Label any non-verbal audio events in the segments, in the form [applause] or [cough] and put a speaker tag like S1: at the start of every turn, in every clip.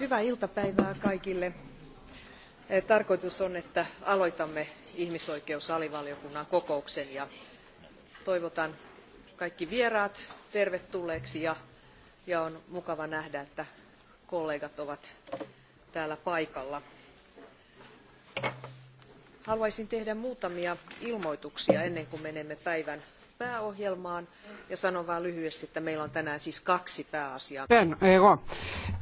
S1: Hyvää iltapäivää kaikille. Tarkoitus on, että aloitamme ihmisoikeusalivaliokunnan kokouksen ja toivotan kaikki vieraat tervetulleeksi ja on mukava nähdä, että kollegat ovat täällä paikalla. Haluaisin tehdä muutamia ilmoituksia ennen kuin menemme päivän pääohjelmaan ja sanon vain lyhyesti, että meillä on
S2: Εγώ. Eh,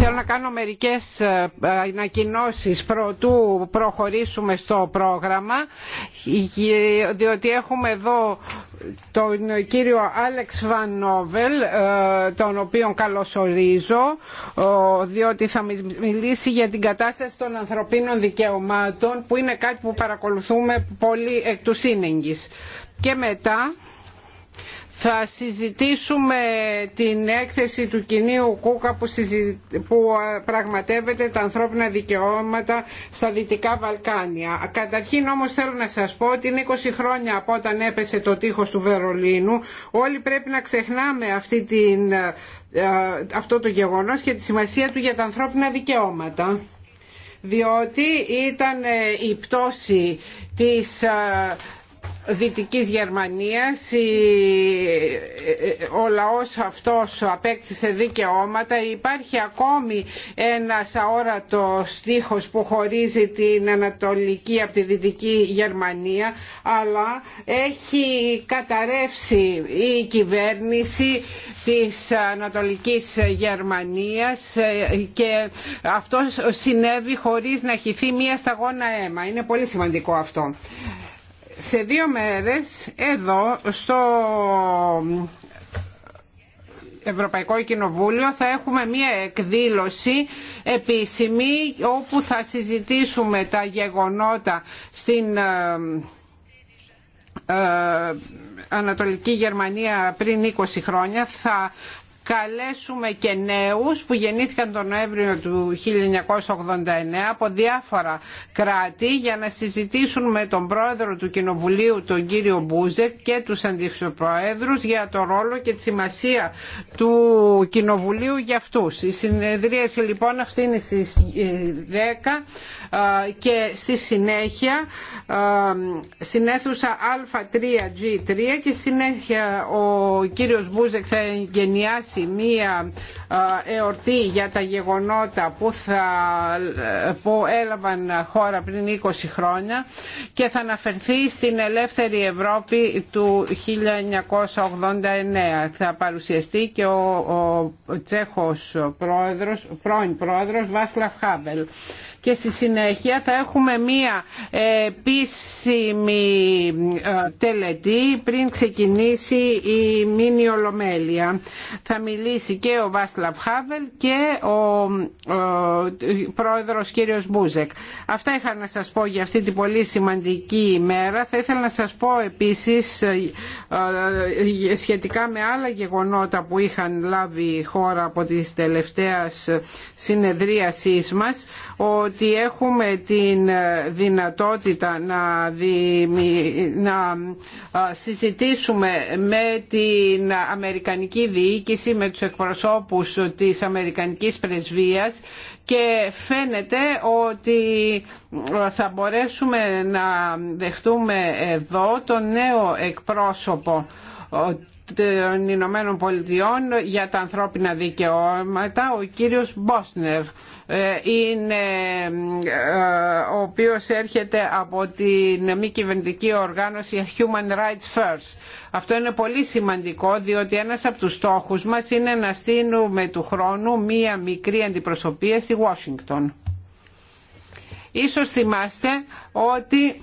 S2: Θέλω να κάνω μερικές ε, ανακοινώσεις προτού προχωρήσουμε στο πρόγραμμα ε, διότι έχουμε εδώ τον κύριο Άλεξ Βαν Νόβελ, ε, τον οποίον καλωσορίζω, διότι θα μιλήσει για την κατάσταση των ανθρωπίνων δικαιωμάτων, που είναι κάτι που παρακολουθούμε πολύ εκ του και μετά θα συζητήσουμε την έκθεση του κοινίου Κούκα που, που πραγματεύεται τα ανθρώπινα δικαιώματα στα Δυτικά Βαλκάνια. Καταρχήν όμως θέλω να σας πω ότι είναι 20 χρόνια από όταν έπεσε το τείχος του Βερολίνου. Όλοι πρέπει να ξεχνάμε αυτή την... αυτό το γεγονός και τη σημασία του για τα ανθρώπινα δικαιώματα διότι ήταν ε, η πτώση της Δυτικής Γερμανίας ε, ο λαό αυτός απέκτησε δικαιώματα υπάρχει ακόμη ένας αόρατο στίχος που χωρίζει την Ανατολική από τη Δυτική Γερμανία αλλά έχει καταρρεύσει η κυβέρνηση της Ανατολικής Γερμανίας ε, και αυτό συνέβη χωρίς να χυθεί μία σταγόνα αίμα. Είναι πολύ σημαντικό αυτό σε δύο μέρες εδώ στο Ευρωπαϊκό Κοινοβούλιο θα έχουμε μία εκδήλωση επίσημη όπου θα συζητήσουμε τα γεγονότα στην ε, ε, Ανατολική Γερμανία πριν 20 χρόνια θα καλέσουμε και νέους που γεννήθηκαν τον Νοέμβριο του 1989 από διάφορα κράτη για να συζητήσουν με τον πρόεδρο του Κοινοβουλίου τον κύριο Μπούζεκ και τους αντιπροέδρους για το ρόλο και τη σημασία του Κοινοβουλίου για αυτούς. Η συνεδρίαση λοιπόν αυτή είναι στις 10 ε, ε, και στη συνέχεια ε, στην αίθουσα Α3G3 και συνέχεια ο κύριος Μπούζεκ θα μία εορτή για τα γεγονότα που, θα, που έλαβαν χώρα πριν 20 χρόνια και θα αναφερθεί στην ελεύθερη Ευρώπη του 1989. Θα παρουσιαστεί και ο, ο Τσέχος πρόεδρος, πρώην πρόεδρος Βάσλαφ Χάβελ και στη συνέχεια θα έχουμε μία επίσημη ε, τελετή πριν ξεκινήσει η μίνι ολομέλεια. Θα μιλήσει και ο Βάσλαβ Χάβελ και ο πρόεδρος κύριος Μπούζεκ. Αυτά είχα να σας πω για αυτή την πολύ σημαντική ημέρα. Θα ήθελα να σας πω επίσης ε, ε, σχετικά με άλλα γεγονότα που είχαν λάβει η χώρα από τις τελευταίες συνεδρίασεις μας ότι έχουμε την δυνατότητα να, να συζητήσουμε με την Αμερικανική Διοίκηση, με τους εκπροσώπους της Αμερικανικής Πρεσβείας και φαίνεται ότι θα μπορέσουμε να δεχτούμε εδώ τον νέο εκπρόσωπο των Ηνωμένων Πολιτειών για τα ανθρώπινα δικαιώματα, ο κύριος Μπόσνερ ε, είναι ε, ο οποίος έρχεται από την μη κυβερνητική οργάνωση Human Rights First. Αυτό είναι πολύ σημαντικό διότι ένας από τους στόχους μας είναι να στείλουμε του χρόνου μία μικρή αντιπροσωπεία στη Washington. Ίσως θυμάστε ότι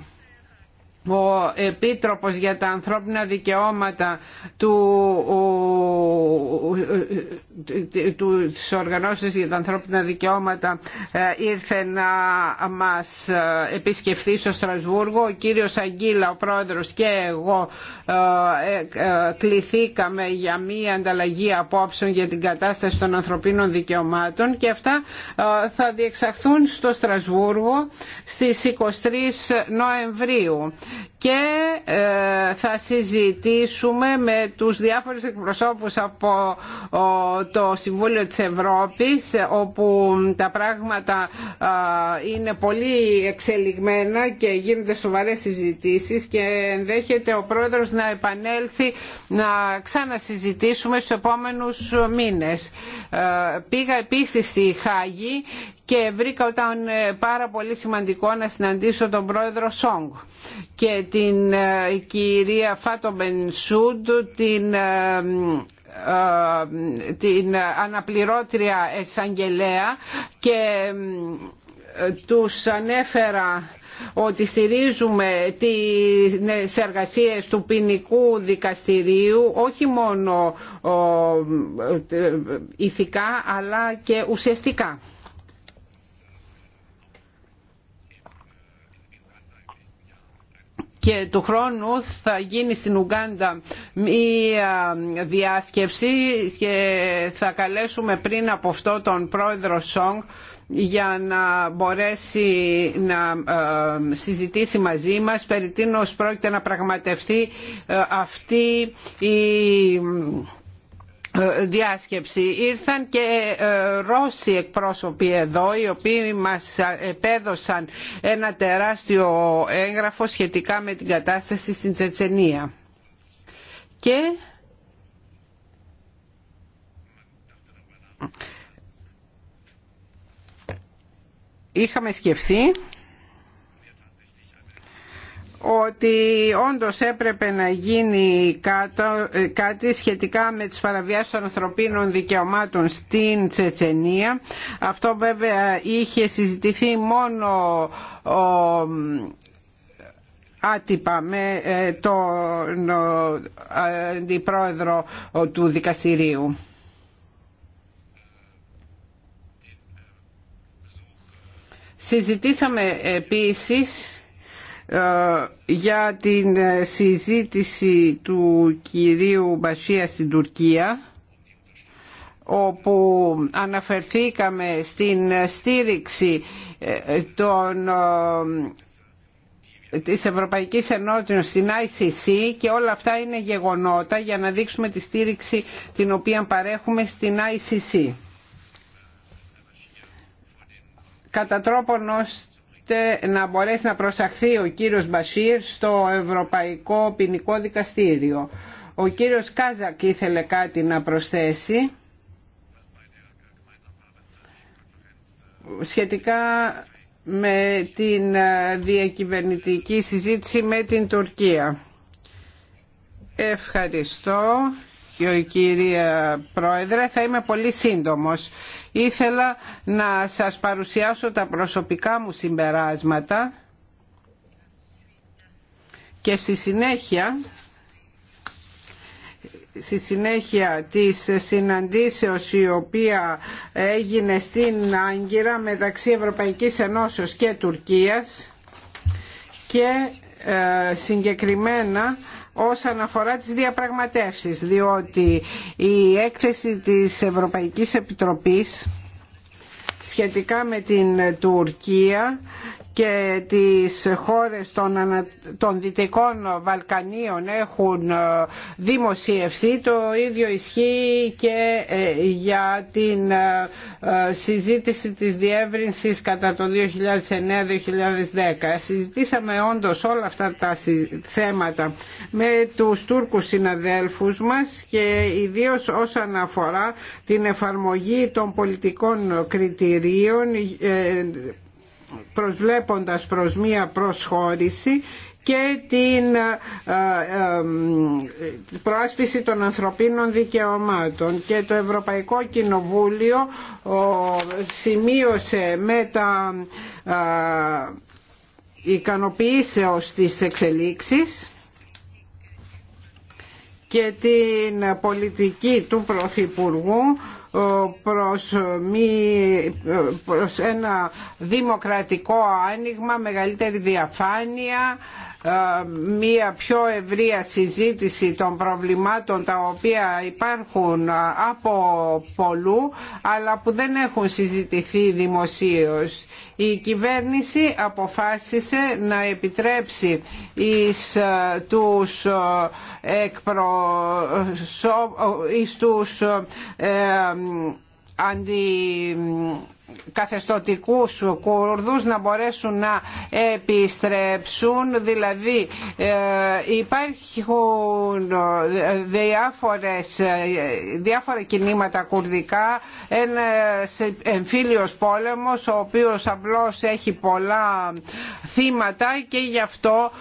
S2: ο Επίτροπος για τα Ανθρώπινα Δικαιώματα του τους οργανώσεις για τα ανθρώπινα δικαιώματα ε, ήρθε να μας ε, επισκεφθεί στο Στρασβούργο. Ο κύριος Αγγίλα, ο πρόεδρος και εγώ ε, κληθήκαμε για μία ανταλλαγή απόψεων για την κατάσταση των ανθρωπίνων δικαιωμάτων και αυτά θα διεξαχθούν στο Στρασβούργο στις 23 Νοεμβρίου και ε, θα συζητήσουμε με τους διάφορους εκπροσώπους από το Συμβούλιο της Ευρώπης όπου τα πράγματα είναι πολύ εξελιγμένα και γίνονται σοβαρές συζητήσεις και ενδέχεται ο πρόεδρος να επανέλθει να ξανασυζητήσουμε στους επόμενους μήνες. Ε, πήγα επίσης στη Χάγη και βρήκα όταν ε, πάρα πολύ σημαντικό να συναντήσω τον πρόεδρο Σόγκ και την ε, κυρία Φάτο Μπενσούντ, την ε, την αναπληρώτρια εισαγγελέα και τους ανέφερα ότι στηρίζουμε τις εργασίες του ποινικού δικαστηρίου όχι μόνο ηθικά αλλά και ουσιαστικά. και του χρόνου θα γίνει στην Ουγκάντα μία διάσκεψη και θα καλέσουμε πριν από αυτό τον πρόεδρο Σόγκ για να μπορέσει να ε, συζητήσει μαζί μας περί τίνος πρόκειται να πραγματευτεί ε, αυτή η ε, διάσκεψη ήρθαν και ε, Ρώσοι εκπρόσωποι εδώ οι οποίοι μας ε, επέδωσαν ένα τεράστιο έγγραφο σχετικά με την κατάσταση στην Τσετσενία και είχαμε σκεφτεί ότι όντως έπρεπε να γίνει ε, κάτι σχετικά με τις παραβιάσεις των ανθρωπίνων δικαιωμάτων στην Τσετσενία. Αυτό βέβαια είχε συζητηθεί μόνο άτυπα με ε, τον αντιπρόεδρο του δικαστηρίου. Συζητήσαμε επίσης ε, για την ε, συζήτηση του κυρίου Μπασία στην Τουρκία όπου αναφερθήκαμε στην στήριξη ε, των της Ευρωπαϊκής Ενότητας στην ICC και όλα αυτά είναι γεγονότα για να δείξουμε τη στήριξη την οποία παρέχουμε στην ICC. Κατά τρόπον να μπορέσει να προσαχθεί ο κύριος Μπασίρ στο Ευρωπαϊκό Ποινικό Δικαστήριο. Ο κύριος Κάζακ ήθελε κάτι να προσθέσει σχετικά με την διακυβερνητική συζήτηση με την Τουρκία. Ευχαριστώ κυρία Πρόεδρε, θα είμαι πολύ σύντομος. Ήθελα να σας παρουσιάσω τα προσωπικά μου συμπεράσματα και στη συνέχεια στη συνέχεια της συναντήσεως η οποία έγινε στην Άγκυρα μεταξύ Ευρωπαϊκής Ενώσεως και Τουρκίας και ε, συγκεκριμένα όσον αφορά τις διαπραγματεύσεις διότι η έκθεση της Ευρωπαϊκής Επιτροπής σχετικά με την Τουρκία και τις χώρες των, των Δυτικών Βαλκανίων έχουν ε, δημοσιευθεί. Το ίδιο ισχύει και ε, για την ε, συζήτηση της διεύρυνσης κατά το 2009-2010. Συζητήσαμε όντως όλα αυτά τα θέματα με τους Τούρκους συναδέλφους μας και ιδίως όσον αφορά την εφαρμογή των πολιτικών κριτηρίων προσβλέποντας προς μία προσχώρηση και την ε, ε, ε, προάσπιση των ανθρωπίνων δικαιωμάτων. Και το Ευρωπαϊκό Κοινοβούλιο σημείωσε με τα ικανοποιήσεως της εξελίξης και την πολιτική του Πρωθυπουργού προς, προς ένα δημοκρατικό άνοιγμα, μεγαλύτερη διαφάνεια ε, μία πιο ευρεία συζήτηση των προβλημάτων τα οποία υπάρχουν ε, από πολλού αλλά που δεν έχουν συζητηθεί δημοσίως. Η κυβέρνηση αποφάσισε να επιτρέψει εις ε, τους, τους αντι καθεστωτικούς Κούρδους να μπορέσουν να επιστρέψουν δηλαδή ε, υπάρχουν ε, διάφορες, ε, διάφορα κινήματα κουρδικά ένα εμφύλιος πόλεμος ο οποίος απλώς έχει πολλά θύματα και γι' αυτό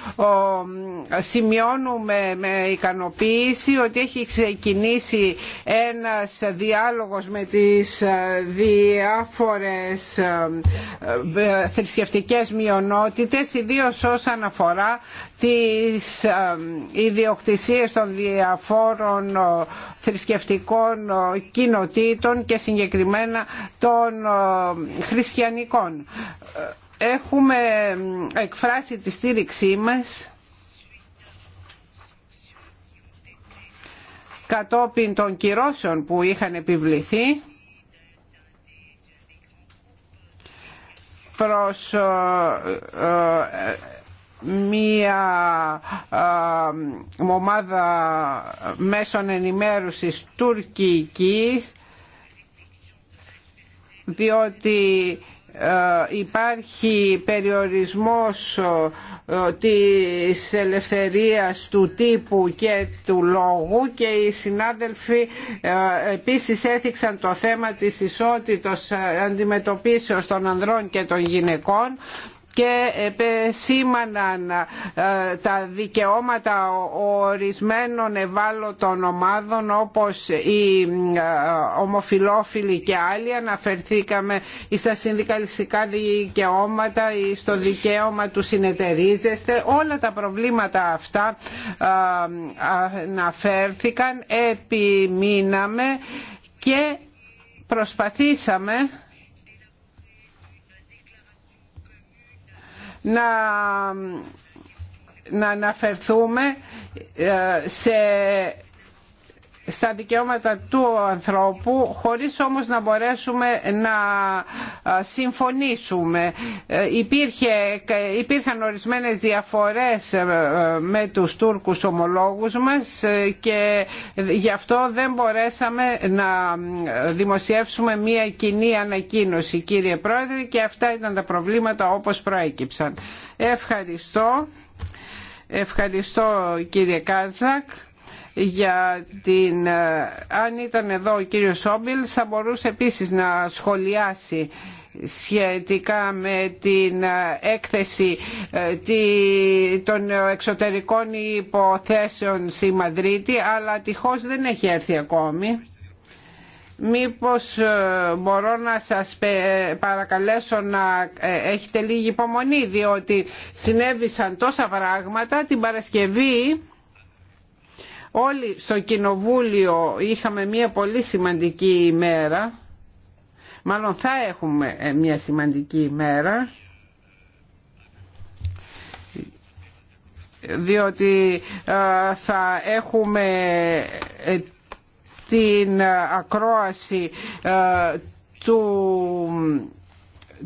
S2: σημειώνουμε με ικανοποίηση ότι έχει ξεκινήσει ένας διάλογος με τις διάφορες διάφορες ε, θρησκευτικές μειονότητες ιδίως όσον αφορά τις ιδιοκτησίες των διαφόρων θρησκευτικών κοινοτήτων και συγκεκριμένα των χριστιανικών. Έχουμε εκφράσει τη στήριξή μας κατόπιν των κυρώσεων που είχαν επιβληθεί προς ε, ε, μία ε, ομάδα μέσων ενημέρωσης τουρκικής διότι υπάρχει περιορισμός ε, τη ελευθερίας του τύπου και του λόγου και οι συνάδελφοι ε, επίσης έθιξαν το θέμα της ισότητος ε, αντιμετωπίσεως των ανδρών και των γυναικών και επεσήμαναν ε, τα δικαιώματα ορισμένων ευάλωτων ομάδων όπως οι ε, ομοφιλόφιλοι και άλλοι αναφερθήκαμε στα συνδικαλιστικά δικαιώματα ή στο δικαίωμα του συνεταιρίζεστε όλα τα προβλήματα αυτά ε, αναφέρθηκαν επιμείναμε και προσπαθήσαμε να να αναφερθούμε ε, σε στα δικαιώματα του ανθρώπου χωρίς όμως να μπορέσουμε να συμφωνήσουμε. Ε, υπήρχε, υπήρχαν ορισμένες διαφορές ε, με τους Τούρκους ομολόγους μας ε, και γι' αυτό δεν μπορέσαμε να δημοσιεύσουμε μια κοινή ανακοίνωση κύριε Πρόεδρε και αυτά ήταν τα προβλήματα όπως προέκυψαν. Ευχαριστώ. Ευχαριστώ κύριε Κάτζακ για την... Ε, αν ήταν εδώ ο κύριος Σόμπιλ θα μπορούσε επίσης να σχολιάσει σχετικά με την ε, έκθεση ε, των εξωτερικών υποθέσεων στη Μαδρίτη, αλλά τυχώς δεν έχει έρθει ακόμη. Μήπως μπορώ να σας παρακαλέσω να έχετε λίγη υπομονή, διότι συνέβησαν τόσα πράγματα την Παρασκευή Όλοι στο Κοινοβούλιο είχαμε μια πολύ σημαντική ημέρα, μάλλον θα έχουμε ε, μια σημαντική ημέρα, διότι ε, θα έχουμε ε, την ακρόαση του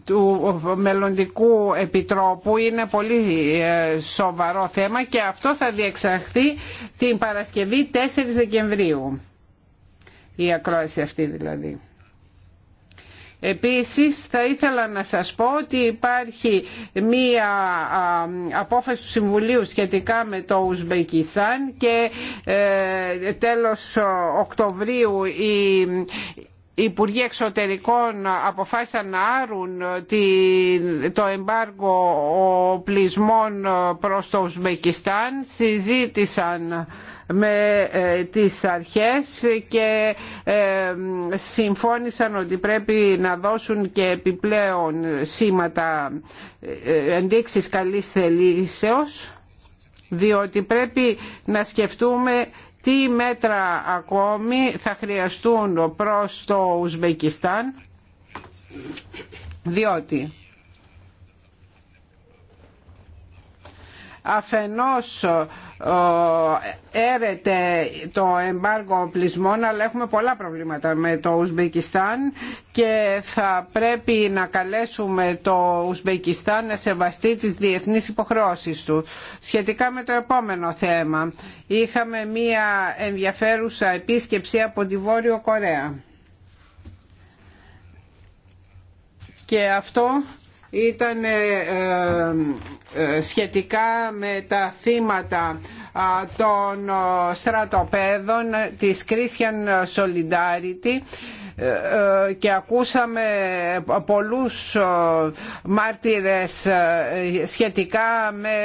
S2: του μελλοντικού επιτρόπου είναι πολύ ε, σοβαρό θέμα και αυτό θα διεξαχθεί την Παρασκευή 4 Δεκεμβρίου η ακρόαση αυτή δηλαδή. Επίσης θα ήθελα να σας πω ότι υπάρχει μία απόφαση του Συμβουλίου σχετικά με το Ουσμπεκιστάν και ε, τέλος Οκτωβρίου η οι Υπουργοί Εξωτερικών αποφάσισαν να άρουν ε, το εμπάργο οπλισμών ε, προς το Ουσμεκιστάν, συζήτησαν με ε, τις αρχές και συμφώνησαν ότι πρέπει να δώσουν και επιπλέον σήματα ενδείξεις καλής θελήσεως διότι πρέπει να σκεφτούμε τι μέτρα ακόμη θα χρειαστούν προς το Ουσβεκιστάν διότι αφενός έρεται το εμπάργο πλεισμών αλλά έχουμε πολλά προβλήματα με το Ουσμπεκιστάν και θα πρέπει να καλέσουμε το Ουσμπεκιστάν να σεβαστεί τις διεθνείς υποχρεώσεις του. Σχετικά με το επόμενο θέμα, είχαμε μία ενδιαφέρουσα επίσκεψη από τη Βόρειο Κορέα. Και αυτό ήταν ε, ε, ε, σχετικά με τα θύματα των στρατοπέδων της Christian Solidarity και ακούσαμε πολλούς μάρτυρες σχετικά με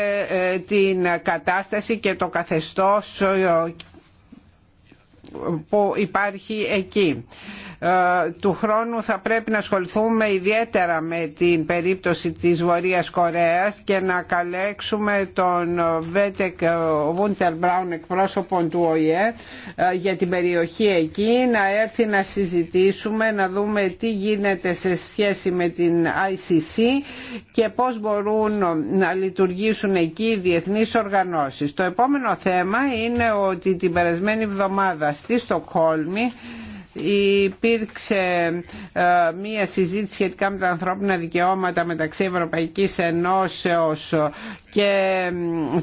S2: την κατάσταση και το καθεστώς που υπάρχει εκεί. Ε, του χρόνου θα πρέπει να ασχοληθούμε ιδιαίτερα με την περίπτωση της Βορείας Κορέας και να καλέξουμε τον Βέτεκ ε, Βούντερ Μπράουν εκπρόσωπον του ΟΗΕ ε, για την περιοχή εκεί να έρθει να συζητήσουμε να δούμε τι γίνεται σε σχέση με την ICC και πώς μπορούν να λειτουργήσουν εκεί οι διεθνείς οργανώσεις. Το επόμενο θέμα είναι ότι την περασμένη εβδομάδα στη Στοκχόλμη υπήρξε ε, μία συζήτηση σχετικά με τα ανθρώπινα δικαιώματα μεταξύ Ευρωπαϊκής Ενώσεως και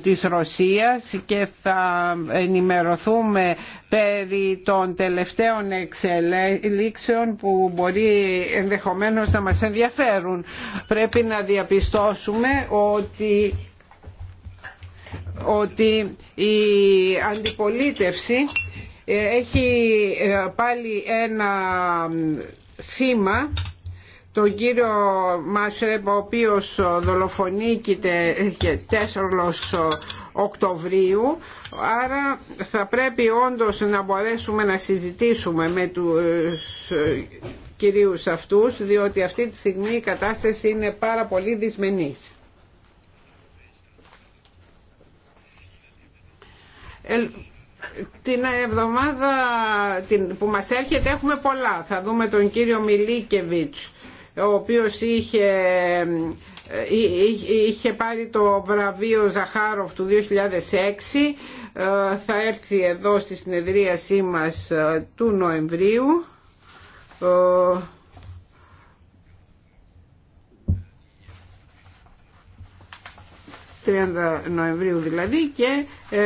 S2: της Ρωσίας και θα ενημερωθούμε περί των τελευταίων εξελίξεων που μπορεί ενδεχομένως να μας ενδιαφέρουν. Πρέπει να διαπιστώσουμε ότι ότι η αντιπολίτευση ε, έχει ε, πάλι ένα θύμα τον κύριο Μάσρεπ ο οποίος ε, δολοφονήκεται και 4 Οκτωβρίου άρα θα πρέπει όντως να μπορέσουμε να συζητήσουμε με τους κυρίους αυτούς διότι αυτή τη στιγμή η κατάσταση είναι πάρα πολύ δυσμενής την εβδομάδα που μας έρχεται έχουμε πολλά. Θα δούμε τον κύριο Μιλίκεβιτς, ο οποίος είχε, ε, είχε πάρει το βραβείο Ζαχάροφ του 2006. Ε, θα έρθει εδώ στη συνεδρίασή μας ε, του Νοεμβρίου 30 Νοεμβρίου δηλαδή και ε,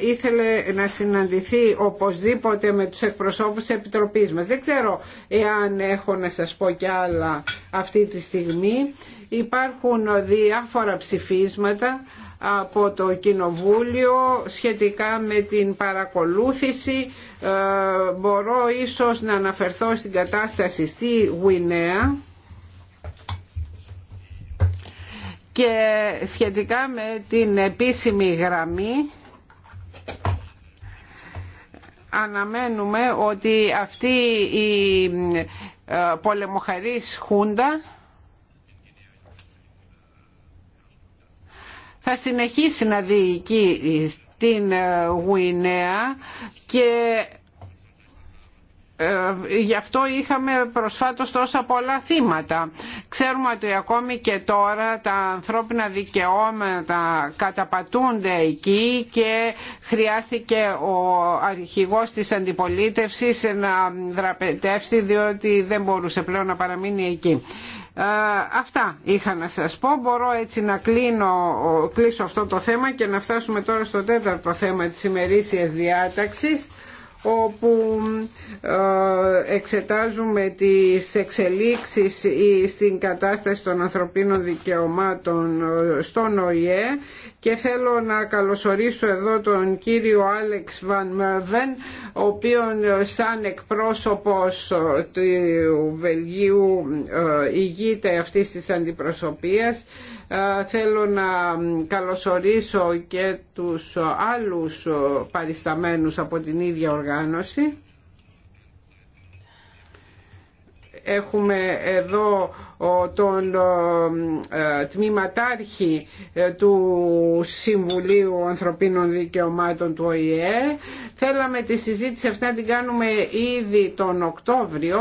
S2: ήθελε να συναντηθεί οπωσδήποτε με τους εκπροσώπους της Επιτροπής μας. Δεν ξέρω εάν έχω να σας πω κι άλλα αυτή τη στιγμή. Υπάρχουν διάφορα ψηφίσματα από το Κοινοβούλιο σχετικά με την παρακολούθηση. Ε, μπορώ ίσως να αναφερθώ στην κατάσταση στη Γουινέα και σχετικά με την επίσημη γραμμή αναμένουμε ότι αυτή η ε, πολεμοχαρής χούντα θα συνεχίσει να διοικεί την ε, Γουινέα και ε, γι' αυτό είχαμε προσφάτως τόσα πολλά θύματα. Ξέρουμε ότι ακόμη και τώρα τα ανθρώπινα δικαιώματα καταπατούνται εκεί και χρειάστηκε ο αρχηγός της αντιπολίτευσης να δραπετεύσει διότι δεν μπορούσε πλέον να παραμείνει εκεί. Ε, αυτά είχα να σας πω. Μπορώ έτσι να κλείνω, κλείσω αυτό το θέμα και να φτάσουμε τώρα στο τέταρτο θέμα της ημερήσιας διάταξης όπου ε, εξετάζουμε τις εξελίξεις ε, στην κατάσταση των ανθρωπίνων δικαιωμάτων ε, στον ΟΗΕ και θέλω να καλωσορίσω εδώ τον κύριο Άλεξ Βαν Μεβεν ο οποίος σαν εκπρόσωπος του Βελγίου ηγείται αυτής της αντιπροσωπείας ε, θέλω να καλωσορίσω και τους άλλους παρισταμένους από την ίδια οργάνωση. Έχουμε εδώ τον ε, τμήματάρχη ε, του Συμβουλίου Ανθρωπίνων Δικαιωμάτων του ΟΗΕ. Θέλαμε τη συζήτηση αυτή να την κάνουμε ήδη τον Οκτώβριο,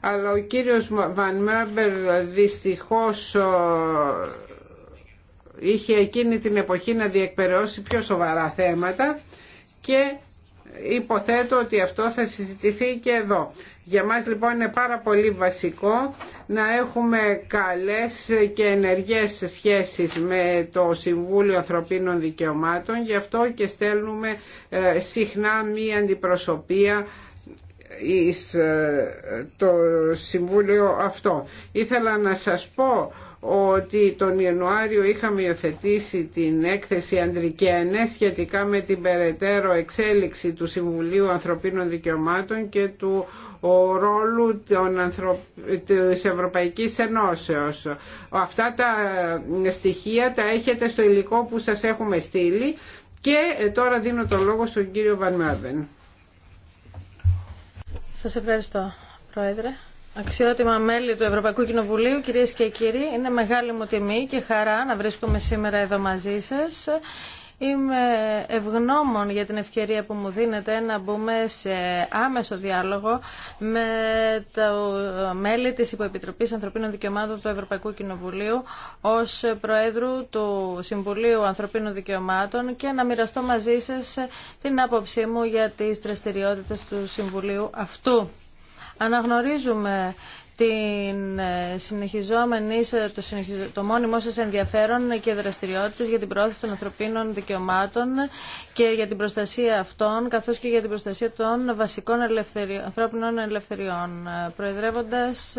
S2: αλλά ο κύριος Βαν Μέμπερ δυστυχώς είχε εκείνη την εποχή να διεκπαιρεώσει πιο σοβαρά θέματα και υποθέτω ότι αυτό θα συζητηθεί και εδώ. Για μας λοιπόν είναι πάρα πολύ βασικό να έχουμε καλές και ενεργές σχέσεις με το Συμβούλιο Ανθρωπίνων Δικαιωμάτων, γι' αυτό και στέλνουμε ε, συχνά μία αντιπροσωπεία εις ε, το Συμβούλιο αυτό. Ήθελα να σας πω ότι τον Ιανουάριο είχαμε υιοθετήσει την έκθεση Αντρικένε σχετικά με την περαιτέρω εξέλιξη του Συμβουλίου Ανθρωπίνων Δικαιωμάτων και του ρόλου των ανθρω... της Ευρωπαϊκής Ενώσεως. Αυτά τα στοιχεία τα έχετε στο υλικό που σας έχουμε στείλει και τώρα δίνω τον λόγο στον κύριο Βαν Σα Σας ευχαριστώ,
S3: Πρόεδρε. Αξιότιμα μέλη του Ευρωπαϊκού Κοινοβουλίου, κυρίε και κύριοι, είναι μεγάλη μου τιμή και χαρά να βρίσκομαι σήμερα εδώ μαζί σας. Είμαι ευγνώμων για την ευκαιρία που μου δίνεται να μπούμε σε άμεσο διάλογο με τα μέλη της Υποεπιτροπής Ανθρωπίνων Δικαιωμάτων του Ευρωπαϊκού Κοινοβουλίου ως Προέδρου του Συμβουλίου Ανθρωπίνων Δικαιωμάτων και να μοιραστώ μαζί σας την άποψή μου για τις δραστηριότητε του Συμβουλίου αυτού. Αναγνωρίζουμε την ε, συνεχιζόμενη, ε, το, το μόνιμό σας ενδιαφέρον και δραστηριότητες για την προώθηση των ανθρωπίνων δικαιωμάτων και για την προστασία αυτών, καθώς και για την προστασία των βασικών ανθρώπινων ελευθεριών. Ε, προεδρεύοντας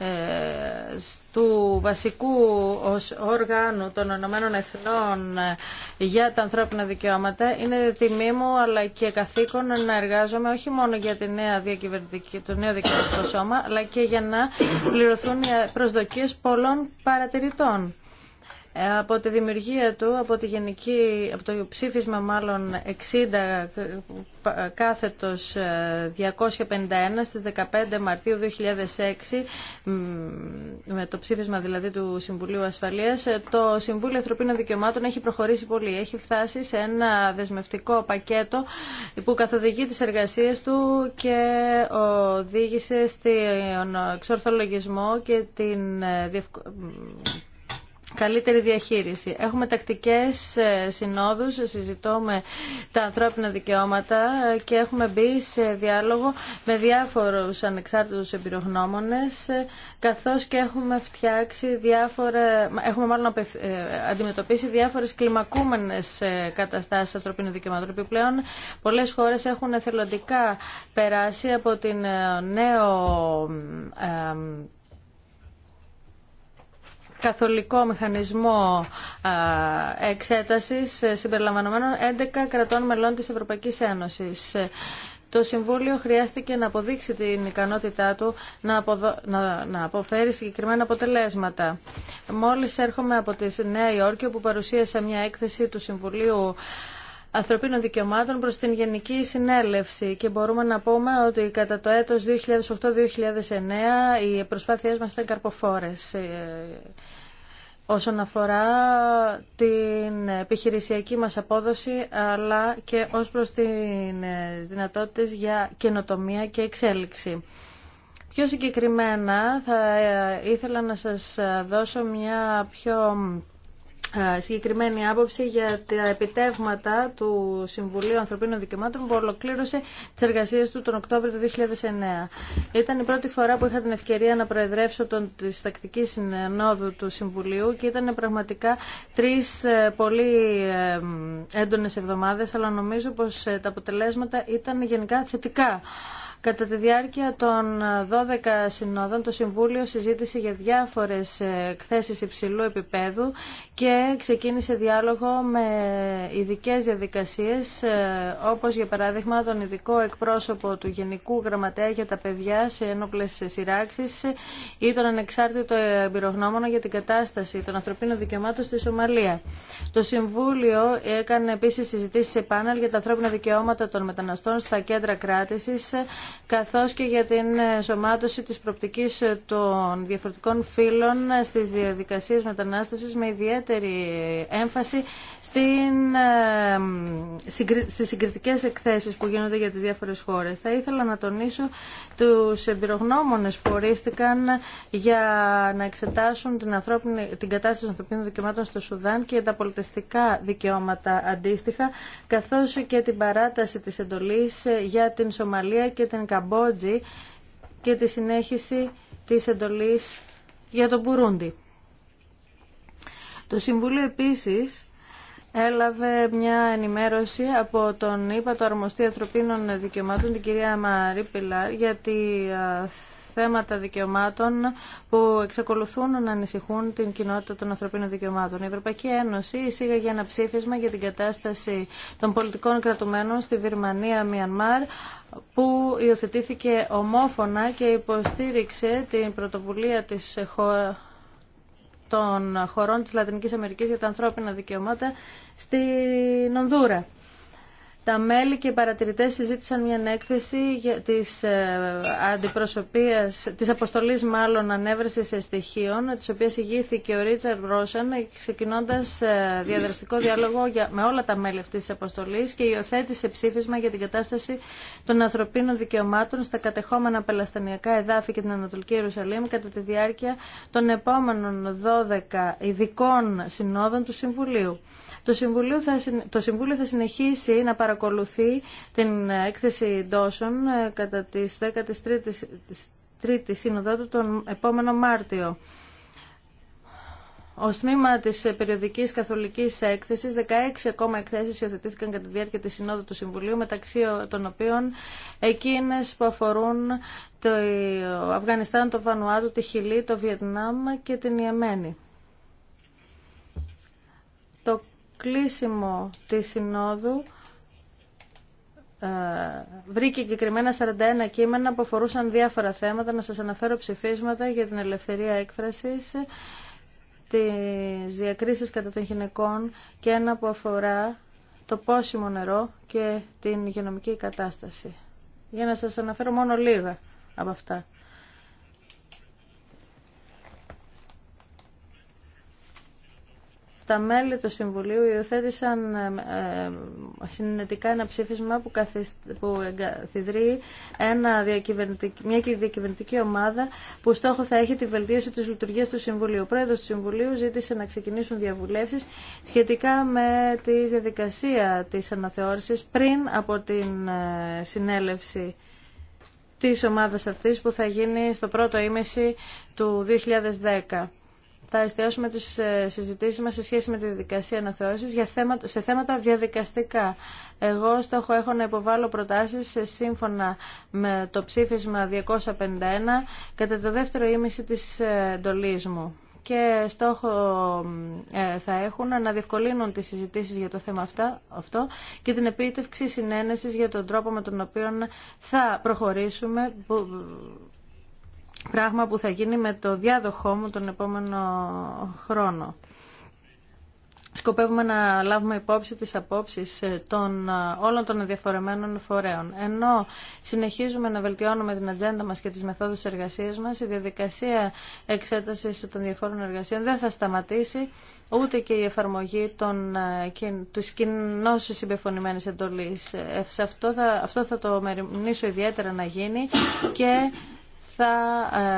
S3: ε, του βασικού ως όργανου των Ηνωμένων Εθνών ε, για τα ανθρώπινα δικαιώματα είναι τιμή μου αλλά και καθήκον να εργάζομαι όχι μόνο για τη νέα το νέο διακυβερνητικό σώμα αλλά και για να πληρωθούν οι προσδοκίες πολλών παρατηρητών από τη δημιουργία του, από, τη γενική, από το ψήφισμα μάλλον 60 κάθετος 251 ε, στις 15 Μαρτίου 2006 με το ψήφισμα δηλαδή του Συμβουλίου Ασφαλείας ε, το Συμβούλιο Ανθρωπίνων Δικαιωμάτων έχει προχωρήσει πολύ, έχει φτάσει σε ένα δεσμευτικό πακέτο που καθοδηγεί τις εργασίες του και οδήγησε στον εξορθολογισμό και την ε, καλύτερη διαχείριση. Έχουμε τακτικές ε, συνόδους, συζητούμε τα ανθρώπινα δικαιώματα και έχουμε μπει σε διάλογο με διάφορους ανεξάρτητους εμπειρογνώμονε ε, καθώς και έχουμε φτιάξει διάφορα, έχουμε μάλλον ε, αντιμετωπίσει διάφορες κλιμακούμενες καταστάσεις ανθρωπίνων δικαιωμάτων. Επιπλέον πολλέ χώρε έχουν εθελοντικά περάσει από την νέο καθολικό μηχανισμό εξέτασης ε, συμπεριλαμβανομένων 11 κρατών μελών της Ευρωπαϊκής Ένωσης. Το Συμβούλιο χρειάστηκε να αποδείξει την ικανότητά του να, να... να αποφέρει συγκεκριμένα αποτελέσματα. Μόλις έρχομαι από τη Νέα Υόρκη όπου παρουσίασα μια έκθεση του Συμβουλίου Ανθρωπίνων Δικαιωμάτων προς την Γενική Συνέλευση και μπορούμε να πούμε ότι κατά το έτος 2008-2009 οι προσπάθειές μας ήταν καρποφόρες ε, όσον αφορά την επιχειρησιακή μας απόδοση αλλά και ως προς τις ε, δυνατότητες για καινοτομία και εξέλιξη. Πιο συγκεκριμένα θα ε, ήθελα να σας δώσω μια πιο ε, συγκεκριμένη άποψη για τα επιτεύγματα του Συμβουλίου Ανθρωπίνων Δικαιωμάτων που ολοκλήρωσε τι εργασίε του τον Οκτώβριο του 2009. Ήταν η πρώτη φορά που είχα την ευκαιρία να προεδρεύσω τον, τη τακτική του Συμβουλίου και ήταν πραγματικά τρει ε, πολύ ε, έντονες εβδομάδες, αλλά νομίζω πως τα αποτελέσματα ήταν γενικά θετικά. Κατά τη διάρκεια των 12 συνόδων το Συμβούλιο συζήτησε για διάφορες ε, εκθέσει υψηλού επίπεδου και ξεκίνησε διάλογο με ειδικέ διαδικασίες ε, όπως για παράδειγμα τον ειδικό εκπρόσωπο του Γενικού Γραμματέα για τα παιδιά σε ένοπλες σειράξεις ή τον ανεξάρτητο εμπειρογνώμονα για την κατάσταση των ανθρωπίνων δικαιωμάτων στη Σομαλία. Το Συμβούλιο έκανε επίσης συζητήσεις σε πάνελ για τα ανθρώπινα δικαιώματα των μεταναστών στα κέντρα κράτηση καθώς και για την σωμάτωση της προπτικής ε, των διαφορετικών φύλων ε, στις διαδικασίες μετανάστευσης με ιδιαίτερη έμφαση στην, ε, στις συγκριτικές εκθέσεις που γίνονται για τις διάφορες χώρες. Θα ήθελα να τονίσω τους εμπειρογνώμονες που ορίστηκαν για να εξετάσουν την, ανθρώπινη, την κατάσταση των ανθρωπίνων δικαιωμάτων στο Σουδάν και τα πολιτιστικά δικαιώματα αντίστοιχα, καθώς και την παράταση της εντολής για την Σομαλία και την στην Καμπότζη και τη συνέχιση της εντολής για τον Μπουρούντι. Το Συμβούλιο επίσης έλαβε μια ενημέρωση από τον ΥΠΑ, Αρμοστή Ανθρωπίνων Δικαιωμάτων, την κυρία Μαρή Πιλάρ, για θέματα δικαιωμάτων που εξακολουθούν να ανησυχούν την κοινότητα των ανθρωπίνων δικαιωμάτων. Η Ευρωπαϊκή Ένωση εισήγαγε ένα ψήφισμα για την κατάσταση των πολιτικών κρατουμένων στη Βυρμανία, Μιανμάρ, που υιοθετήθηκε ομόφωνα και υποστήριξε την πρωτοβουλία της των χωρών της Λατινικής Αμερικής για τα ανθρώπινα δικαιώματα στην Ονδούρα. Τα μέλη και οι παρατηρητές συζήτησαν μια έκθεση της, ε, αντιπροσωπείας, της αποστολής μάλλον ανέβρεσης στοιχείων, της οποίας ηγήθηκε ο Ρίτσαρντ, Ρόσαν, ξεκινώντας ε, διαδραστικό διάλογο με όλα τα μέλη αυτής της αποστολής και υιοθέτησε ψήφισμα για την κατάσταση των ανθρωπίνων δικαιωμάτων στα κατεχόμενα πελαστανιακά εδάφη και την Ανατολική Ιερουσαλήμ κατά τη διάρκεια των επόμενων 12 ειδικών συνόδων του Συμβουλίου. Το Συμβούλιο θα, το θα συνεχίσει να παρακολουθεί την έκθεση ντόσων ε, κατά τις 13η Σύνοδό τον επόμενο Μάρτιο. Ω τμήμα τη περιοδική καθολική έκθεση, 16 ακόμα εκθέσει υιοθετήθηκαν κατά τη διάρκεια τη Συνόδου του Συμβουλίου, μεταξύ των οποίων εκείνε που αφορούν το Αφγανιστάν, το Βανουάτου, τη Χιλή, το Βιετνάμ και την Ιεμένη. Το κλείσιμο της Συνόδου ε, βρήκε συγκεκριμένα 41 κείμενα που αφορούσαν διάφορα θέματα. Να σας αναφέρω ψηφίσματα για την ελευθερία έκφρασης, τις διακρίσεις κατά των γυναικών και ένα που αφορά το πόσιμο νερό και την υγειονομική κατάσταση. Για να σας αναφέρω μόνο λίγα από αυτά. τα μέλη του Συμβουλίου υιοθέτησαν ε, ε, συνενετικά ένα ψήφισμα που, καθισ... που ένα μια διακυβερνητική ομάδα που στόχο θα έχει τη βελτίωση της λειτουργίας του Συμβουλίου. Ο πρόεδρος του Συμβουλίου ζήτησε να ξεκινήσουν διαβουλεύσεις σχετικά με τη διαδικασία της αναθεώρησης πριν από την ε, συνέλευση της ομάδας αυτής που θα γίνει στο πρώτο ήμεση του 2010 θα εστιάσουμε τις ε, συζητήσεις μας σε σχέση με τη δικασία αναθεώρησης για θέματα, σε θέματα διαδικαστικά. Εγώ στόχο έχω να υποβάλω προτάσεις ε, σύμφωνα με το ψήφισμα 251 κατά το δεύτερο ήμιση της ε, εντολή μου και στόχο θα έχουν να διευκολύνουν τις συζητήσεις για το θέμα αυτά, αυτό και την επίτευξη συνένεσης για τον τρόπο με τον οποίο θα προχωρήσουμε Πράγμα που θα γίνει με το διάδοχό μου τον επόμενο χρόνο. Σκοπεύουμε να λάβουμε υπόψη τις απόψεις ε, των, ε, όλων των ενδιαφορεμένων φορέων. Ενώ συνεχίζουμε να βελτιώνουμε την ατζέντα μας και τις μεθόδους εργασίας μας, η διαδικασία εξέτασης των διαφόρων εργασιών δεν θα σταματήσει, ούτε και η εφαρμογή των, ε, της κοινώς συμπεφωνημένης εντολής. αυτό θα, αυτό θα το μερινήσω ιδιαίτερα να γίνει και θα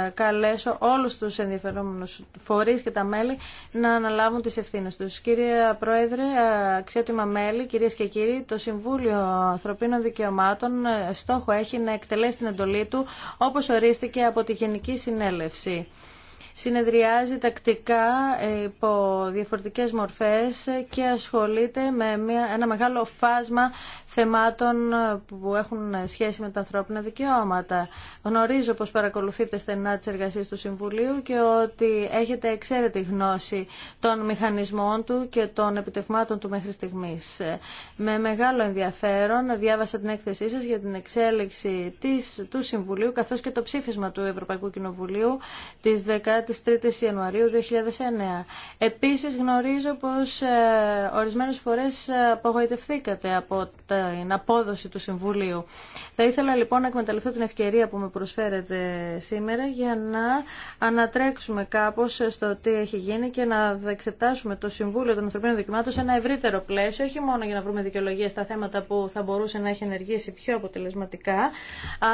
S3: ε, καλέσω όλους τους ενδιαφερόμενους φορείς και τα μέλη να αναλάβουν τις ευθύνες τους. Κύριε Πρόεδρε, ε, αξιότιμα μέλη, κυρίες και κύριοι, το Συμβούλιο Ανθρωπίνων Δικαιωμάτων ε, στόχο έχει να εκτελέσει την εντολή του όπως ορίστηκε από τη Γενική Συνέλευση συνεδριάζει τακτικά ε, υπό διαφορετικές μορφές και ασχολείται με ένα μεγάλο φάσμα θεμάτων ε, που έχουν σχέση με τα ανθρώπινα δικαιώματα. Γνωρίζω πως παρακολουθείτε στενά τις εργασίες του Συμβουλίου και ότι έχετε εξαίρετη γνώση των μηχανισμών του και των επιτευμάτων του μέχρι στιγμής. Με μεγάλο ενδιαφέρον διάβασα την έκθεσή σας για την εξέλιξη του Συμβουλίου καθώς και το ψήφισμα του Ευρωπαϊκού Τη 3ης Ιανουαρίου 2009. Επίσης γνωρίζω πως ε, ορισμένες φορές απογοητευθήκατε από την απόδοση του Συμβουλίου. Θα ήθελα λοιπόν να εκμεταλλευτώ την ευκαιρία που με προσφέρετε σήμερα για να ανατρέξουμε κάπως στο τι έχει γίνει και να εξετάσουμε το Συμβούλιο των Ανθρωπίνων Δικαιωμάτων σε ένα ευρύτερο πλαίσιο, όχι μόνο για να βρούμε δικαιολογία στα θέματα που θα μπορούσε να έχει ενεργήσει πιο αποτελεσματικά,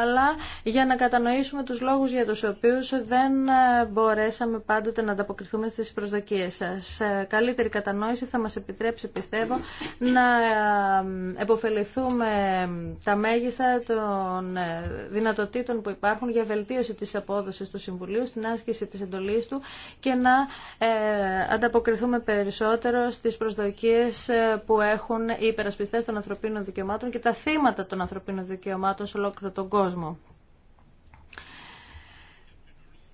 S3: αλλά για να κατανοήσουμε τους λόγους για τους οποίους δεν ε, μπορέσαμε μπορέσαμε πάντοτε να ανταποκριθούμε στις προσδοκίες σας. Ε, καλύτερη κατανόηση θα μας επιτρέψει, πιστεύω, να ε, επωφεληθούμε τα μέγιστα των ε, δυνατοτήτων που υπάρχουν για βελτίωση της απόδοσης του Συμβουλίου στην άσκηση της εντολής του και να ανταποκριθούμε περισσότερο στις προσδοκίες που έχουν οι υπερασπιστές των ανθρωπίνων δικαιωμάτων και τα θύματα των ανθρωπίνων δικαιωμάτων σε ολόκληρο τον κόσμο.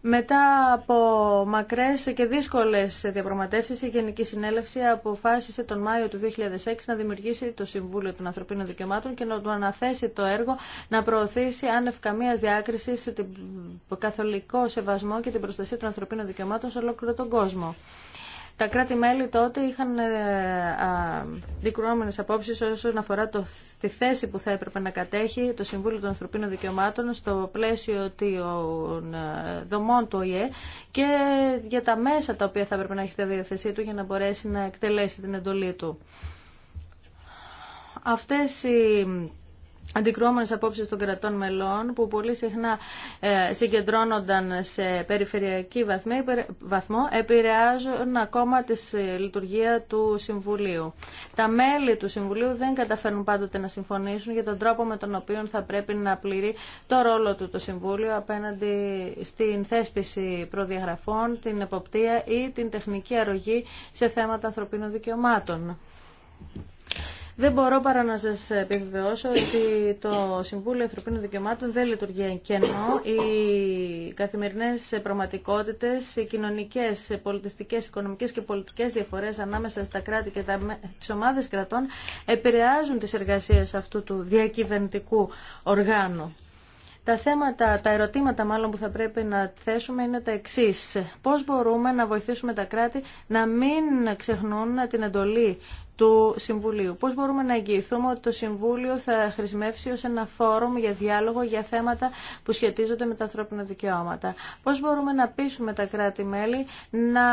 S3: Μετά από μακρές και δύσκολες διαπραγματεύσεις, η Γενική Συνέλευση αποφάσισε τον Μάιο του 2006 να δημιουργήσει το Συμβούλιο των Ανθρωπίνων Δικαιωμάτων και να του αναθέσει το έργο να προωθήσει άνευ καμίας διάκρισης την καθολικό σεβασμό και την προστασία των ανθρωπίνων δικαιωμάτων σε ολόκληρο τον κόσμο. Τα κράτη-μέλη τότε είχαν ε, δικρουόμενες απόψεις όσον αφορά το, τη θέση που θα έπρεπε να κατέχει το Συμβούλιο των Ανθρωπίνων Δικαιωμάτων στο πλαίσιο των ε, δομών του ΟΗΕ και για τα μέσα τα οποία θα έπρεπε να έχει στη διαθεσή του για να μπορέσει να εκτελέσει την εντολή του. Αυτές οι αντικρουόμενες απόψεις των κρατών μελών που πολύ συχνά ε, συγκεντρώνονταν σε περιφερειακή βαθμό επηρεάζουν ακόμα τη ε, λειτουργία του Συμβουλίου. Τα μέλη του Συμβουλίου δεν καταφέρνουν πάντοτε να συμφωνήσουν για τον τρόπο με τον οποίο θα πρέπει να πληρεί το ρόλο του το Συμβούλιο απέναντι στην θέσπιση προδιαγραφών, την εποπτεία ή την τεχνική αρρωγή σε θέματα ανθρωπίνων δικαιωμάτων. Δεν μπορώ παρά να σα επιβεβαιώσω ότι το Συμβούλιο Ανθρωπίνων Δικαιωμάτων δεν λειτουργεί εν κενό. Οι καθημερινέ πραγματικότητε, οι κοινωνικέ, πολιτιστικέ, οικονομικέ και πολιτικέ διαφορέ ανάμεσα στα κράτη και τι ομάδε κρατών επηρεάζουν τι εργασίε αυτού του διακυβερνητικού οργάνου. Τα θέματα, τα ερωτήματα μάλλον που θα πρέπει να θέσουμε είναι τα εξή. Πώ μπορούμε να βοηθήσουμε τα κράτη να μην ξεχνούν την εντολή του Συμβουλίου. Πώς μπορούμε να εγγυηθούμε ότι το Συμβούλιο θα χρησιμεύσει ως ένα φόρουμ για διάλογο για θέματα που σχετίζονται με τα ανθρώπινα δικαιώματα. Πώς μπορούμε να πείσουμε τα κράτη-μέλη να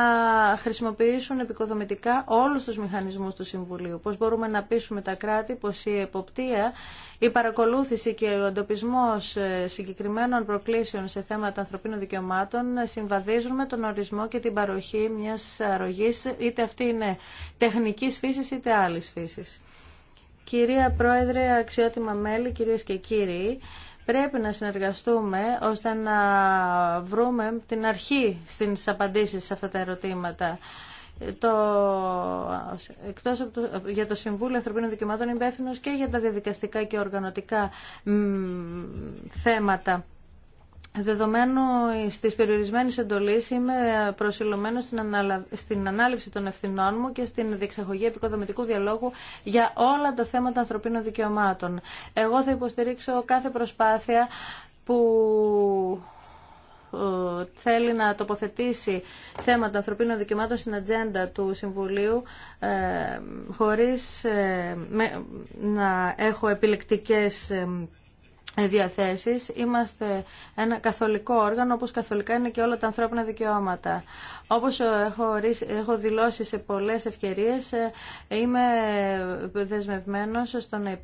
S3: χρησιμοποιήσουν επικοδομητικά όλους τους μηχανισμούς του Συμβουλίου. Πώς μπορούμε να πείσουμε τα κράτη πως η εποπτεία η παρακολούθηση και ο εντοπισμό ε, συγκεκριμένων προκλήσεων σε θέματα ανθρωπίνων δικαιωμάτων ε, συμβαδίζουν με τον ορισμό και την παροχή μια αρρωγή, είτε αυτή είναι τεχνική φύση είτε άλλη φύση. Κυρία Πρόεδρε, αξιότιμα μέλη, κυρίες και κύριοι, πρέπει να συνεργαστούμε ώστε να βρούμε την αρχή στις απαντήσεις σε αυτά τα ερωτήματα το, εκτός από το, για το Συμβούλιο Ανθρωπίνων Δικαιωμάτων υπεύθυνο και για τα διαδικαστικά και οργανωτικά θέματα. Δεδομένου στις περιορισμένες εντολής είμαι προσιλωμένος στην, στην ανάληψη των ευθυνών μου και στην διεξαγωγή επικοδομητικού διαλόγου για όλα τα θέματα ανθρωπίνων δικαιωμάτων. Εγώ θα υποστηρίξω κάθε προσπάθεια που ε, θέλει να τοποθετήσει θέματα ανθρωπίνων δικαιωμάτων στην ατζέντα του Συμβουλίου ε, χωρίς ε, να έχω επιλεκτικές ε, διαθέσεις. Είμαστε ένα καθολικό όργανο, όπως καθολικά είναι και όλα τα ανθρώπινα δικαιώματα. Όπως έχω, δηλώσει σε πολλές ευκαιρίες, ε, είμαι δεσμευμένος στο να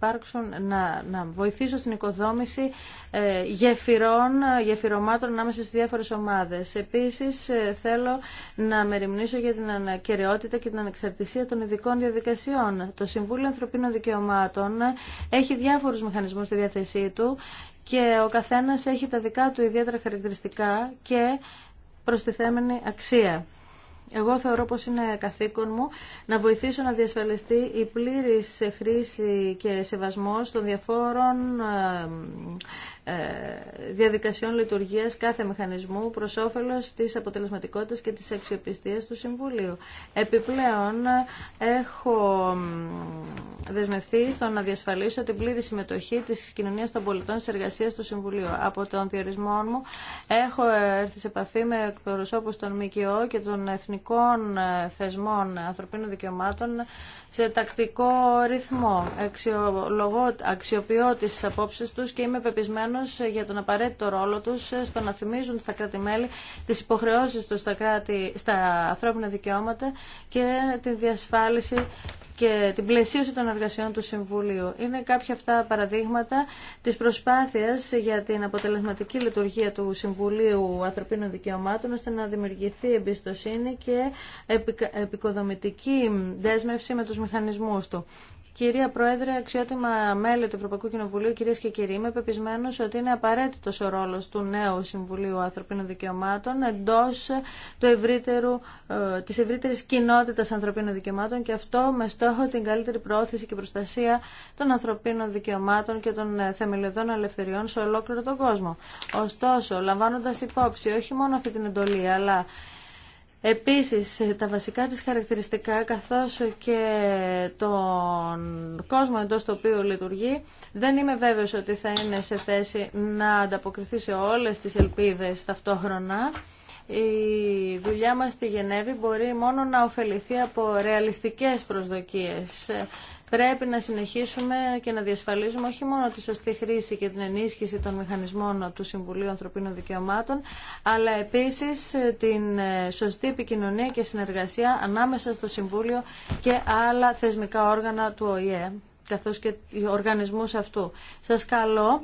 S3: να, να βοηθήσω στην οικοδόμηση ε, γεφυρών, γεφυρωμάτων ανάμεσα στις διάφορες ομάδες. Επίσης, θέλω να μεριμνήσω για την ανακαιρεότητα και την ανεξαρτησία των ειδικών διαδικασιών. Το Συμβούλιο Ανθρωπίνων Δικαιωμάτων έχει διάφορους μηχανισμούς στη διάθεσή του, και ο καθένας έχει τα δικά του ιδιαίτερα χαρακτηριστικά και προστιθέμενη αξία. Εγώ θεωρώ πως είναι καθήκον μου να βοηθήσω να διασφαλιστεί η πλήρης χρήση και σεβασμός των διαφόρων ε, διαδικασιών λειτουργίας κάθε μηχανισμού προς όφελος της αποτελεσματικότητας και της αξιοπιστίας του Συμβουλίου. Επιπλέον, έχω δεσμευθεί στο να διασφαλίσω την πλήρη συμμετοχή της κοινωνίας των πολιτών της εργασία του Συμβουλίου. Από τον διορισμό μου έχω έρθει σε επαφή με εκπροσώπους των ΜΚΟ και των εθνικών ε, θεσμών ανθρωπίνων δικαιωμάτων σε τακτικό ρυθμό. Αξιολογώ, αξιοποιώ τις απόψεις τους και είμαι πεπισμένο για τον απαραίτητο ρόλο τους στο να θυμίζουν στα κράτη-μέλη τις υποχρεώσεις τους στα, στα ανθρώπινα δικαιώματα και τη διασφάλιση και την πλαισίωση των εργασιών του Συμβουλίου. Είναι κάποια αυτά παραδείγματα της προσπάθειας για την αποτελεσματική λειτουργία του Συμβουλίου Ανθρωπίνων Δικαιωμάτων ώστε να δημιουργηθεί εμπιστοσύνη και επικοδομητική δέσμευση με τους μηχανισμού του. Κυρία Πρόεδρε, αξιότιμα μέλη του Ευρωπαϊκού Κοινοβουλίου, κυρίε και κύριοι, είμαι πεπισμένο ότι είναι απαραίτητο ο ρόλο του νέου Συμβουλίου Ανθρωπίνων Δικαιωμάτων εντό ε, τη ευρύτερη κοινότητα ανθρωπίνων δικαιωμάτων και αυτό με στόχο την καλύτερη προώθηση και προστασία των ανθρωπίνων δικαιωμάτων και των ε, θεμελιωδών ελευθεριών σε ολόκληρο τον κόσμο. Ωστόσο, λαμβάνοντα υπόψη όχι μόνο αυτή την εντολή, αλλά Επίσης, τα βασικά της χαρακτηριστικά, καθώς και τον κόσμο εντός του οποίου λειτουργεί, δεν είμαι βέβαιος ότι θα είναι σε θέση να ανταποκριθεί σε όλες τις ελπίδες ταυτόχρονα. Η δουλειά μας στη Γενέβη μπορεί μόνο να ωφεληθεί από ρεαλιστικές προσδοκίες πρέπει να συνεχίσουμε και να διασφαλίζουμε όχι μόνο τη σωστή χρήση και την ενίσχυση των μηχανισμών του Συμβουλίου Ανθρωπίνων Δικαιωμάτων, αλλά επίσης ε, την ε, σωστή επικοινωνία και συνεργασία ανάμεσα στο Συμβούλιο και άλλα θεσμικά όργανα του ΟΗΕ καθώς και οι οργανισμούς αυτού. Σας καλώ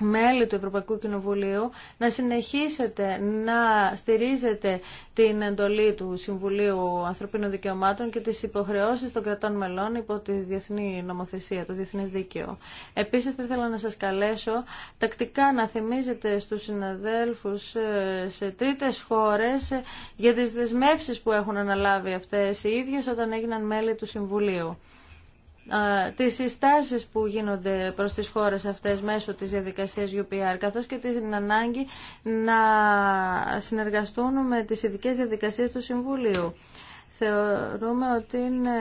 S3: μέλη του Ευρωπαϊκού Κοινοβουλίου να συνεχίσετε να στηρίζετε την εντολή του Συμβουλίου Ανθρωπίνων Δικαιωμάτων και τις υποχρεώσεις των κρατών μελών υπό τη διεθνή νομοθεσία, το διεθνές δίκαιο. Επίσης θα ήθελα να σας καλέσω τακτικά να θυμίζετε στους συναδέλφους ε, σε τρίτες χώρες ε, για τις δεσμεύσεις που έχουν αναλάβει αυτές οι ίδιες όταν έγιναν μέλη του Συμβουλίου τις συστάσεις που γίνονται προς τις χώρες αυτές μέσω της διαδικασίας UPR καθώς και την ανάγκη να συνεργαστούν με τις ειδικές διαδικασίες του Συμβουλίου θεωρούμε ότι είναι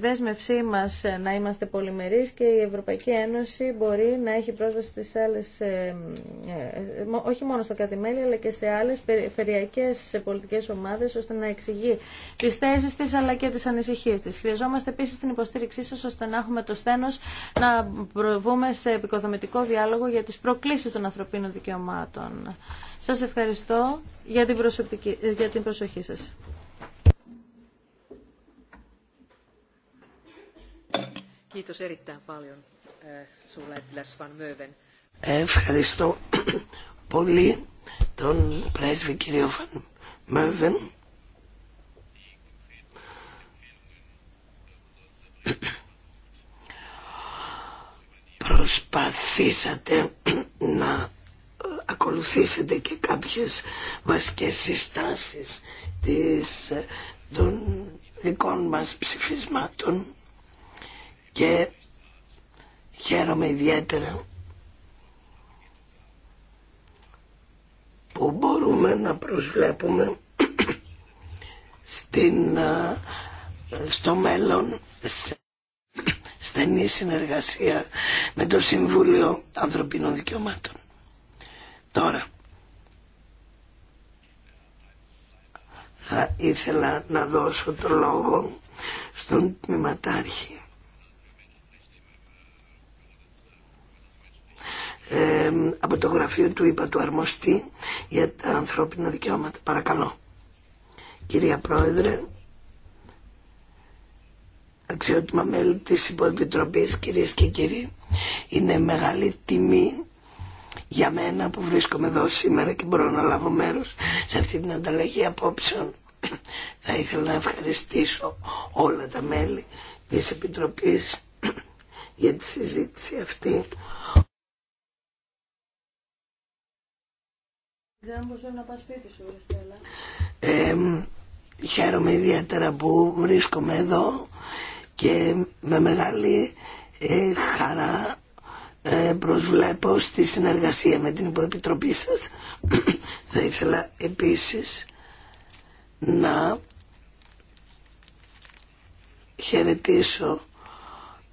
S3: δέσμευσή μας να είμαστε πολυμερείς και η Ευρωπαϊκή Ένωση μπορεί να έχει πρόσβαση στις άλλες, ε, ε, ε, όχι μόνο στα κατημέλη, αλλά και σε άλλες περιφερειακές πολιτικές ομάδες, ώστε να εξηγεί τις θέσεις της, αλλά και τις ανησυχίες της. Χρειαζόμαστε επίσης την υποστήριξή σας, ώστε να έχουμε το στένος να προβούμε σε επικοδομητικό διάλογο για τις προκλήσεις των ανθρωπίνων δικαιωμάτων. Σας ευχαριστώ για την, για την προσοχή σας.
S1: Eh,
S4: Ευχαριστώ πολύ τον πρέσβη κύριο Φαν Μεύεν. Προσπαθήσατε να ακολουθήσετε και κάποιες βασικές συστάσεις ε, των δικών μας ψηφισμάτων και χαίρομαι ιδιαίτερα που μπορούμε να προσβλέπουμε στην, στο μέλλον σε στενή συνεργασία με το Συμβούλιο Ανθρωπίνων Δικαιωμάτων. Τώρα, θα ήθελα να δώσω το λόγο στον τμήματάρχη από το γραφείο του είπα του Αρμοστή για τα ανθρώπινα δικαιώματα. Παρακαλώ. Κυρία Πρόεδρε, αξιότιμα μέλη της Υποεπιτροπής, κυρίες και κύριοι, είναι μεγάλη τιμή για μένα που βρίσκομαι εδώ σήμερα και μπορώ να λάβω μέρος σε αυτή την ανταλλαγή απόψεων. Θα ήθελα να ευχαριστήσω όλα τα μέλη της Επιτροπής για τη συζήτηση
S3: αυτή Δεν
S4: να χαίρομαι ιδιαίτερα που βρίσκομαι εδώ και με μεγάλη ε, χαρά ε, προσβλέπω στη συνεργασία με την υποεπιτροπή σας. [clears throat] Θα ήθελα επίσης να χαιρετήσω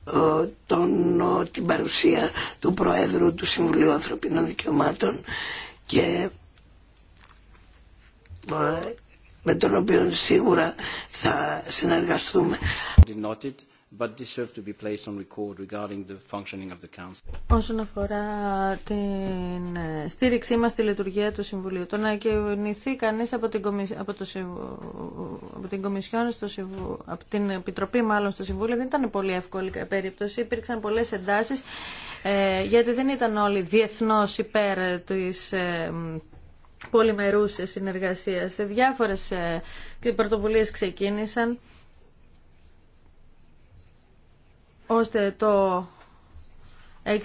S4: ε, τον, την παρουσία του Προέδρου του Συμβουλίου Ανθρωπίνων Δικαιωμάτων και
S5: ε, με τον
S4: οποίο σίγουρα
S5: θα συνεργαστούμε.
S3: Όσον αφορά την ε, στήριξή μας στη λειτουργία του Συμβουλίου, το να κινηθεί κανείς από την, από από την Κομισιόν, στο Συμβου... από την Επιτροπή μάλλον στο Συμβούλιο, δεν ήταν πολύ εύκολη περίπτωση. Υπήρξαν πολλές εντάσεις, ε, γιατί δεν ήταν όλοι διεθνώς υπέρ της πολυμερούς σε Διάφορες ε, πρωτοβουλίες ξεκίνησαν ώστε το 6251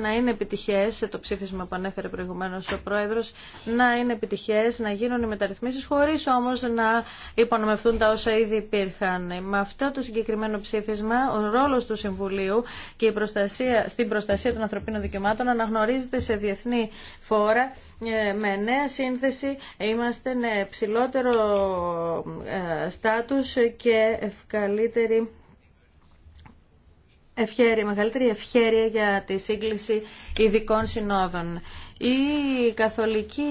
S3: να είναι επιτυχές, το ψήφισμα που ανέφερε προηγουμένως ο Πρόεδρος, να είναι επιτυχές, να γίνουν οι μεταρρυθμίσεις χωρίς όμως να υπονομευθούν τα όσα ήδη υπήρχαν. Με αυτό το συγκεκριμένο ψήφισμα, ο ρόλος του Συμβουλίου και η προστασία, στην προστασία των ανθρωπίνων δικαιωμάτων αναγνωρίζεται σε διεθνή φόρα ε, με νέα σύνθεση είμαστε ψηλότερο ε, στάτους και καλύτερη ευχέρεια, μεγαλύτερη ευχέρεια για τη σύγκληση ειδικών συνόδων. Η καθολική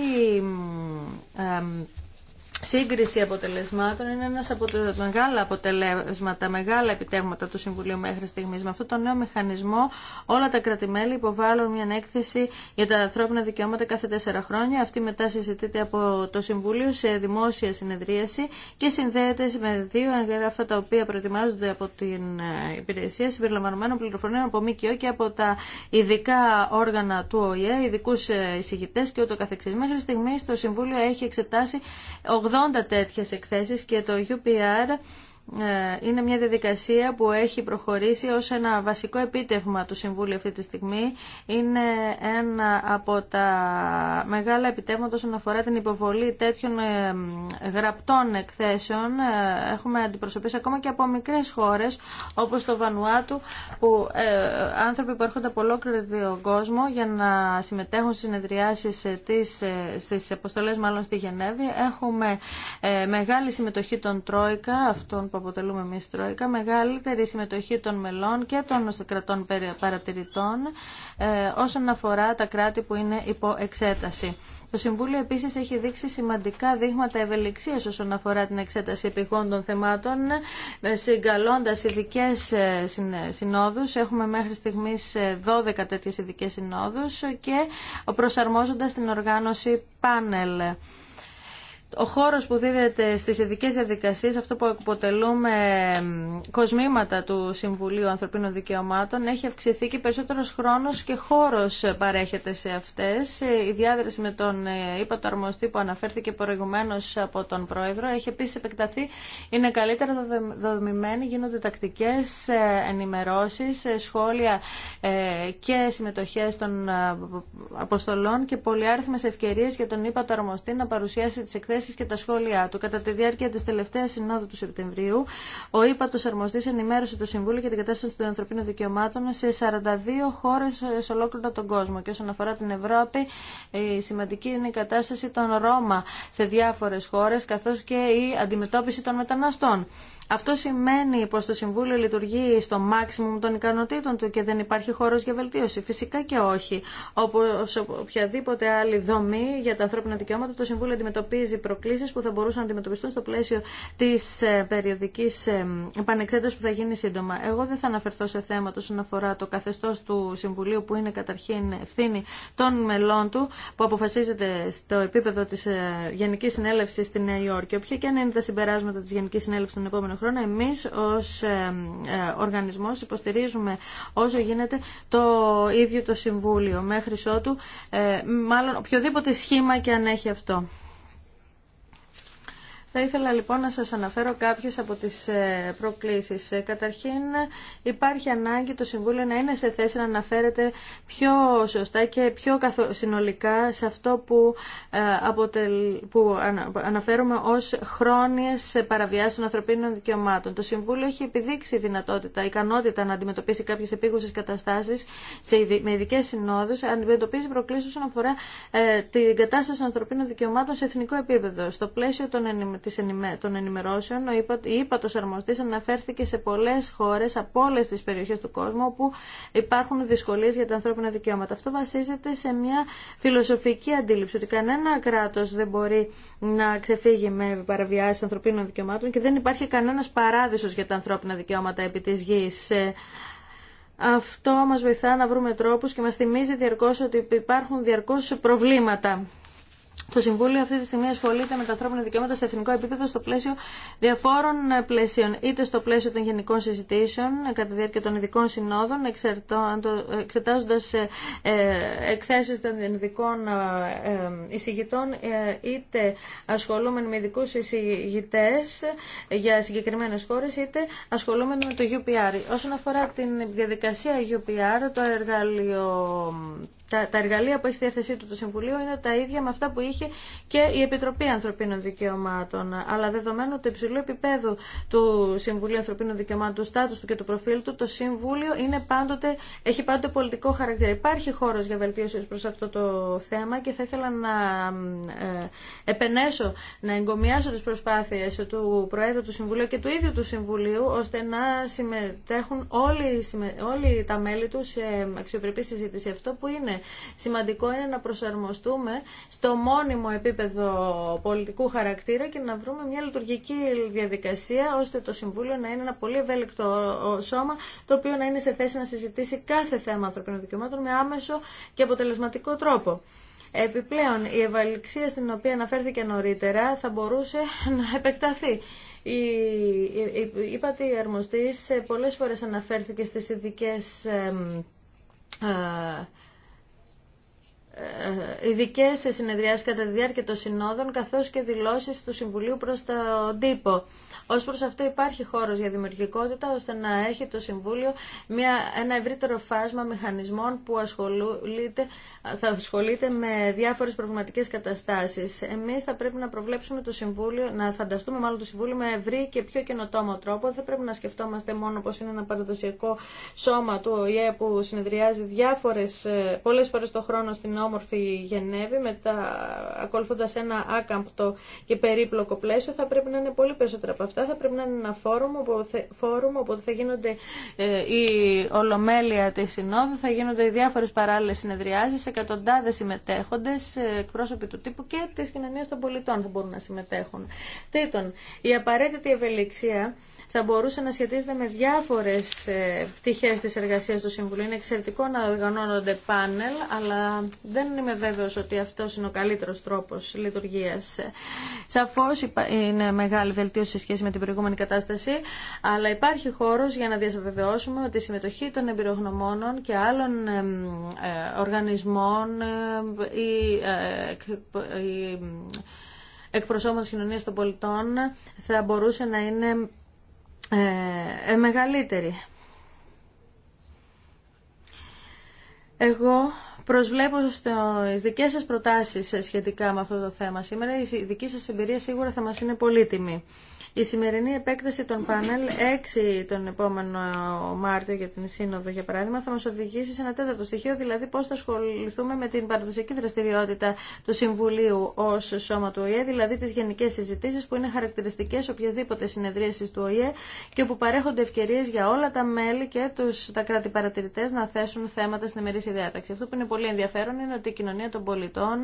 S3: σύγκριση αποτελεσμάτων είναι ένα από τα μεγάλα αποτελέσματα, μεγάλα επιτεύγματα του Συμβουλίου μέχρι στιγμή, Με αυτό το νέο μηχανισμό όλα τα κρατημέλη υποβάλλουν μια έκθεση για τα ανθρώπινα δικαιώματα κάθε τέσσερα χρόνια. Αυτή μετά συζητείται από το Συμβούλιο σε δημόσια συνεδρίαση και συνδέεται με δύο εγγράφα τα οποία προετοιμάζονται από την ε, υπηρεσία συμπεριλαμβανομένων πληροφοριών από ΜΚΟ και από τα ειδικά όργανα του ΟΗΕ, ειδικού ε, εισηγητέ και ούτω καθεξής. Μέχρι στιγμή το Συμβούλιο έχει εξετάσει 80 τέτοιες εκθέσεις και το UPR ε, είναι μια διαδικασία που έχει προχωρήσει ως ένα βασικό επίτευγμα του Συμβούλου αυτή τη στιγμή. Είναι ένα από τα μεγάλα επιτεύγματα όσον αφορά την υποβολή τέτοιων ε, γραπτών εκθέσεων. Ε, έχουμε αντιπροσωπήσει ακόμα και από μικρές χώρες όπως το Βανουάτου που άνθρωποι που έρχονται από ολόκληρο τον κόσμο για να συμμετέχουν στις συνεδριάσεις της, στις αποστολές μάλλον στη Γενέβη. Έχουμε μεγάλη συμμετοχή των Τρόικα, αυτών αποτελούμε εμεί Τρόικα, μεγαλύτερη συμμετοχή των μελών και των κρατών παρατηρητών ε, όσον αφορά τα κράτη που είναι υπό εξέταση. Το Συμβούλιο επίση έχει δείξει σημαντικά δείγματα ευελιξία όσον αφορά την εξέταση των θεμάτων, ε, συγκαλώντα ειδικέ ε, συνόδους. Έχουμε μέχρι στιγμής 12 τέτοιε ειδικέ συνόδου και προσαρμόζοντα την οργάνωση πάνελ ο χώρος που δίδεται στις ειδικές διαδικασίες, αυτό που αποτελούμε κοσμήματα του Συμβουλίου Ανθρωπίνων Δικαιωμάτων, έχει αυξηθεί και περισσότερος χρόνος και χώρος παρέχεται σε αυτές. Η διάδραση με τον Υπατοαρμοστή ε, που αναφέρθηκε προηγουμένως από τον Πρόεδρο έχει επίσης επεκταθεί, είναι καλύτερα δομημένη, γίνονται τακτικές ε, ενημερώσεις, ε, σχόλια και συμμετοχές των αποστολών και πολυάριθμες ευκαιρίες για τον είπα να παρουσιάσει τις εκθέσεις και τα σχόλιά του. Κατά τη διάρκεια της τελευταίας συνόδου του Σεπτεμβρίου, ο ύπατος αρμοστής ενημέρωσε το Συμβούλιο για την κατάσταση των ανθρωπίνων δικαιωμάτων σε 42 χώρες σε ολόκληρο τον κόσμο. Και όσον αφορά την Ευρώπη, η σημαντική είναι η κατάσταση των Ρώμα σε διάφορες χώρες, καθώς και η αντιμετώπιση των μεταναστών. Αυτό σημαίνει πως το Συμβούλιο λειτουργεί στο μάξιμουμ των ικανοτήτων του και δεν υπάρχει χώρος για βελτίωση. Φυσικά και όχι. Όπως οποιαδήποτε άλλη δομή για τα ανθρώπινα δικαιώματα, το Συμβούλιο αντιμετωπίζει προκλήσεις που θα μπορούσαν να αντιμετωπιστούν στο πλαίσιο της ε, περιοδικής ε, επανεξέτασης που θα γίνει σύντομα. Εγώ δεν θα αναφερθώ σε θέματα όσον αφορά το καθεστώς του Συμβουλίου που είναι καταρχήν ευθύνη των μελών του που αποφασίζεται στο επίπεδο της ε, γενική συνέλευση στη Νέα Υόρκη. Όποια και αν είναι τα συμπεράσματα της Γενικής Συνέλευσης των επόμενων χρόνο εμείς ως ε, ε, οργανισμός υποστηρίζουμε όσο γίνεται το ίδιο το Συμβούλιο μέχρι ότου, ε, μάλλον οποιοδήποτε σχήμα και αν έχει αυτό. Θα ήθελα λοιπόν να σας αναφέρω κάποιες από τις ε, προκλήσεις. Ε, καταρχήν υπάρχει ανάγκη το Συμβούλιο να είναι σε θέση να αναφέρεται πιο σωστά και πιο συνολικά σε αυτό που, ε, αποτελ... που αναφέρουμε ως χρόνιες παραβιάσεις των ανθρωπίνων δικαιωμάτων. Το Συμβούλιο έχει επιδείξει δυνατότητα, ικανότητα να αντιμετωπίσει κάποιες επίγουσες καταστάσεις σε... με ειδικές συνόδους, αντιμετωπίζει προκλήσεις όσον αφορά την κατάσταση των ανθρωπίνων δικαιωμάτων σε εθνικό επίπεδο. Στο πλαίσιο των των ενημερώσεων, ο ύπατος αρμοστής αναφέρθηκε σε πολλές χώρες από όλες τις περιοχές του κόσμου όπου υπάρχουν δυσκολίες για τα ανθρώπινα δικαιώματα. Αυτό βασίζεται σε μια φιλοσοφική αντίληψη ότι κανένα κράτος δεν μπορεί να ξεφύγει με παραβιάσεις ανθρωπίνων δικαιωμάτων και δεν υπάρχει κανένας παράδεισος για τα ανθρώπινα δικαιώματα επί της γης. Αυτό μας βοηθά να βρούμε τρόπους και μας θυμίζει διαρκώς ότι υπάρχουν διαρκώς προβλήματα το Συμβούλιο αυτή τη στιγμή ασχολείται με τα ανθρώπινα δικαιώματα σε εθνικό επίπεδο στο πλαίσιο διαφόρων πλαίσιων, είτε στο πλαίσιο των γενικών συζητήσεων ε, κατά τη διάρκεια των ειδικών συνόδων, εξετάζοντα ε, ε, εκθέσει των ειδικών εισηγητών, είτε ασχολούμενοι με ειδικού εισηγητέ για συγκεκριμένε χώρε, είτε ασχολούμενοι με το UPR. Όσον αφορά την διαδικασία UPR, το εργαλείο τα, τα εργαλεία που έχει στη διάθεσή του το Συμβουλίο είναι τα ίδια με αυτά που είχε και η Επιτροπή Ανθρωπίνων Δικαιωμάτων. Αλλά δεδομένου του υψηλού επίπεδου του Συμβουλίου Ανθρωπίνων Δικαιωμάτων, του στάτου του και του προφίλ του, το Συμβούλιο είναι πάντοτε, έχει πάντοτε πολιτικό χαρακτήρα. Υπάρχει χώρο για βελτίωση προ αυτό το θέμα και θα ήθελα να ε, επενέσω, να εγκομιάσω τι προσπάθειε του Προέδρου του Συμβουλίου και του ίδιου του Συμβουλίου, ώστε να συμμετέχουν όλοι, όλοι τα μέλη του σε αξιοπρεπή συζήτηση. Αυτό που είναι Σημαντικό είναι να προσαρμοστούμε στο μόνιμο επίπεδο πολιτικού χαρακτήρα και να βρούμε μια λειτουργική διαδικασία ώστε το Συμβούλιο να είναι ένα πολύ ευέλικτο σώμα το οποίο να είναι σε θέση να συζητήσει κάθε θέμα ανθρωπίνων δικαιωμάτων με άμεσο και αποτελεσματικό τρόπο. Επιπλέον, η ευαλιξία στην οποία αναφέρθηκε νωρίτερα θα μπορούσε να επεκταθεί. Η, είπατε η αρμοστής ε, πολλές φορές αναφέρθηκε στις ειδικές ε, ε, ειδικέ συνεδριάσει κατά τη διάρκεια των συνόδων καθώ και δηλώσει του Συμβουλίου προ τον τύπο. Ω προ αυτό υπάρχει χώρο για δημιουργικότητα ώστε να έχει το Συμβούλιο μια, ένα ευρύτερο φάσμα μηχανισμών που ασχολείται, θα ασχολείται με διάφορε προβληματικέ καταστάσει. Εμεί θα πρέπει να προβλέψουμε το Συμβούλιο, να φανταστούμε μάλλον το Συμβούλιο με ευρύ και πιο καινοτόμο τρόπο. Δεν πρέπει να σκεφτόμαστε μόνο πώ είναι ένα παραδοσιακό σώμα του ΟΗΕ που συνεδριάζει ε, πολλέ φορέ το χρόνο στην όμορφη Γενέβη, μετά ακολουθώντας ένα άκαμπτο και περίπλοκο πλαίσιο, θα πρέπει να είναι πολύ περισσότερα από αυτά. Θα πρέπει να είναι ένα φόρουμ όπου θα, φόρουμ, όπου θα γίνονται ε, η ολομέλεια της Συνόδου, θα γίνονται οι διάφορες παράλληλες συνεδριάσεις, εκατοντάδες συμμετέχοντες, ε, εκπρόσωποι του τύπου και της κοινωνίας των πολιτών θα μπορούν να συμμετέχουν. Τρίτον, η απαραίτητη ευελιξία θα μπορούσε να σχετίζεται με διάφορε ε, πτυχέ τη εργασία του Συμβουλίου. Είναι εξαιρετικό να οργανώνονται πάνελ, αλλά δεν είμαι βέβαιος ότι αυτό είναι ο καλύτερο τρόπο λειτουργία. Σαφώ είναι μεγάλη βελτίωση σε σχέση με την προηγούμενη κατάσταση, αλλά υπάρχει χώρο για να διαβεβαιώσουμε ότι η συμμετοχή των εμπειρογνωμόνων και άλλων ε, οργανισμών ή ε, εκπροσώπων της κοινωνίας των πολιτών θα μπορούσε να είναι ε, ε, μεγαλύτερη. Εγώ προσβλέπω στις δικές σας προτάσεις ε, σχετικά με αυτό το θέμα σήμερα. Η δική σας εμπειρία σίγουρα θα μας είναι πολύτιμη. Η σημερινή επέκταση των πάνελ, 6 τον επόμενο Μάρτιο για την Σύνοδο, για παράδειγμα, θα μα οδηγήσει σε ένα τέταρτο στοιχείο, δηλαδή πώ θα ασχοληθούμε με την παραδοσιακή δραστηριότητα του Συμβουλίου ω σώμα του ΟΗΕ, δηλαδή τι γενικέ συζητήσει που είναι χαρακτηριστικέ οποιασδήποτε συνεδρίαση του ΟΗΕ και που παρέχονται ευκαιρίε για όλα τα μέλη και τους, τα κράτη παρατηρητέ να θέσουν θέματα στην ημερήσια διάταξη. Αυτό που είναι πολύ ενδιαφέρον είναι ότι η κοινωνία των πολιτών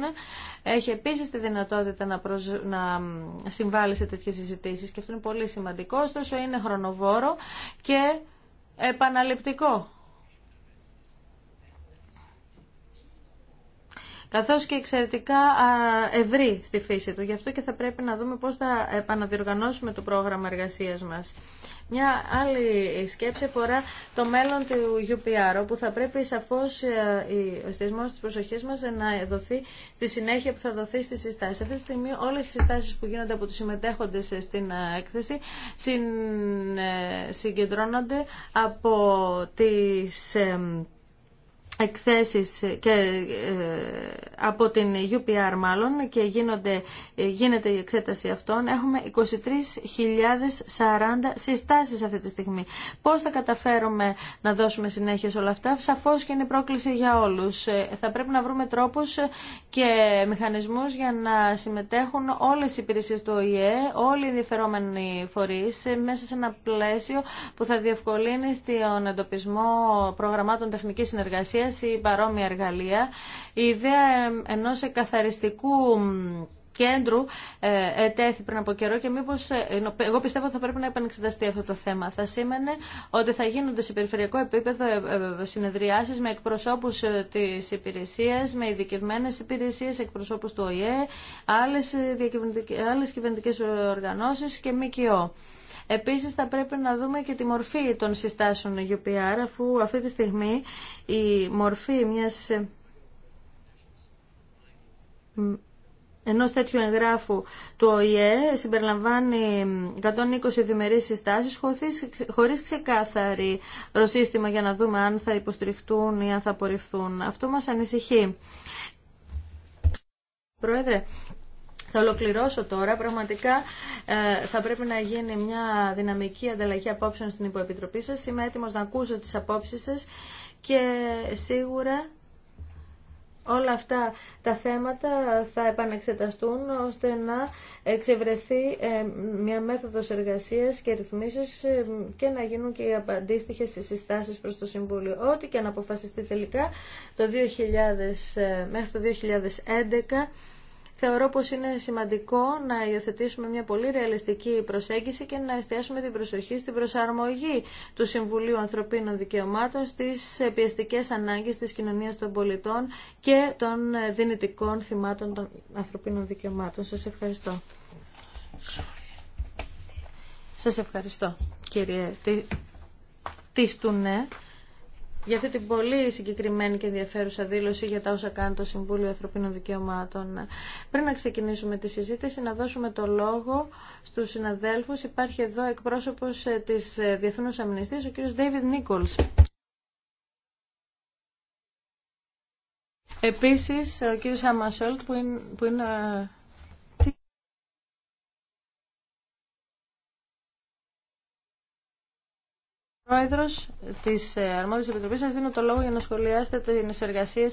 S3: έχει επίση τη δυνατότητα να, να συμβάλλει σε τέτοιε συζητήσει και αυτό είναι πολύ σημαντικό, ωστόσο είναι χρονοβόρο και επαναληπτικό. καθώς και εξαιρετικά ευρύ στη φύση του. Γι' αυτό και θα πρέπει να δούμε πώς θα επαναδιοργανώσουμε το πρόγραμμα εργασίας μας. Μια άλλη σκέψη αφορά το μέλλον του UPR, όπου θα πρέπει σαφώ ε, ο εστιασμός της προσοχής μας να δοθεί στη συνέχεια που θα δοθεί στις συστάσεις. Αυτή τη στιγμή όλες οι συστάσεις που γίνονται από τους συμμετέχοντες στην ε, έκθεση ε, συγκεντρώνονται από τις εκθέσεις και, ε, από την UPR μάλλον και γίνονται, ε, γίνεται η εξέταση αυτών. Έχουμε 23.040 συστάσεις αυτή τη στιγμή. Πώς θα καταφέρουμε να δώσουμε συνέχεια σε όλα αυτά. Σαφώς και είναι πρόκληση για όλους. Ε, θα πρέπει να βρούμε τρόπους και μηχανισμούς για να συμμετέχουν όλες οι υπηρεσίες του ΟΗΕ, όλοι οι ενδιαφερόμενοι φορείς μέσα σε ένα πλαίσιο που θα διευκολύνει στον εντοπισμό προγραμμάτων τεχνικής συνεργασίας η ιδέα ενός καθαριστικού κέντρου ε, ετέθη πριν από καιρό και μήπω. Ε, εγώ πιστεύω ότι θα πρέπει να επανεξεταστεί αυτό το θέμα. Θα σήμαινε ότι θα γίνονται σε περιφερειακό επίπεδο ε, ε, συνεδριάσεις με εκπροσώπους της υπηρεσίας, με ειδικευμένε υπηρεσίες, εκπροσώπους του ΟΗΕ, άλλες κυβερνητικέ οργανώσεις και ΜΚΟ. Επίσης θα πρέπει να δούμε και τη μορφή των συστάσεων UPR αφού αυτή τη στιγμή η μορφή μιας ε, ενός τέτοιου εγγράφου του ΟΗΕ συμπεριλαμβάνει 120 διμερείς συστάσεις χωρίς ξεκάθαρη προσύστημα για να δούμε αν θα υποστηριχτούν ή αν θα απορριφθούν. Αυτό μας ανησυχεί. Πρόεδρε, θα ολοκληρώσω τώρα. Πραγματικά ε, θα πρέπει να γίνει μια δυναμική ανταλλαγή απόψεων στην υποεπιτροπή σας. Είμαι έτοιμος να ακούσω τις απόψεις σας και σίγουρα όλα αυτά τα θέματα θα επανεξεταστούν ώστε να εξευρεθεί ε, μια μέθοδος εργασίας και ρυθμίσεις ε, και να γίνουν και οι απαντήστοιχες συστάσεις προς το Συμβούλιο. Ό,τι και να αποφασιστεί τελικά το 2000, μέχρι το 2011 θεωρώ πως είναι σημαντικό να υιοθετήσουμε μια πολύ ρεαλιστική προσέγγιση και να εστιάσουμε την προσοχή στην προσαρμογή του Συμβουλίου Ανθρωπίνων Δικαιωμάτων στις πιεστικές ανάγκες της κοινωνίας των πολιτών και των δυνητικών θυμάτων των ανθρωπίνων δικαιωμάτων. Σας ευχαριστώ. Σας ευχαριστώ κύριε Τίστουνε για αυτή την πολύ συγκεκριμένη και ενδιαφέρουσα δήλωση για τα όσα κάνει το Συμβούλιο Ανθρωπίνων Δικαιωμάτων. Πριν να ξεκινήσουμε τη συζήτηση, να δώσουμε το λόγο στους συναδέλφους. Υπάρχει εδώ εκπρόσωπος ε, της ε, Διεθνούς Αμνηστίας, ο κ. David Nichols. Επίσης, ο κύριος Αμασόλτ, που είναι, που είναι Πρόεδρο τη ε, Αρμόδιας Επιτροπή σα δίνω το λόγο για να σχολιάσετε τι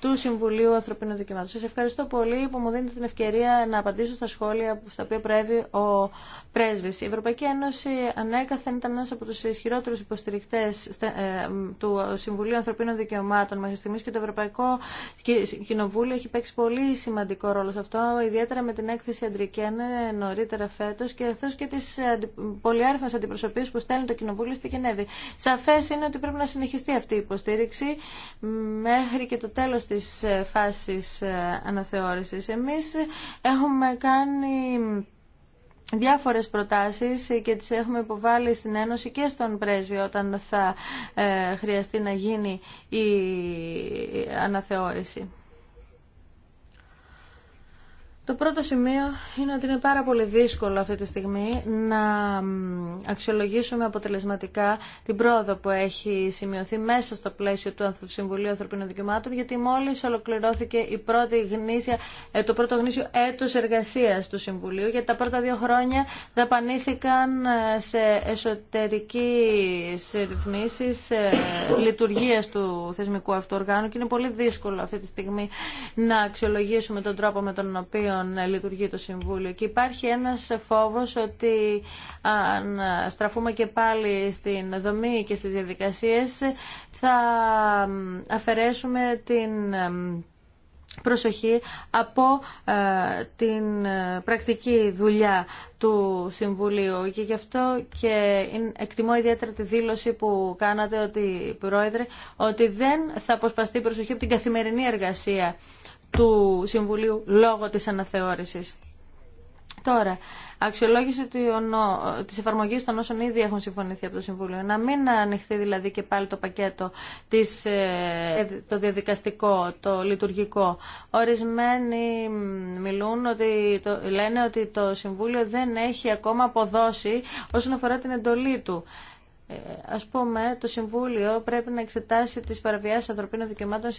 S3: του Συμβουλίου Ανθρωπίνων Δικαιωμάτων. Σα ευχαριστώ πολύ που μου δίνετε την ευκαιρία να απαντήσω στα σχόλια στα οποία προέβη ο Πρέσβη. Η Ευρωπαϊκή Ένωση ανέκαθεν ήταν ένα από του ισχυρότερου υποστηρικτές ε, του Συμβουλίου Ανθρωπίνων Δικαιωμάτων μέχρι στιγμή και το Ευρωπαϊκό Κοινοβούλιο έχει παίξει πολύ σημαντικό ρόλο σε αυτό, ιδιαίτερα με την έκθεση Αντρικέν νωρίτερα φέτο και εθώς και τι πολυάριθμε αντιπροσωπείε που στέλνει το Κοινοβούλιο στην Γενέβη συνέβη. Σαφές είναι ότι πρέπει να συνεχιστεί αυτή η υποστήριξη μέχρι και το τέλος της ε, φάσης ε, αναθεώρησης. Εμείς έχουμε κάνει διάφορες προτάσεις και τις έχουμε υποβάλει στην Ένωση και στον πρέσβη όταν θα ε, χρειαστεί να γίνει η αναθεώρηση. Το πρώτο σημείο είναι ότι είναι πάρα πολύ δύσκολο αυτή τη στιγμή να αξιολογήσουμε αποτελεσματικά την πρόοδο που έχει σημειωθεί μέσα στο πλαίσιο του Συμβουλίου Ανθρωπίνων Δικαιωμάτων, γιατί μόλι ολοκληρώθηκε η πρώτη γνήσια, ε, το πρώτο γνήσιο έτος εργασίας του Συμβουλίου, γιατί τα πρώτα δύο χρόνια δαπανήθηκαν ε, σε εσωτερική ρυθμίσει, ε, λειτουργία του θεσμικού αυτού οργάνου και είναι πολύ δύσκολο αυτή τη στιγμή να αξιολογήσουμε τον τρόπο με τον οποίο λειτουργεί το Συμβούλιο. Και υπάρχει ένας φόβος ότι αν στραφούμε και πάλι στην δομή και στις διαδικασίες θα αφαιρέσουμε την προσοχή από ε, την ε, πρακτική δουλειά του Συμβουλίου και γι' αυτό και εκτιμώ ιδιαίτερα τη δήλωση που κάνατε ότι, Πρόεδρε, ότι δεν θα αποσπαστεί η προσοχή από την καθημερινή εργασία του Συμβουλίου λόγω της αναθεώρησης. Τώρα, αξιολόγηση της εφαρμογής των όσων ήδη έχουν συμφωνηθεί από το Συμβούλιο. Να μην ανοιχτεί δηλαδή και πάλι το πακέτο, της, ε, το διαδικαστικό, το λειτουργικό. Ορισμένοι μιλούν ότι, το, λένε ότι το Συμβούλιο δεν έχει ακόμα αποδώσει όσον αφορά την εντολή του. Ας πούμε, το Συμβούλιο πρέπει να εξετάσει τις παραβιάσεις ανθρωπίνων δικαιωμάτων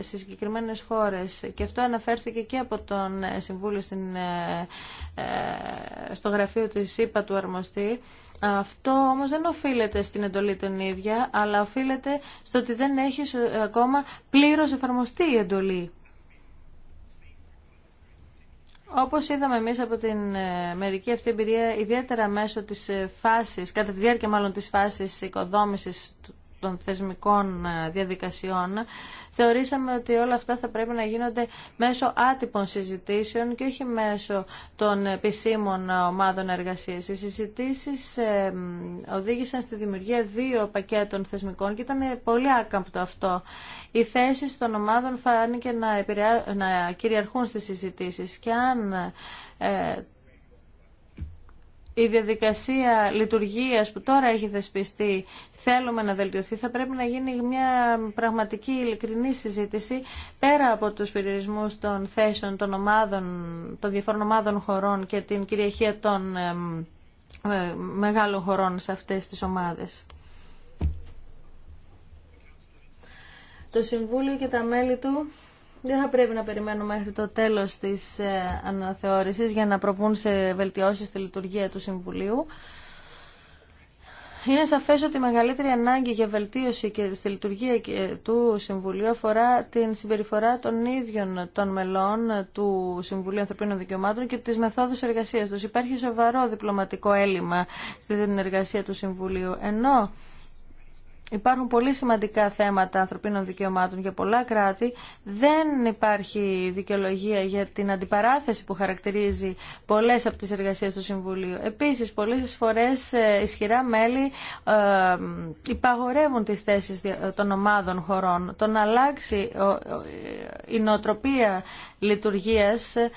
S3: σε συγκεκριμένες χώρες. Και αυτό αναφέρθηκε και από τον ε, Συμβούλιο στην, ε, ε, στο γραφείο της ΣΥΠΑ του Αρμοστή. Αυτό όμως δεν οφείλεται στην εντολή των ίδια, αλλά οφείλεται στο ότι δεν έχει ακόμα πλήρως εφαρμοστεί η εντολή. Όπως είδαμε εμείς από την ε, μερική αυτή εμπειρία, ιδιαίτερα μέσω της ε, φάσης, κατά τη διάρκεια μάλλον της φάσης οικοδόμησης των θεσμικών ε, διαδικασιών, θεωρήσαμε ότι όλα αυτά θα πρέπει να γίνονται μέσω άτυπων συζητήσεων και όχι μέσω των επισήμων ομάδων εργασίας. Οι συζητήσεις ε, οδήγησαν στη δημιουργία δύο πακέτων θεσμικών και ήταν πολύ άκαμπτο αυτό. Οι θέσει των ομάδων φάνηκε να, επηρεά... να κυριαρχούν στις συζητήσει και αν ε, η διαδικασία λειτουργίας που τώρα έχει θεσπιστεί θέλουμε να βελτιωθεί, θα πρέπει να γίνει μια πραγματική ειλικρινή συζήτηση πέρα από τους περιορισμού των θέσεων των ομάδων, των διαφόρων ομάδων χωρών και την κυριαρχία των ε, μεγάλων χωρών σε αυτές τις ομάδες. Το Συμβούλιο και τα μέλη του δεν θα πρέπει να περιμένουμε μέχρι το τέλος της ε, αναθεώρησης για να προβούν σε βελτιώσεις στη λειτουργία του Συμβουλίου. Είναι σαφές ότι η μεγαλύτερη ανάγκη για βελτίωση και στη λειτουργία του Συμβουλίου αφορά την συμπεριφορά των ίδιων των μελών του Συμβουλίου Ανθρωπίνων Δικαιωμάτων και τις μεθόδου εργασίας τους. Υπάρχει σοβαρό διπλωματικό έλλειμμα στη εργασία του Συμβουλίου, ενώ Υπάρχουν πολύ σημαντικά θέματα ανθρωπίνων δικαιωμάτων για πολλά κράτη. Δεν υπάρχει δικαιολογία για την αντιπαράθεση που χαρακτηρίζει πολλές από τις εργασίες του Συμβουλίου. Επίσης, πολλές φορές ε, ισχυρά μέλη ε, υπαγορεύουν τις θέσεις των ομάδων χωρών. Το να αλλάξει η νοοτροπία λειτουργίας ε,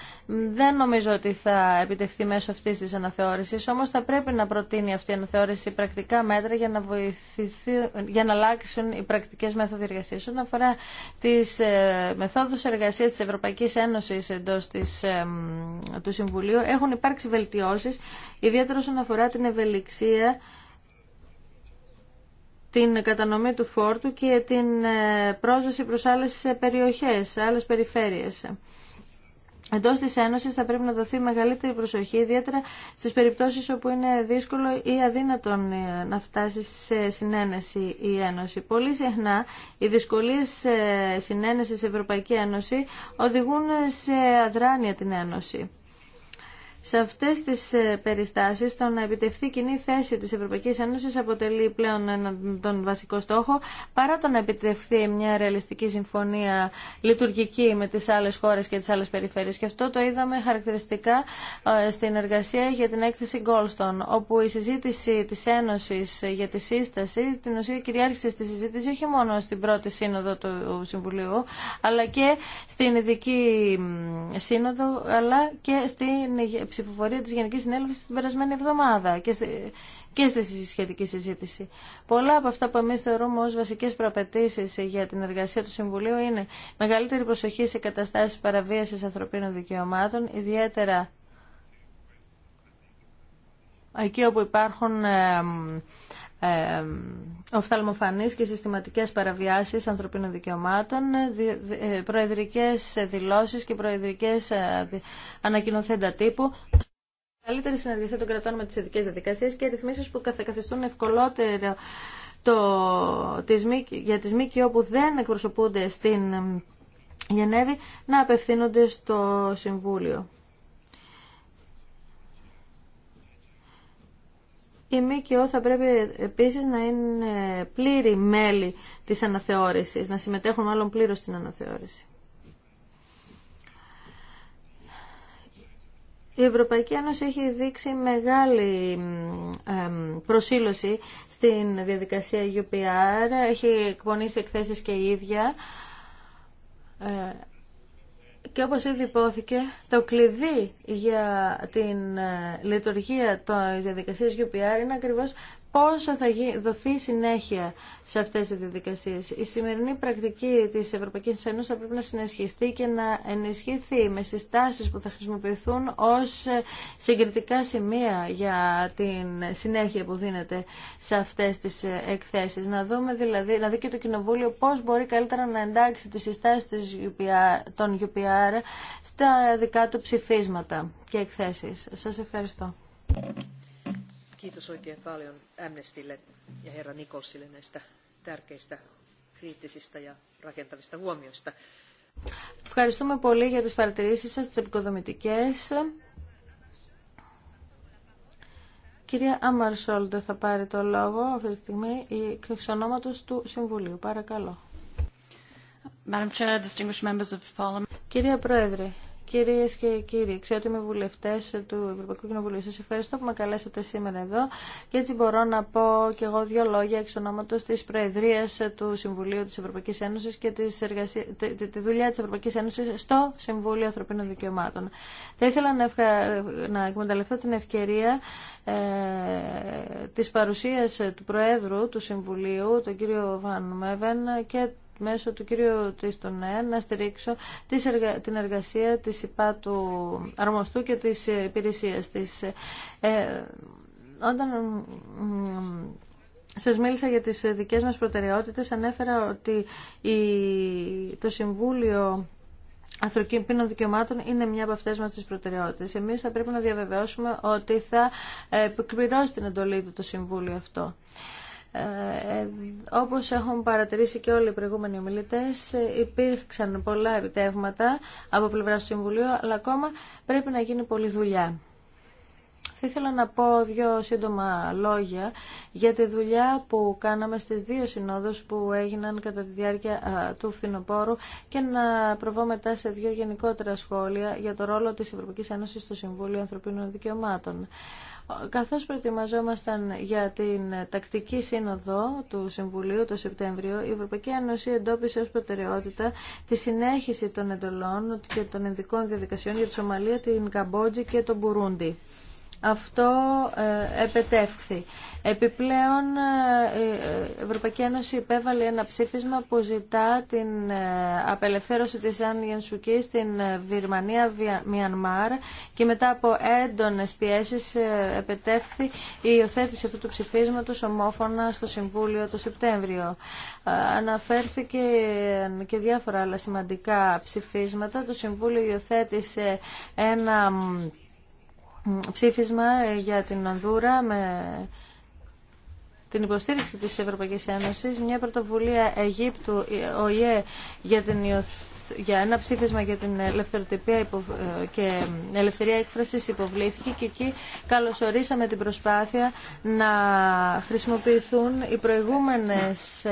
S3: δεν νομίζω ότι θα επιτευχθεί μέσω αυτή τη αναθεώρηση. Όμω θα πρέπει να προτείνει αυτή η αναθεώρηση πρακτικά μέτρα για να βοηθηθεί για να αλλάξουν οι πρακτικές μέθοδοι εργασίας. Όσον αφορά ε, μεθόδους εργασίας της Ευρωπαϊκής Ένωση εντός της, ε, του Συμβουλίου, έχουν υπάρξει βελτιώσεις, ιδιαίτερα όσον αφορά την ευελιξία την κατανομή του φόρτου και την ε, πρόσβαση προς άλλες περιοχές, άλλες περιφέρειες. Εντό τη Ένωση θα πρέπει να δοθεί μεγαλύτερη προσοχή, ιδιαίτερα στι περιπτώσει όπου είναι δύσκολο ή αδύνατο ε, να φτάσει σε συνένεση η Ένωση. Πολύ συχνά οι δυσκολίε συνένεση στην Ευρωπαϊκή Ένωση οδηγούν σε συνενεση η ενωση πολυ συχνα οι δυσκολιε συνενεση ευρωπαικη ενωση οδηγουν σε αδρανεια την Ένωση. Σε αυτέ τι ε, περιστάσει, το να επιτευχθεί κοινή θέση τη Ευρωπαϊκή Ένωση αποτελεί πλέον τον βασικό στόχο παρά το να επιτευχθεί μια ρεαλιστική συμφωνία λειτουργική με τι άλλε χώρε και τι άλλε περιφέρειες. Και αυτό το είδαμε χαρακτηριστικά ε, στην εργασία για την έκθεση Goldstone όπου η συζήτηση τη Ένωση για τη σύσταση την ουσία κυριάρχησε στη συζήτηση όχι μόνο στην πρώτη σύνοδο του Συμβουλίου αλλά και στην ειδική σύνοδο αλλά και στην ψηφοφορία της Γενικής Συνέλευσης την περασμένη εβδομάδα και στη, και στη σχετική συζήτηση. Πολλά από αυτά που εμείς θεωρούμε ως βασικές προαπαιτήσεις για την εργασία του Συμβουλίου είναι μεγαλύτερη προσοχή σε καταστάσεις παραβίασης ανθρωπίνων δικαιωμάτων, ιδιαίτερα εκεί όπου υπάρχουν οφθαλμοφανείς και συστηματικές παραβιάσεις ανθρωπίνων δικαιωμάτων, ε, ε, προεδρικές δηλώσεις και προεδρικές ε, ανακοινωθέντα τύπου, καλύτερη συνεργασία των κρατών με τις ειδικές διαδικασίες και ρυθμίσεις που καθεκαθιστούν ευκολότερο το, τις, για τις ΜΚΟ που δεν εκπροσωπούνται στην Γενέβη να απευθύνονται στο Συμβούλιο. Η ΜΚΟ θα πρέπει επίσης να είναι πλήρη μέλη της αναθεώρησης, να συμμετέχουν μάλλον πλήρως στην αναθεώρηση. Η Ευρωπαϊκή Ένωση έχει δείξει μεγάλη προσήλωση στην διαδικασία UPR, έχει εκπονήσει εκθέσεις και ίδια ε, και όπως ήδη υπόθηκε, το κλειδί για την ε, λειτουργία της διαδικασίας UPR είναι ακριβώς πώς θα δοθεί συνέχεια σε αυτές τις διαδικασίες. Η σημερινή πρακτική της Ευρωπαϊκής Ένωσης θα πρέπει να συνεσχιστεί και να ενισχυθεί με συστάσεις που θα χρησιμοποιηθούν ως συγκριτικά σημεία για την συνέχεια που δίνεται σε αυτές τις εκθέσεις. Να δούμε δηλαδή, να δει και το Κοινοβούλιο πώς μπορεί καλύτερα να εντάξει τις συστάσεις των UPR στα δικά του ψηφίσματα και εκθέσεις. Σας ευχαριστώ. Ευχαριστούμε πολύ για τις παρατηρήσεις σας, τις επικοδομητικές. Κυρία Αμαρσόλντε θα πάρει το λόγο αυτή τη στιγμή, εξ εξονόματος του Συμβουλίου. Παρακαλώ. Κυρία Πρόεδρε, Κυρίες και κύριοι, εξαιότιμοι βουλευτές του Ευρωπαϊκού Κοινοβουλίου, σας ευχαριστώ που με καλέσατε σήμερα εδώ και έτσι μπορώ να πω και εγώ δύο λόγια εξ ονόματος της Προεδρίας του Συμβουλίου της Ευρωπαϊκής Ένωσης και της τη, δουλειά της Ευρωπαϊκής Ένωσης στο Συμβούλιο Ανθρωπίνων Δικαιωμάτων. Θα ήθελα να, ευχα... να εκμεταλλευτώ την ευκαιρία ε... της παρουσίας του Προέδρου του Συμβουλίου, τον κύριο Βαν Μέβεν και μέσω του κύριου Τίστονέ ε, να στηρίξω την εργασία της ΥΠΑ του αρμοστού και της υπηρεσίας της. Ε, όταν σας μίλησα για τις δικές μας προτεραιότητες, ανέφερα ότι η, το Συμβούλιο ανθρωπίνων δικαιωμάτων είναι μια από αυτές μας τις προτεραιότητες. Εμείς θα πρέπει να διαβεβαιώσουμε ότι θα ε, εκπληρώσει την εντολή του το Συμβούλιο αυτό. Ε, ε, όπως έχουν παρατηρήσει και όλοι οι προηγούμενοι ομιλητές, υπήρξαν πολλά επιτεύγματα από πλευρά του Συμβουλίου, αλλά ακόμα πρέπει να γίνει πολλή δουλειά. Θα ήθελα να πω δύο σύντομα λόγια για τη δουλειά που κάναμε στις δύο συνόδους που έγιναν κατά τη διάρκεια του φθινοπόρου και να προβώ μετά σε δύο γενικότερα σχόλια για το ρόλο της Ευρωπαϊκής Ένωσης στο Συμβούλιο Ανθρωπίνων Δικαιωμάτων. Καθώς προετοιμαζόμασταν για την τακτική σύνοδο του Συμβουλίου το Σεπτέμβριο, η Ευρωπαϊκή Ένωση εντόπισε ως προτεραιότητα τη συνέχιση των εντολών και των ειδικών διαδικασιών για τη Σομαλία, την Καμπότζη και τον Μπουρούντι αυτό ε, επετεύχθη. Επιπλέον, η ε, ε, Ευρωπαϊκή Ένωση υπέβαλε ένα ψήφισμα που ζητά την απελευθέρωση της Άνιεν Σουκή στην Βυρμανία, Μιανμάρ και μετά από έντονες πιέσεις επετεύχθη η υιοθέτηση αυτού του ψηφίσματος ομόφωνα στο Συμβούλιο το Σεπτέμβριο. Αναφέρθηκε και διάφορα άλλα σημαντικά ψηφίσματα. Το Συμβούλιο υιοθέτησε ένα ψήφισμα ε, για την Ανδούρα με την υποστήριξη της Ευρωπαϊκής Ένωσης, μια πρωτοβουλία Αιγύπτου, ΟΗΕ, για την υιοθέτηση για ένα ψήφισμα για την ελευθεροτυπία και ελευθερία έκφρασης υποβλήθηκε και εκεί καλωσορίσαμε την προσπάθεια να χρησιμοποιηθούν οι προηγούμενες,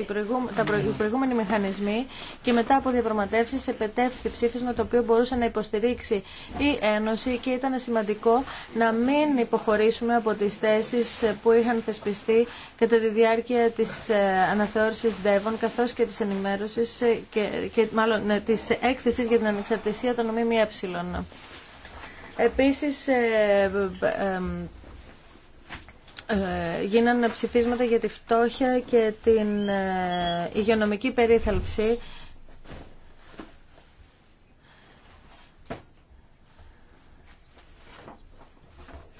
S3: οι προηγούμε, τα προηγούμενοι μηχανισμοί και μετά από διαπραγματεύσει επετέφθη ψήφισμα το οποίο μπορούσε να υποστηρίξει η Ένωση και ήταν σημαντικό να μην υποχωρήσουμε από τις θέσεις που είχαν θεσπιστεί κατά τη διάρκεια της ε, αναθεώρησης ΔΕΒΟΝ καθώς και της ενημέρωσης ε, και, μάλλον ε, της έκθεσης για την ανεξαρτησία των ΜΜΕ. Επίσης, ε, ε, ε, γίνανε ψηφίσματα για τη φτώχεια και την ε, υγειονομική περίθαλψη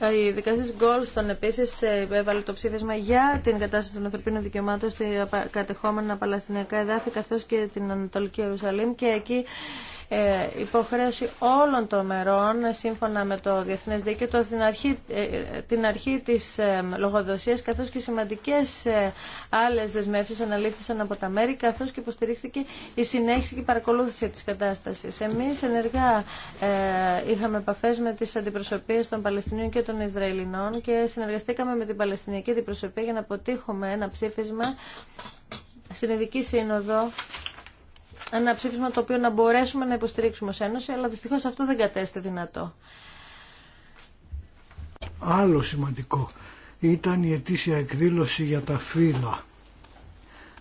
S3: Ε, η δικαστή Γκόλστον επίση ε, έβαλε το ψήφισμα για την κατάσταση των ανθρωπίνων δικαιωμάτων στα κατεχόμενα Παλαιστινιακά εδάφη καθώ και την Ανατολική Ιερουσαλήμ και εκεί ε, υποχρέωση όλων των μερών σύμφωνα με το Διεθνές Δίκαιο την, αρχή, ε, την αρχή της ε, λογοδοσίας καθώς και σημαντικές άλλες δεσμεύσεις αναλήφθησαν από τα μέρη καθώς και υποστηρίχθηκε η συνέχιση και η παρακολούθηση της κατάστασης. Εμείς ενεργά είχαμε επαφές με τις αντιπροσωπείες των Παλαιστινίων και των Ισραηλινών και συνεργαστήκαμε με την Παλαιστινιακή αντιπροσωπεία για να αποτύχουμε ένα ψήφισμα στην Ειδική Σύνοδο ένα ψήφισμα το οποίο να μπορέσουμε να υποστηρίξουμε ως Ένωση, αλλά δυστυχώς αυτό δεν κατέστη δυνατό.
S6: Άλλο σημαντικό ήταν η ετήσια εκδήλωση για τα φύλλα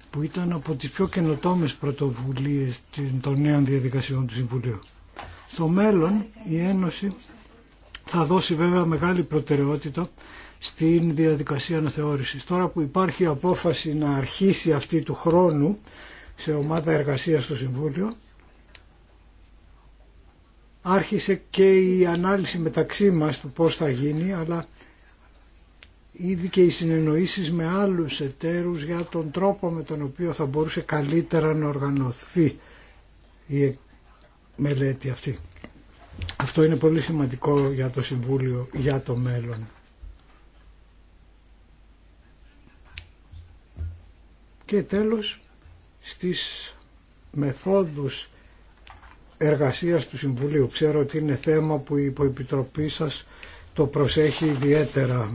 S6: που ήταν από τις πιο καινοτόμες πρωτοβουλίες των νέων διαδικασιών του Συμβουλίου. Στο μέλλον η Ένωση θα δώσει βέβαια μεγάλη προτεραιότητα στην διαδικασία αναθεώρησης. Τώρα που υπάρχει απόφαση να αρχίσει αυτή του χρόνου σε ομάδα εργασίας στο Συμβούλιο άρχισε και η ανάλυση μεταξύ μας του πώς θα γίνει αλλά ήδη και οι συνεννοήσεις με άλλους εταίρους για τον τρόπο με τον οποίο θα μπορούσε καλύτερα να οργανωθεί η μελέτη αυτή. Αυτό είναι πολύ σημαντικό για το Συμβούλιο, για το μέλλον. Και τέλος, στις μεθόδους εργασίας του Συμβουλίου. Ξέρω ότι είναι θέμα που η υποεπιτροπή σας το προσέχει ιδιαίτερα.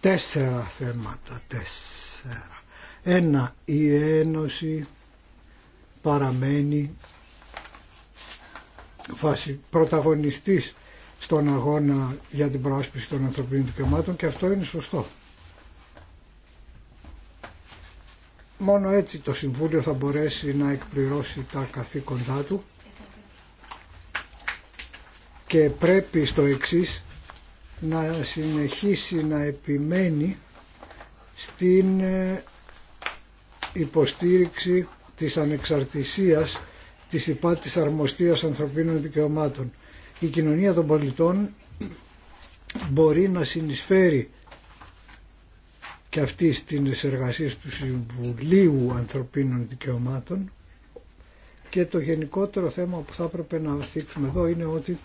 S6: Τέσσερα θέματα, τέσσερα. Ένα, η Ένωση παραμένει φάση πρωταγωνιστής στον αγώνα για την προάσπιση των ανθρωπίνων δικαιωμάτων και αυτό είναι σωστό. Μόνο έτσι το Συμβούλιο θα μπορέσει να εκπληρώσει τα καθήκοντά του και πρέπει στο εξής να συνεχίσει να επιμένει στην ε, υποστήριξη της ανεξαρτησίας της υπάτης αρμοστίας ανθρωπίνων δικαιωμάτων. Η κοινωνία των πολιτών μπορεί να συνεισφέρει και αυτή στην εργασίες του Συμβουλίου Ανθρωπίνων Δικαιωμάτων και το γενικότερο θέμα που θα έπρεπε να θίξουμε εδώ είναι ότι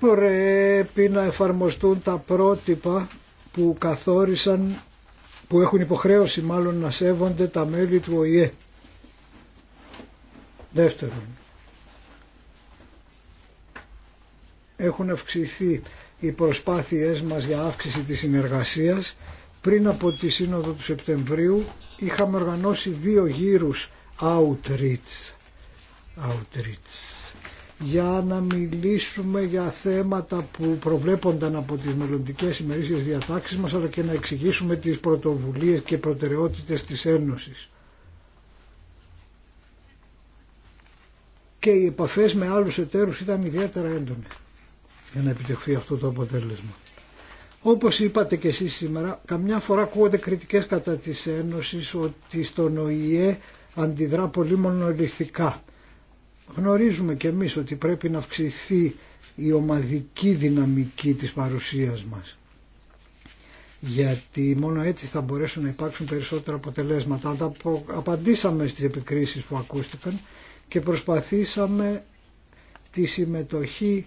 S6: πρέπει να εφαρμοστούν τα πρότυπα που καθόρισαν, που έχουν υποχρέωση μάλλον να σέβονται τα μέλη του ΟΗΕ. Δεύτερον, έχουν αυξηθεί οι προσπάθειές μας για αύξηση της συνεργασίας. Πριν από τη Σύνοδο του Σεπτεμβρίου είχαμε οργανώσει δύο γύρους outreach, outreach για να μιλήσουμε για θέματα που προβλέπονταν από τις μελλοντικέ ημερήσιες διατάξεις μας αλλά και να εξηγήσουμε τις πρωτοβουλίες και προτεραιότητες της Ένωσης. Και οι επαφές με άλλους εταίρους ήταν ιδιαίτερα έντονες για να επιτευχθεί αυτό το αποτέλεσμα. Όπως είπατε και εσείς σήμερα, καμιά φορά ακούγονται κριτικές κατά της Ένωσης ότι στον ΟΗΕ αντιδρά πολύ μονολυθικά. Γνωρίζουμε και εμείς ότι πρέπει να αυξηθεί η ομαδική δυναμική της παρουσίας μας. Γιατί μόνο έτσι θα μπορέσουν να υπάρξουν περισσότερα αποτελέσματα. Τα απαντήσαμε στις επικρίσεις που ακούστηκαν και προσπαθήσαμε τη συμμετοχή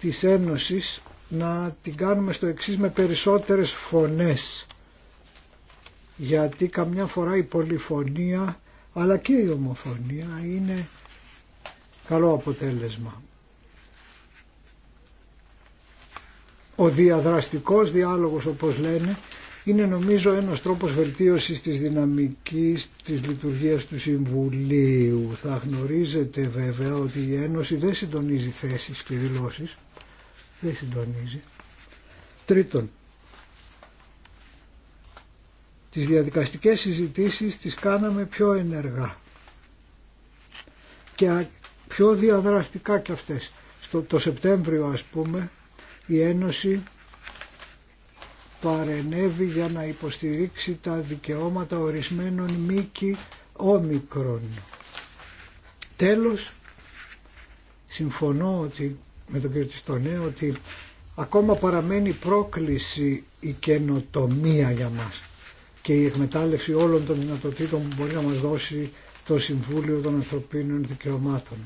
S6: της Ένωσης να την κάνουμε στο εξής με περισσότερες φωνές γιατί καμιά φορά η πολυφωνία αλλά και η ομοφωνία είναι καλό αποτέλεσμα. Ο διαδραστικός διάλογος όπως λένε είναι νομίζω ένας τρόπος βελτίωσης της δυναμικής της λειτουργίας του Συμβουλίου. Θα γνωρίζετε βέβαια ότι η Ένωση δεν συντονίζει θέσεις και δηλώσεις δεν συντονίζει. Τρίτον, τις διαδικαστικές συζητήσεις τις κάναμε πιο ενεργά και πιο διαδραστικά και αυτές. Στο, το Σεπτέμβριο ας πούμε η Ένωση παρενέβη για να υποστηρίξει τα δικαιώματα ορισμένων μήκη όμικρων. Τέλος, συμφωνώ ότι με τον κύριο Τιστονέ ότι ακόμα παραμένει πρόκληση η καινοτομία για μας και η εκμετάλλευση όλων των δυνατοτήτων που μπορεί να μας δώσει το Συμβούλιο των Ανθρωπίνων Δικαιωμάτων.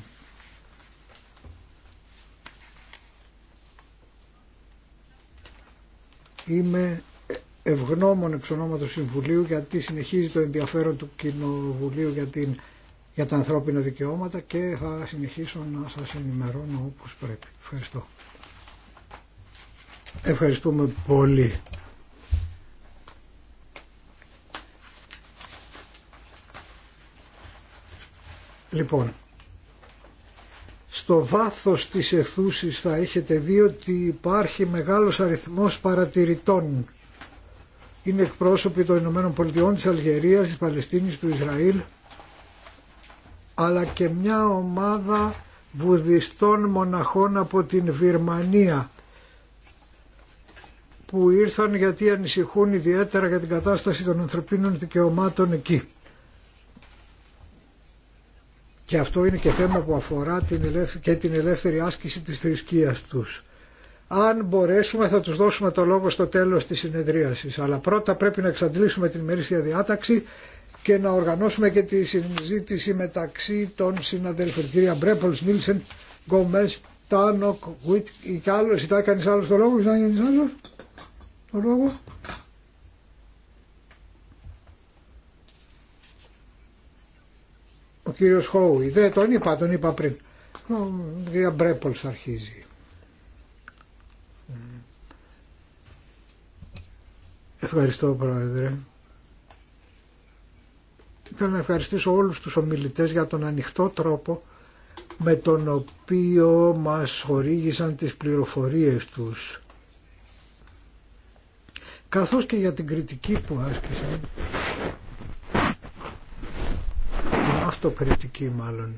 S6: Είμαι ευγνώμων εξ ονόματος Συμβουλίου γιατί συνεχίζει το ενδιαφέρον του Κοινοβουλίου για την για τα ανθρώπινα δικαιώματα και θα συνεχίσω να σας ενημερώνω όπως πρέπει. Ευχαριστώ. Ευχαριστούμε πολύ. Λοιπόν, στο βάθος της εθούσης θα έχετε δει ότι υπάρχει μεγάλος αριθμός παρατηρητών. Είναι εκπρόσωποι των Ηνωμένων Πολιτειών της Αλγερίας, της Παλαιστίνης, του Ισραήλ, αλλά και μια ομάδα βουδιστών μοναχών από την Βυρμανία που ήρθαν γιατί ανησυχούν ιδιαίτερα για την κατάσταση των ανθρωπίνων δικαιωμάτων εκεί. Και αυτό είναι και θέμα που αφορά την και την ελεύθερη άσκηση της θρησκείας τους. Αν μπορέσουμε θα τους δώσουμε το λόγο στο τέλος της συνεδρίασης. Αλλά πρώτα πρέπει να εξαντλήσουμε την μερίσια διάταξη και να οργανώσουμε και τη συζήτηση μεταξύ των συναδέλφων. Κυρία Μπρέπολ, Νίλσεν, Γκόμε, Τάνοκ, Γουίτ και άλλο. Ζητάει κανεί άλλο το λόγο, ζητάει κανεί άλλο το λόγο. Ο κύριο Χόουι, δεν τον είπα, τον είπα πριν. Ο κυρία Μπρέπολ αρχίζει. Ευχαριστώ πρόεδρε. Θέλω να ευχαριστήσω όλους τους ομιλητές για τον ανοιχτό τρόπο με τον οποίο μας χορήγησαν τις πληροφορίες τους. Καθώς και για την κριτική που άσκησαν, την αυτοκριτική μάλλον.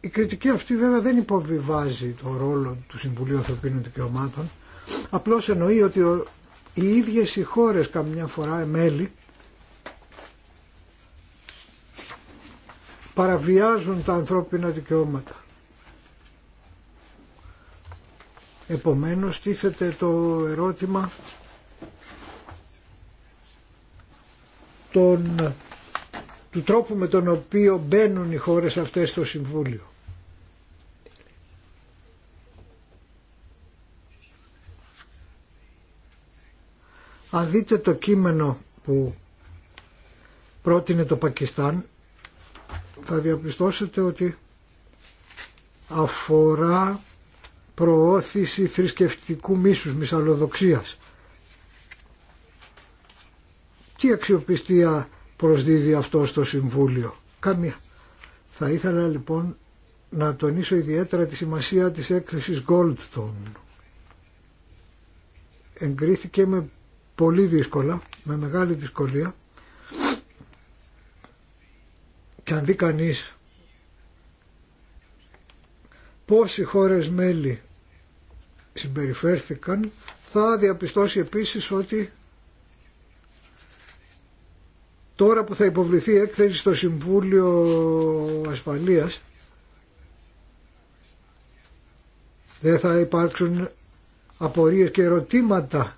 S6: Η κριτική αυτή βέβαια δεν υποβιβάζει το ρόλο του Συμβουλίου Ανθρωπίνων Δικαιωμάτων, απλώς εννοεί ότι ο οι ίδιες οι χώρες καμιά φορά ε, μέλη παραβιάζουν τα ανθρώπινα δικαιώματα. Επομένως τίθεται το ερώτημα του τρόπου με τον οποίο μπαίνουν οι χώρες αυτές στο Συμβούλιο. Αν δείτε το κείμενο που πρότεινε το Πακιστάν, θα διαπιστώσετε ότι αφορά προώθηση θρησκευτικού μίσους, μυσαλλοδοξίας. Τι αξιοπιστία προσδίδει αυτό στο Συμβούλιο. Καμία. Θα ήθελα λοιπόν να τονίσω ιδιαίτερα τη σημασία της έκθεσης Goldstone. Εγκρίθηκε με πολύ δύσκολα, με μεγάλη δυσκολία και αν δει κανείς πόσοι χώρες μέλη συμπεριφέρθηκαν θα διαπιστώσει επίσης ότι τώρα που θα υποβληθεί έκθεση στο Συμβούλιο Ασφαλείας δεν θα υπάρξουν απορίες και ερωτήματα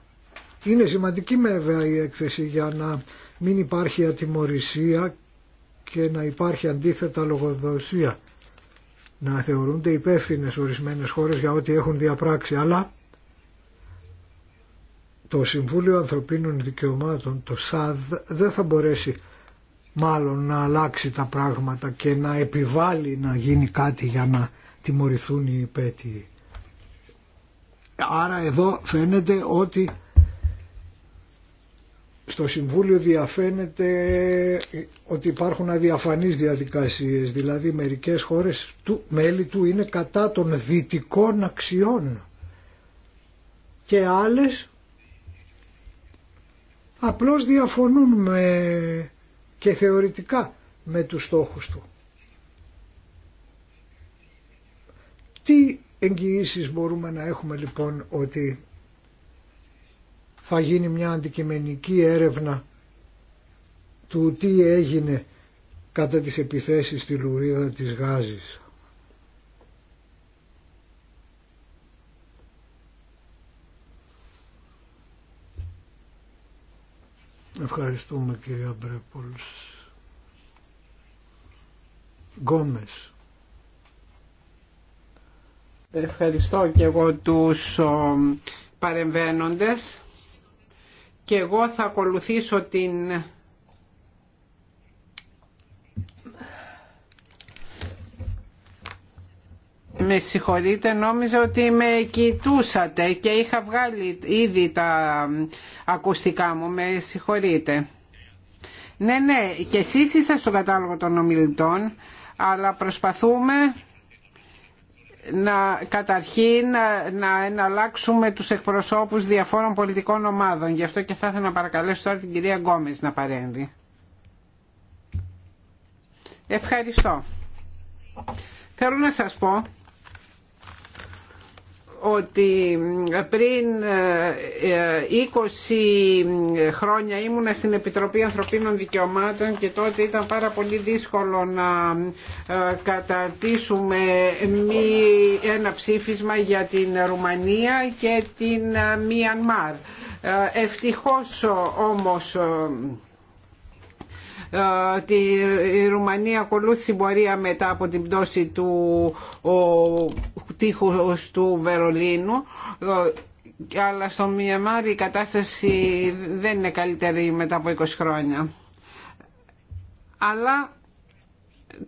S6: είναι σημαντική βέβαια η έκθεση για να μην υπάρχει ατιμορρησία και να υπάρχει αντίθετα λογοδοσία. Να θεωρούνται υπεύθυνε ορισμένες χώρες για ό,τι έχουν διαπράξει. Αλλά το Συμβούλιο Ανθρωπίνων Δικαιωμάτων, το ΣΑΔ, δεν θα μπορέσει μάλλον να αλλάξει τα πράγματα και να επιβάλλει να γίνει κάτι για να τιμωρηθούν οι υπέτειοι. Άρα εδώ φαίνεται ότι στο Συμβούλιο διαφαίνεται ότι υπάρχουν αδιαφανείς διαδικασίες, δηλαδή μερικές χώρες του, μέλη του είναι κατά των δυτικών αξιών και άλλες απλώς διαφωνούν και θεωρητικά με τους στόχους του. Τι εγγυήσεις μπορούμε να έχουμε λοιπόν ότι θα γίνει μια αντικειμενική έρευνα του τι έγινε κατά τις επιθέσεις στη Λουρίδα της Γάζης. Ευχαριστούμε κυρία Μπρέπολς.
S2: Γκόμες. Ευχαριστώ και εγώ τους παρεμβαίνοντες και εγώ θα ακολουθήσω την Με συγχωρείτε, νόμιζα ότι με κοιτούσατε και είχα βγάλει ήδη τα ακουστικά μου. Με συγχωρείτε. Ναι, ναι, και εσείς είσαστε στο κατάλογο των ομιλητών, αλλά προσπαθούμε να καταρχήν να, εναλλάξουμε τους εκπροσώπους διαφόρων πολιτικών ομάδων. Γι' αυτό και θα ήθελα να παρακαλέσω τώρα την κυρία Γκόμες να παρέμβει. Ευχαριστώ. Θέλω να σας πω ότι ε, πριν 20 ε, χρόνια ήμουνα στην Επιτροπή Ανθρωπίνων Δικαιωμάτων και τότε ήταν πάρα πολύ δύσκολο να ε, καταρτήσουμε ένα ψήφισμα για την Ρουμανία και την Μιανμάρ. Ευτυχώς όμως ε, η Ρουμανία ακολούθησε πορεία μετά από την πτώση του τείχους του Βερολίνου ε, αλλά στο μιαμάρι η κατάσταση δεν είναι καλύτερη μετά από 20 χρόνια. Αλλά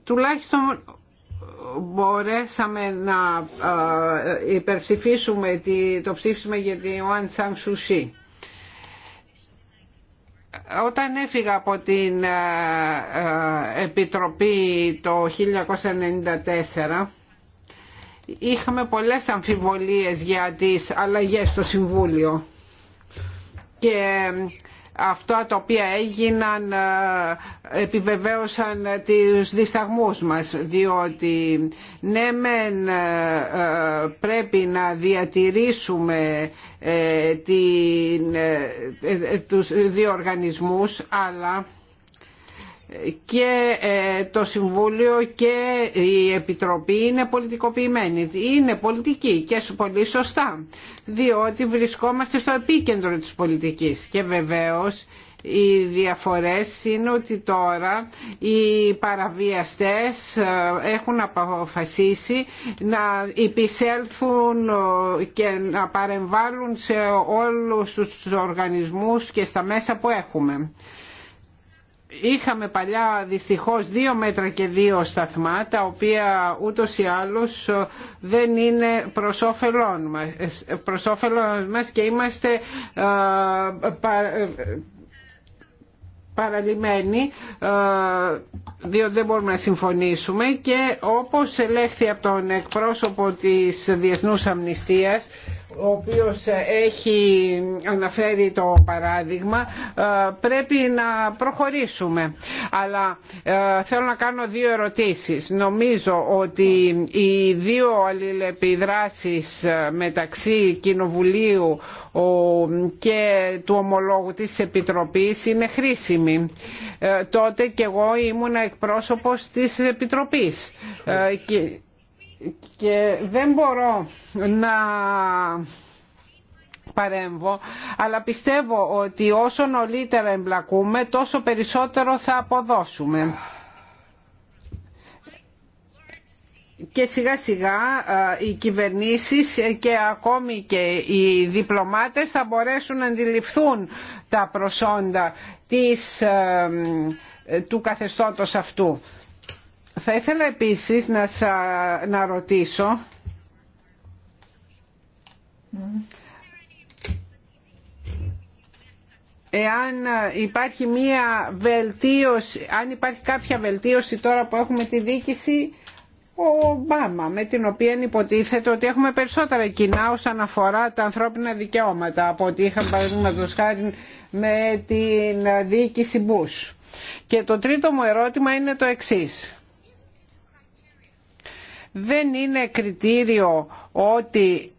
S2: τουλάχιστον μπορέσαμε να ε, υπερψηφίσουμε το ψήφισμα για τη οάν Σαν Σουσί. Όταν έφυγα από την ε, ε, Επιτροπή το 1994 είχαμε πολλές αμφιβολίες για τις αλλαγές στο Συμβούλιο και ε, αυτά τα οποία έγιναν ε, επιβεβαίωσαν τις δισταγμούς μας διότι ναι ε, ε, πρέπει να διατηρήσουμε την, τους δύο οργανισμούς αλλά και ε, το Συμβούλιο και η Επιτροπή είναι πολιτικοποιημένη. Είναι πολιτική και πολύ σωστά, διότι βρισκόμαστε στο επίκεντρο της πολιτικής και βεβαίως οι διαφορές είναι ότι τώρα οι παραβιαστές ε, έχουν αποφασίσει να υπησέλθουν ε, και να παρεμβάλλουν σε όλους τους οργανισμούς και στα μέσα που έχουμε είχαμε παλιά δυστυχώς δύο μέτρα και δύο σταθμά τα οποία ούτως ή άλλως ε, δεν είναι προς όφελόν μας, και είμαστε ε, ε, παραλυμένοι διότι δεν μπορούμε να συμφωνήσουμε και όπως ελέγχθη από τον εκπρόσωπο της Διεθνούς Αμνηστίας ο οποίος ε, έχει αναφέρει το παράδειγμα ε, πρέπει να προχωρήσουμε αλλά ε, θέλω να κάνω δύο ερωτήσεις νομίζω ότι οι δύο αλληλεπιδράσεις μεταξύ Κοινοβουλίου και του ομολόγου της Επιτροπής είναι χρήσιμη τότε και εγώ ήμουν εκπρόσωπος της Επιτροπής και δεν μπορώ να παρέμβω, αλλά πιστεύω ότι όσο νωρίτερα εμπλακούμε τόσο περισσότερο θα αποδώσουμε. και σιγά σιγά οι κυβερνήσεις και ακόμη και οι διπλωμάτες θα μπορέσουν να αντιληφθούν τα προσόντα της, του καθεστώτος αυτού. Θα ήθελα επίσης να, σα, να ρωτήσω εάν υπάρχει μία βελτίωση, αν υπάρχει κάποια βελτίωση τώρα που έχουμε τη δίκηση ο Ομπάμα, με την οποία υποτίθεται ότι έχουμε περισσότερα κοινά όσον αφορά τα ανθρώπινα δικαιώματα από ό,τι είχαμε παραδείγματο χάρη με την διοίκηση Μπούς. Και το τρίτο μου ερώτημα είναι το εξής δεν είναι κριτήριο ότι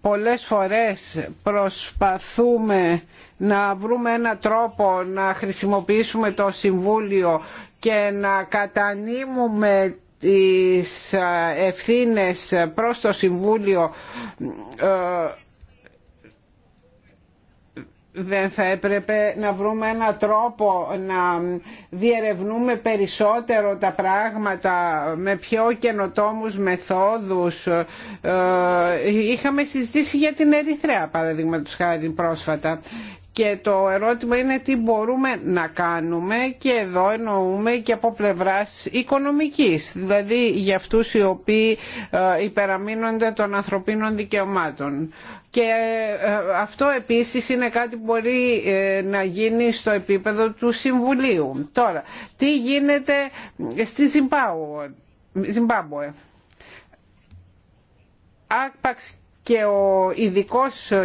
S2: πολλές φορές προσπαθούμε να βρούμε ένα τρόπο να χρησιμοποιήσουμε το Συμβούλιο και να κατανείμουμε τις ε, ευθύνες προς το Συμβούλιο ε, δεν θα έπρεπε να βρούμε έναν τρόπο να διερευνούμε περισσότερο τα πράγματα με πιο καινοτόμους μεθόδους. Ε, είχαμε συζητήσει για την Ερυθρέα παραδείγματος χάρη πρόσφατα και το ερώτημα είναι τι μπορούμε να κάνουμε και εδώ εννοούμε και από πλευράς οικονομικής, δηλαδή για αυτούς οι οποίοι ε, υπεραμείνονται των ανθρωπίνων δικαιωμάτων. Και ε, αυτό επίσης είναι κάτι που μπορεί ε, να γίνει στο επίπεδο του Συμβουλίου. Τώρα, τι γίνεται στη Ζιμπάμπουε. Άπαξ και ο ειδικό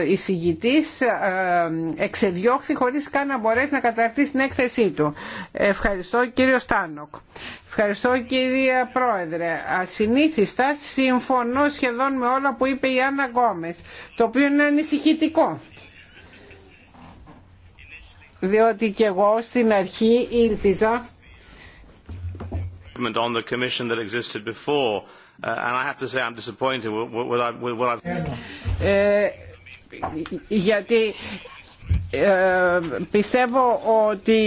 S2: εισηγητή ε, εξεδιώχθη χωρίς καν να μπορέσει να καταρτήσει την έκθεσή του. Ευχαριστώ κύριο Στάνοκ. Ευχαριστώ κυρία Πρόεδρε. Ασυνήθιστα συμφωνώ σχεδόν με όλα που είπε η Άννα Γκόμες, το οποίο είναι ανησυχητικό διότι και εγώ στην αρχή ήλπιζα and I have to say I'm disappointed with what I've. Γιατί πιστεύω ότι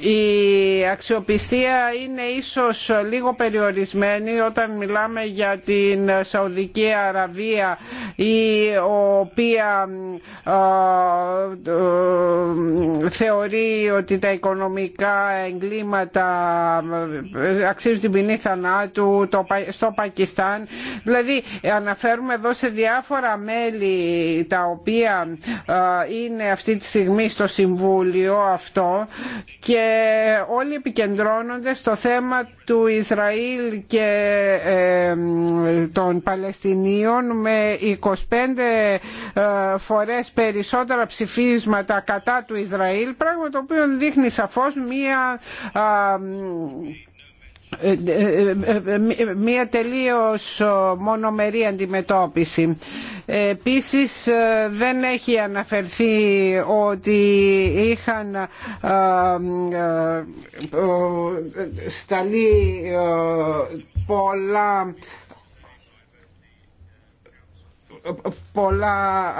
S2: η αξιοπιστία είναι ίσως λίγο περιορισμένη όταν μιλάμε για την Σαουδική Αραβία η οποία ε, θεωρεί ότι τα οικονομικά εγκλήματα αξίζουν την ποινή θανάτου στο Πακιστάν. Δηλαδή αναφέρουμε εδώ σε διάφορα μέλη τα οποία ε, είναι αυτή τη στιγμή στο Συμβούλιο αυτό και όλοι επικεντρώνονται στο θέμα του Ισραήλ και ε, των Παλαιστινίων με 25 ε, φορές περισσότερα ψηφίσματα κατά του Ισραήλ πράγμα το οποίο δείχνει σαφώς μία μία τελείως μονομερή αντιμετώπιση. Επίσης δεν έχει αναφερθεί ότι είχαν ε, ε, σταλεί ε, πολλά πολλά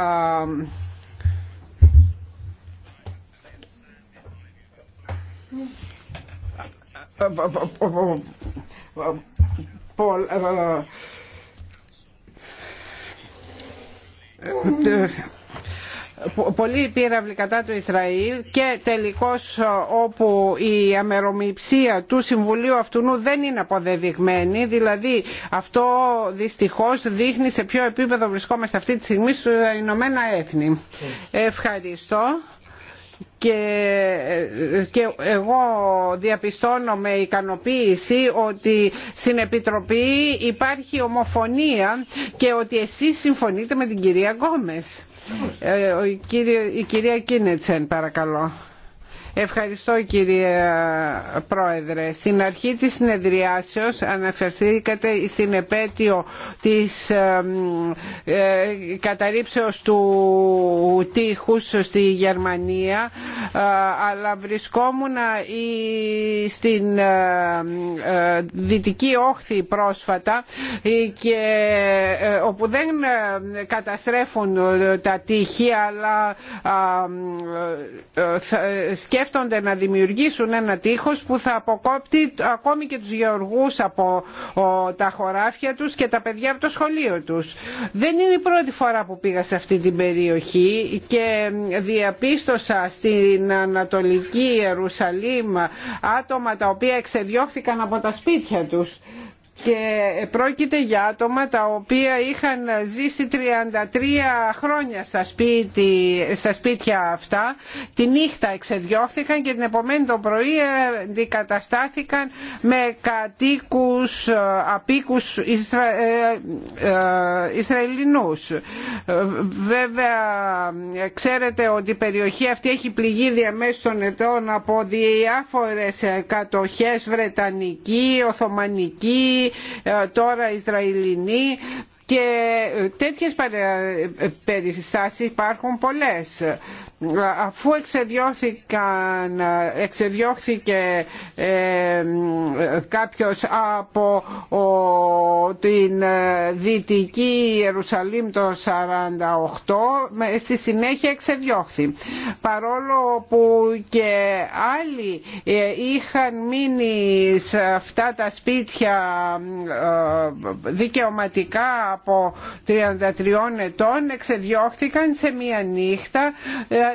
S2: Eh, eh, eh, Πολύ πύραυλοι κατά του Ισραήλ και τελικώς ε, όπου η αμερομηψία του Συμβουλίου Αυτούνου δεν είναι αποδεδειγμένη δηλαδή αυτό δυστυχώς δείχνει σε ποιο επίπεδο βρισκόμαστε αυτή τη στιγμή στους Ηνωμένα Έθνη. Ευχαριστώ και, και εγώ διαπιστώνω με ικανοποίηση ότι στην Επιτροπή υπάρχει ομοφωνία και ότι εσείς συμφωνείτε με την κυρία Γκόμες. Ε, η κυρία Κίνετσεν παρακαλώ. Ευχαριστώ κύριε Πρόεδρε. Στην αρχή της συνεδριάσεως αναφερθήκατε στην επέτειο της ε, καταρρύψεως του τείχους στη Γερμανία ε, αλλά βρισκόμουν στην ε, Δυτική Όχθη πρόσφατα και όπου δεν καταστρέφουν τα τείχη αλλά σκέφτονται σκέφτονται να δημιουργήσουν ένα τείχος που θα αποκόπτει ακόμη και τους γεωργούς από τα χωράφια τους και τα παιδιά από το σχολείο τους. Δεν είναι η πρώτη φορά που πήγα σε αυτή την περιοχή και διαπίστωσα στην Ανατολική Ιερουσαλήμ άτομα τα οποία εξεδιώχθηκαν από τα σπίτια τους και πρόκειται για άτομα τα οποία είχαν ζήσει 33 χρόνια στα, σπίτι, σπίτια αυτά τη νύχτα εξεδιώχθηκαν και την επομένη το πρωί αντικαταστάθηκαν με κατοίκους ε, απίκους Ισρα... Ε, ε, Ισραηλινούς βέβαια ξέρετε ότι η περιοχή αυτή έχει πληγεί διαμέσου των ετών από διάφορες κατοχές Βρετανική, Οθωμανική ε, τώρα Ισραηλινοί και τέτοιες ε, περιστάσεις υπάρχουν πολλές αφού εξεδιώθηκαν, εξεδιώχθηκε ε, κάποιος από την ε, Δυτική Ιερουσαλήμ το 48 με, στη συνέχεια εξεδιώχθη παρόλο που και άλλοι ε, είχαν μείνει σε αυτά τα σπίτια ε, δικαιωματικά από 33 ετών εξεδιώχθηκαν σε μία νύχτα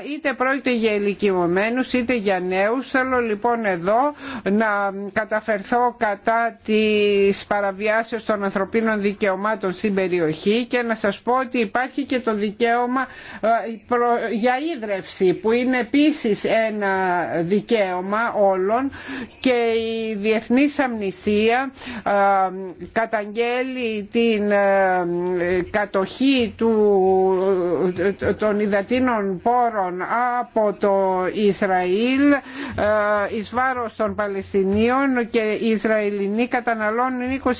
S2: είτε πρόκειται για ηλικιωμένους είτε για νέους. Θέλω λοιπόν εδώ να καταφερθώ κατά της παραβιάσεως των ανθρωπίνων δικαιωμάτων στην περιοχή και να σας πω ότι υπάρχει και το δικαίωμα ε, για ίδρευση που είναι επίσης ένα δικαίωμα όλων και η Διεθνής Αμνηστία ε, καταγγέλει την ε, κατοχή του, των υδατίνων πόρων από το Ισραήλ ε, εις βάρος των Παλαιστινίων και οι Ισραηλινοί καταναλώνουν 20, 20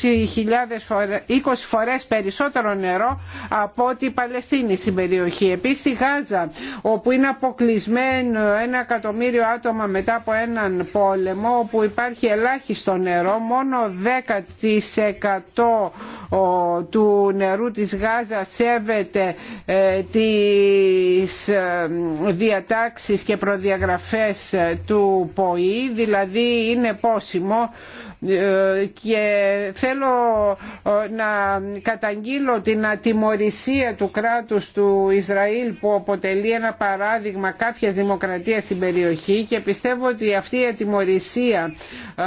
S2: φορές περισσότερο νερό από ότι οι Παλαιστίνοι στην περιοχή. Επίσης στη Γάζα όπου είναι αποκλεισμένο ένα εκατομμύριο άτομα μετά από έναν πόλεμο όπου υπάρχει ελάχιστο νερό μόνο 10% του νερού της Γάζας σέβεται ε, τις ε, διατάξεις και προδιαγραφές του ΠΟΗ, δηλαδή είναι πόσιμο και θέλω ε, να καταγγείλω την ατιμορρησία του κράτους του Ισραήλ που αποτελεί ένα παράδειγμα κάποιας δημοκρατίας στην περιοχή και πιστεύω ότι αυτή η ατιμορρησία ε,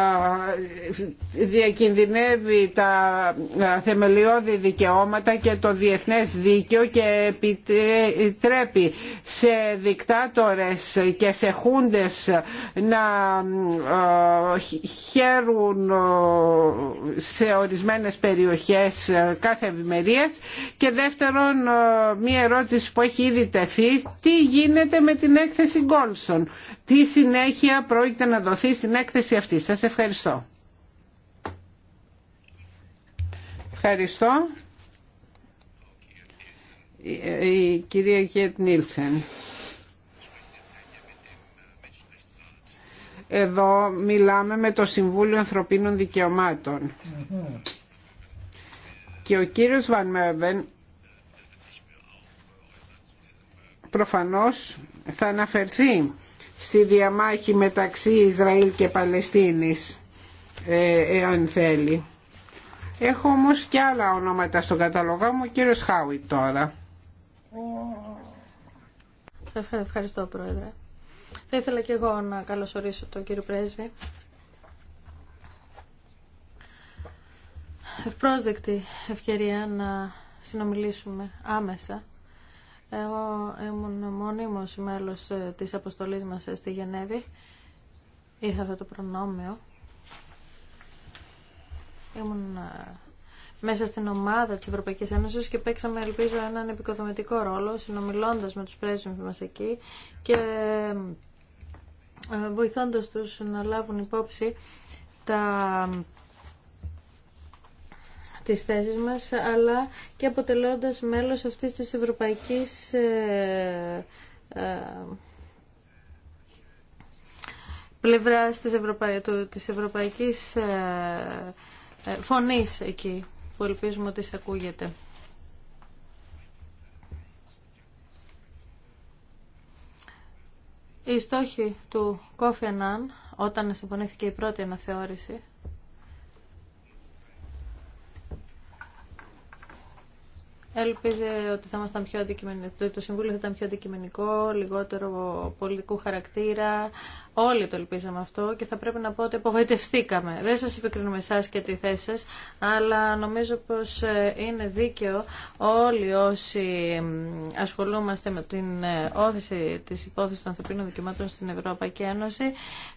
S2: διακινδυνεύει τα ε, θεμελιώδη δικαιώματα και το διεθνές δίκαιο και επιτρέπει σε δικτάτορες και σε χούντες να χαίρουν σε ορισμένες περιοχές ε, κάθε ευημερία και δεύτερον ε, μία ερώτηση που έχει ήδη τεθεί τι γίνεται με την έκθεση Γκόλσον τι συνέχεια πρόκειται να δοθεί στην έκθεση αυτή σας ευχαριστώ ευχαριστώ η κυρία Γκέτ Νίλσεν Εδώ μιλάμε με το Συμβούλιο Ανθρωπίνων Δικαιωμάτων. Και ο κύριος Βαν Μέβεν προφανώς θα αναφερθεί στη διαμάχη μεταξύ Ισραήλ και Παλαιστίνης, ε, εάν θέλει. Έχω όμως και άλλα ονόματα στον καταλογά μου, ο κύριος Χάουιτ τώρα.
S3: Ευχαριστώ, Πρόεδρε. Θα ήθελα και εγώ να καλωσορίσω τον κύριο Πρέσβη. Ευπρόσδεκτη ευκαιρία να συνομιλήσουμε άμεσα. Εγώ ήμουν μόνιμος μέλος ε, της αποστολής μας ε, στη Γενέβη. Είχα αυτό το προνόμιο. Ήμουν ε, μέσα στην ομάδα της Ευρωπαϊκής Ένωσης και παίξαμε ελπίζω έναν επικοδομητικό ρόλο συνομιλώντας με τους πρέσβους μας εκεί και ε, βοηθώντας τους να λάβουν υπόψη τα τις θέσεις μας, αλλά και αποτελώντας μέλος αυτής της ευρωπαϊκής ε, ε, πλευράς της, Ευρωπα... της ευρωπαϊκής φωνής εκεί, που ελπίζουμε ότι ακούγεται. Η στόχοι του Κόφεναν, όταν συμφωνήθηκε η πρώτη αναθεώρηση, Ελπίζε ότι θα ήμασταν πιο το Συμβούλιο θα ήταν πιο αντικειμενικό, λιγότερο πολιτικού χαρακτήρα, Όλοι το ελπίζαμε αυτό και θα πρέπει να πω ότι απογοητευθήκαμε. Δεν σας επικρίνουμε εσά και τη θέση σας, αλλά νομίζω πως ε, είναι δίκαιο όλοι όσοι ασχολούμαστε με την ε, όθηση της υπόθεσης των ανθρωπίνων δικαιωμάτων στην Ευρωπαϊκή Ένωση,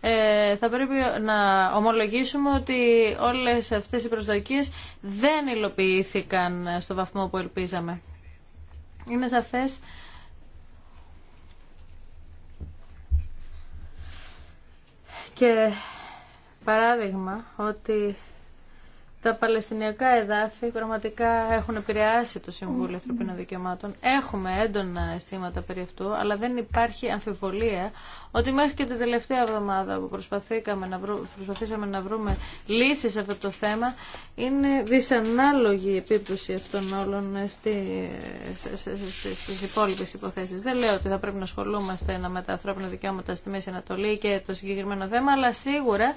S3: ε, θα πρέπει να ομολογήσουμε ότι όλες αυτές οι προσδοκίες δεν υλοποιήθηκαν στο βαθμό που ελπίζαμε. Είναι σαφές και παράδειγμα ότι τα παλαιστινιακά εδάφη πραγματικά έχουν επηρεάσει το Συμβούλιο Ανθρωπίνων Δικαιωμάτων. Έχουμε έντονα αισθήματα περί αυτού, αλλά δεν υπάρχει αμφιβολία ότι μέχρι και την τελευταία εβδομάδα που προσπαθήκαμε να προσπαθήσαμε να βρούμε λύσει σε αυτό το θέμα, είναι δυσανάλογη η επίπτωση αυτών όλων στι, υπόλοιπε υποθέσει. υποθέσεις. Δεν λέω ότι θα πρέπει να ασχολούμαστε με τα ανθρώπινα δικαιώματα στη Μέση Ανατολή και το συγκεκριμένο θέμα, αλλά σίγουρα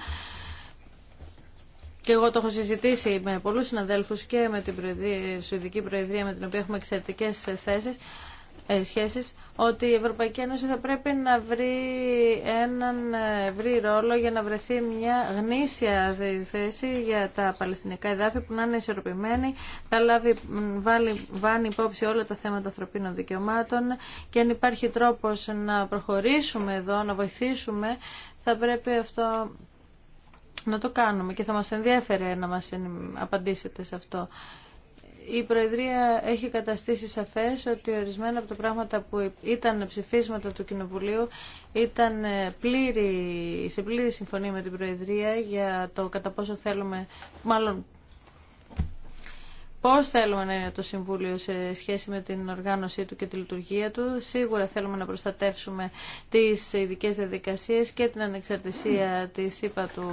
S3: και εγώ το έχω συζητήσει με πολλούς συναδέλφους και με την Σουηδική Προεδρία με την οποία έχουμε εξαιρετικές θέσεις, ε, σχέσεις, ότι η Ευρωπαϊκή Ένωση θα πρέπει να βρει έναν ευρύ ρόλο για να βρεθεί μια γνήσια θέση για τα παλαιστινικά εδάφη που να είναι ισορροπημένη, θα λάβει, βάλει, βάνει υπόψη όλα τα θέματα ανθρωπίνων δικαιωμάτων και αν υπάρχει τρόπος να προχωρήσουμε εδώ, να βοηθήσουμε, θα πρέπει αυτό να το κάνουμε και θα μας ενδιαφέρει να μας απαντήσετε σε αυτό. Η Προεδρία έχει καταστήσει σαφές ότι ορισμένα από τα πράγματα που ήταν ψηφίσματα του Κοινοβουλίου ήταν ε, πλήρη, σε πλήρη συμφωνία με την Προεδρία για το κατά πόσο θέλουμε, μάλλον πώς θέλουμε να είναι το Συμβούλιο σε σχέση με την οργάνωσή του και τη λειτουργία του. Σίγουρα θέλουμε να προστατεύσουμε τις ειδικέ διαδικασίες και την ανεξαρτησία της ΥΠΑ του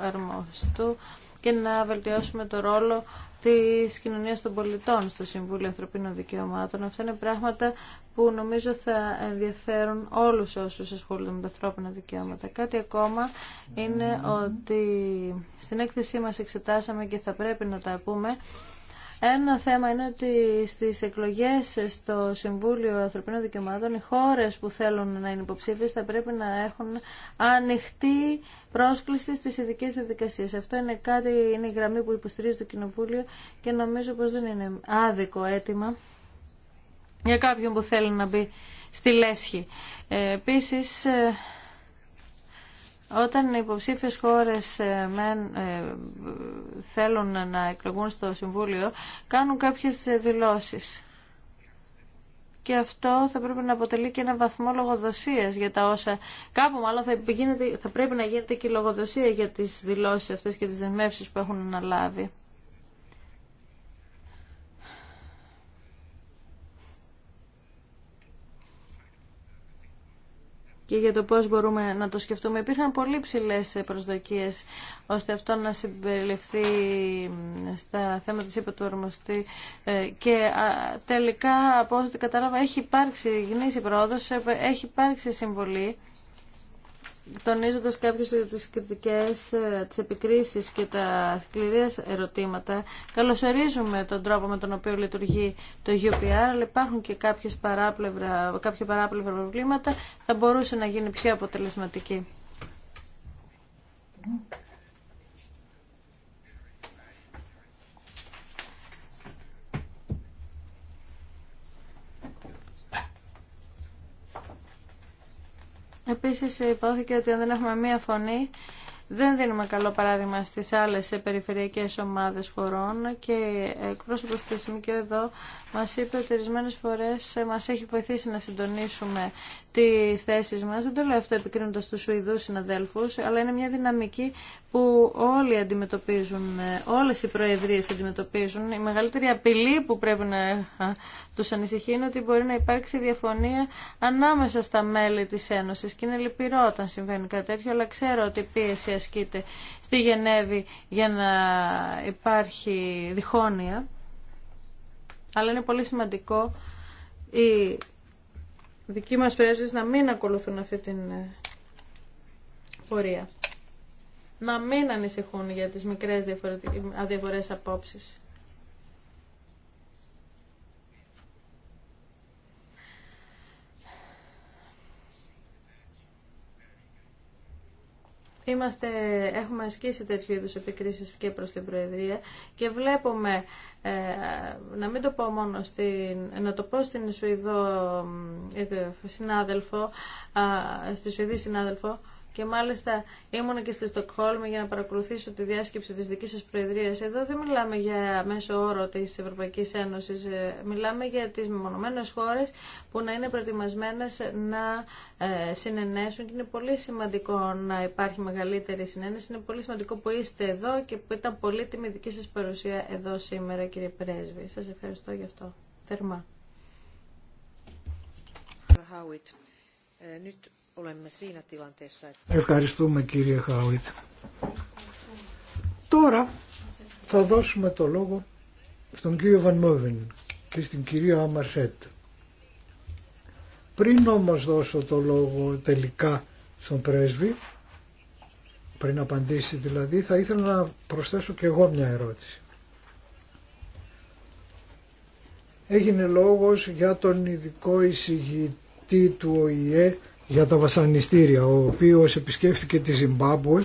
S3: αρμοστού και να βελτιώσουμε το ρόλο της κοινωνίας των πολιτών στο Συμβούλιο Ανθρωπίνων Δικαιωμάτων. Αυτά είναι πράγματα που νομίζω θα ενδιαφέρουν όλους όσους ασχολούνται με τα ανθρώπινα δικαιώματα. Κάτι ακόμα είναι ότι στην έκθεσή μας εξετάσαμε και θα πρέπει να τα πούμε ένα θέμα είναι ότι στις εκλογές στο Συμβούλιο Ανθρωπίνων Δικαιωμάτων οι χώρες που θέλουν να είναι υποψήφιες θα πρέπει να έχουν ανοιχτή πρόσκληση στις ειδικέ διαδικασίε. Αυτό είναι κάτι, είναι η γραμμή που υποστηρίζει το Κοινοβούλιο και νομίζω πως δεν είναι άδικο αίτημα για κάποιον που θέλει να μπει στη λέσχη. Ε, επίσης, ε, όταν οι υποψήφιες χώρες ε, ε, θέλουν να εκλογούν στο Συμβούλιο, κάνουν κάποιες δηλώσεις. Και αυτό θα πρέπει να αποτελεί και ένα βαθμό λογοδοσίας για τα όσα... Κάπου μάλλον θα, γίνεται, θα πρέπει να γίνεται και η λογοδοσία για τις δηλώσεις αυτές και τις δεσμεύσεις που έχουν αναλάβει. και για το πώς μπορούμε να το σκεφτούμε. Υπήρχαν πολύ ψηλέ προσδοκίες ώστε αυτό να συμπεριληφθεί στα θέματα της υποτορμοστή ε, και τελικά από ό,τι κατάλαβα έχει υπάρξει γνήσι πρόοδος, ε, έχει υπάρξει συμβολή τονίζοντας κάποιες τις κριτικές, ε, τις επικρίσεις και τα σκληρία ερωτήματα, καλωσορίζουμε τον τρόπο με τον οποίο λειτουργεί το UPR, αλλά υπάρχουν και κάποιες παράπλευρα, κάποια παράπλευρα προβλήματα, θα μπορούσε να γίνει πιο αποτελεσματική. Επίσης υπόθηκε ότι αν δεν έχουμε μία φωνή δεν δίνουμε καλό παράδειγμα στις άλλες περιφερειακές ομάδες χωρών και εκπρόσωπο της ΜΚΟ εδώ μας είπε ότι ορισμένε φορές μας έχει βοηθήσει να συντονίσουμε τι θέσει μα. Δεν το λέω αυτό επικρίνοντα του Σουηδού συναδέλφου, αλλά είναι μια δυναμική που όλοι αντιμετωπίζουν, όλε οι προεδρίε αντιμετωπίζουν. Η μεγαλύτερη απειλή που πρέπει να του ανησυχεί είναι ότι μπορεί να υπάρξει διαφωνία ανάμεσα στα μέλη τη Ένωση. Και είναι λυπηρό όταν συμβαίνει κάτι τέτοιο, αλλά ξέρω ότι η πίεση ασκείται στη Γενέβη για να υπάρχει διχόνοια. Αλλά είναι πολύ σημαντικό η δικοί μας πρέσβεις να μην ακολουθούν αυτή την ε, πορεία. Να μην ανησυχούν για τις μικρές αδιαφορές απόψεις. Είμαστε, έχουμε ασκήσει τέτοιου είδους επικρίσεις και προς την Προεδρία και βλέπουμε ε, να μην το πω μόνο στην, να το πω στην Σουηδό ε, συνάδελφο, στη Σουηδή συνάδελφο, και μάλιστα ήμουν και στη Στοκχόλμη για να παρακολουθήσω τη διάσκεψη της δικής σας προεδρίας. Εδώ δεν μιλάμε για μέσο όρο της Ευρωπαϊκής Ένωσης, ε, μιλάμε για τις μεμονωμένες χώρες που να είναι προετοιμασμένες να ε, συνενέσουν και είναι πολύ σημαντικό να υπάρχει μεγαλύτερη συνένεση. Είναι πολύ σημαντικό που είστε εδώ και που ήταν πολύτιμη δική σας παρουσία εδώ σήμερα κύριε Πρέσβη. Σας ευχαριστώ γι' αυτό. Θερμά.
S6: Ευχαριστούμε κύριε Χάουιτ. Τώρα θα δώσουμε το λόγο στον κύριο Βαν και στην κυρία Αμαρσέτ. Πριν όμως δώσω το λόγο τελικά στον πρέσβη, πριν απαντήσει δηλαδή, θα ήθελα να προσθέσω και εγώ μια ερώτηση. Έγινε λόγος για τον ειδικό εισηγητή του ΟΗΕ για τα βασανιστήρια, ο οποίος επισκέφθηκε τη Ζιμπάμπουε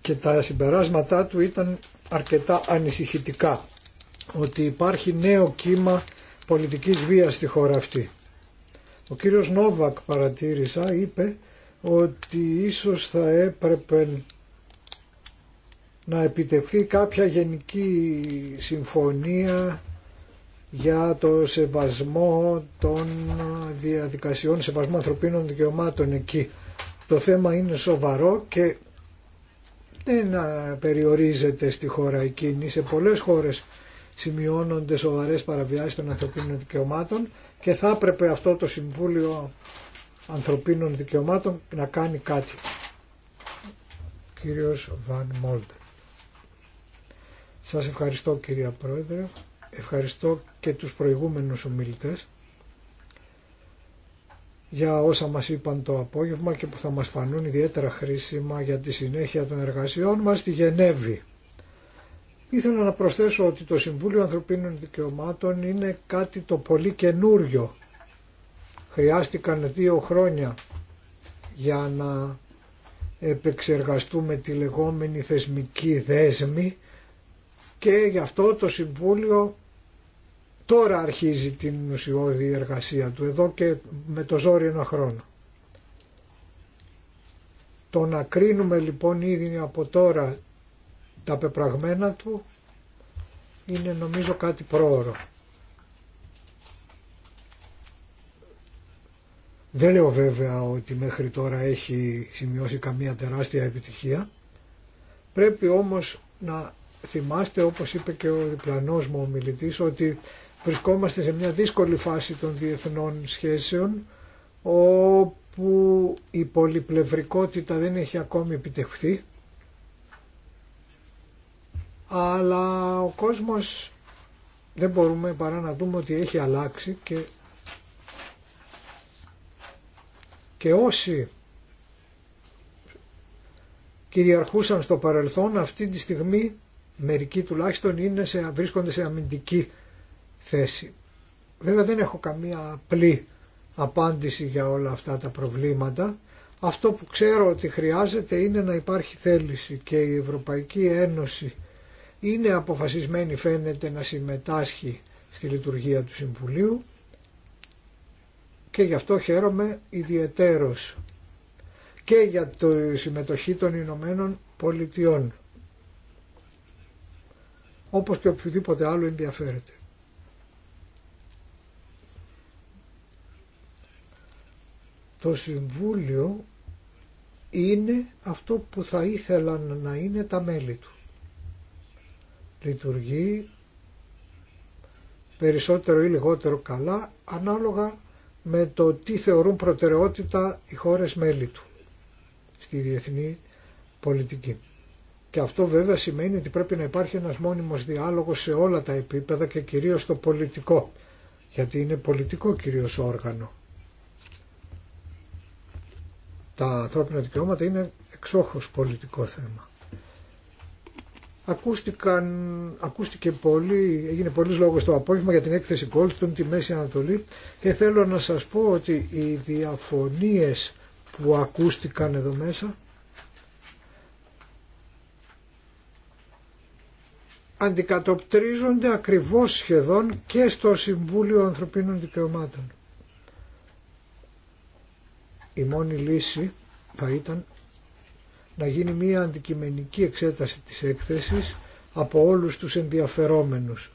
S6: και τα συμπεράσματά του ήταν αρκετά ανησυχητικά ότι υπάρχει νέο κύμα πολιτικής βίας στη χώρα αυτή. Ο κύριος Νόβακ παρατήρησα είπε ότι ίσως θα έπρεπε να επιτευχθεί κάποια γενική συμφωνία για το σεβασμό των διαδικασιών, σεβασμό ανθρωπίνων δικαιωμάτων εκεί. Το θέμα είναι σοβαρό και δεν περιορίζεται στη χώρα εκείνη. Σε πολλές χώρες σημειώνονται σοβαρές παραβιάσεις των ανθρωπίνων δικαιωμάτων και θα έπρεπε αυτό το Συμβούλιο Ανθρωπίνων Δικαιωμάτων να κάνει κάτι. Κύριος Βαν Μόλτερ. Σας ευχαριστώ κυρία Πρόεδρε. Ευχαριστώ και τους προηγούμενους ομιλητές για όσα μας είπαν το απόγευμα και που θα μας φανούν ιδιαίτερα χρήσιμα για τη συνέχεια των εργασιών μας στη Γενέβη. Ήθελα να προσθέσω ότι το Συμβούλιο Ανθρωπίνων Δικαιωμάτων είναι κάτι το πολύ καινούριο. Χρειάστηκαν δύο χρόνια για να επεξεργαστούμε τη λεγόμενη θεσμική δέσμη και γι' αυτό το Συμβούλιο Τώρα αρχίζει την ουσιώδη εργασία του, εδώ και με το ζόρι ένα χρόνο. Το να κρίνουμε λοιπόν ήδη από τώρα τα πεπραγμένα του είναι νομίζω κάτι πρόωρο. Δεν λέω βέβαια ότι μέχρι τώρα έχει σημειώσει καμία τεράστια επιτυχία. Πρέπει όμως να θυμάστε όπως είπε και ο διπλανός μου μιλητής ότι βρισκόμαστε σε μια δύσκολη φάση των διεθνών σχέσεων όπου η πολυπλευρικότητα δεν έχει ακόμη επιτευχθεί αλλά ο κόσμος δεν μπορούμε παρά να δούμε ότι έχει αλλάξει και, και όσοι κυριαρχούσαν στο παρελθόν αυτή τη στιγμή μερικοί τουλάχιστον είναι βρίσκονται σε αμυντική θέση. Βέβαια δεν έχω καμία απλή απάντηση για όλα αυτά τα προβλήματα. Αυτό που ξέρω ότι χρειάζεται είναι να υπάρχει θέληση και η Ευρωπαϊκή Ένωση είναι αποφασισμένη φαίνεται να συμμετάσχει στη λειτουργία του Συμβουλίου και γι' αυτό χαίρομαι ιδιαιτέρως και για τη συμμετοχή των Ηνωμένων Πολιτειών όπως και οποιοδήποτε άλλο ενδιαφέρεται. Το Συμβούλιο είναι αυτό που θα ήθελαν να είναι τα μέλη του. Λειτουργεί περισσότερο ή λιγότερο καλά ανάλογα με το τι θεωρούν προτεραιότητα οι χώρες μέλη του στη διεθνή πολιτική. Και αυτό βέβαια σημαίνει ότι πρέπει να υπάρχει ένας μόνιμος διάλογος σε όλα τα επίπεδα και κυρίως στο πολιτικό, γιατί είναι πολιτικό κυρίως όργανο τα ανθρώπινα δικαιώματα είναι εξόχως πολιτικό θέμα. Ακούστηκαν, ακούστηκε πολύ, έγινε πολλής λόγος το απόγευμα για την έκθεση Goldstone τη Μέση Ανατολή και θέλω να σας πω ότι οι διαφωνίες που ακούστηκαν εδώ μέσα αντικατοπτρίζονται ακριβώς σχεδόν και στο Συμβούλιο Ανθρωπίνων Δικαιωμάτων. Η μόνη λύση θα ήταν να γίνει μία αντικειμενική εξέταση της έκθεσης από όλους τους ενδιαφερόμενους.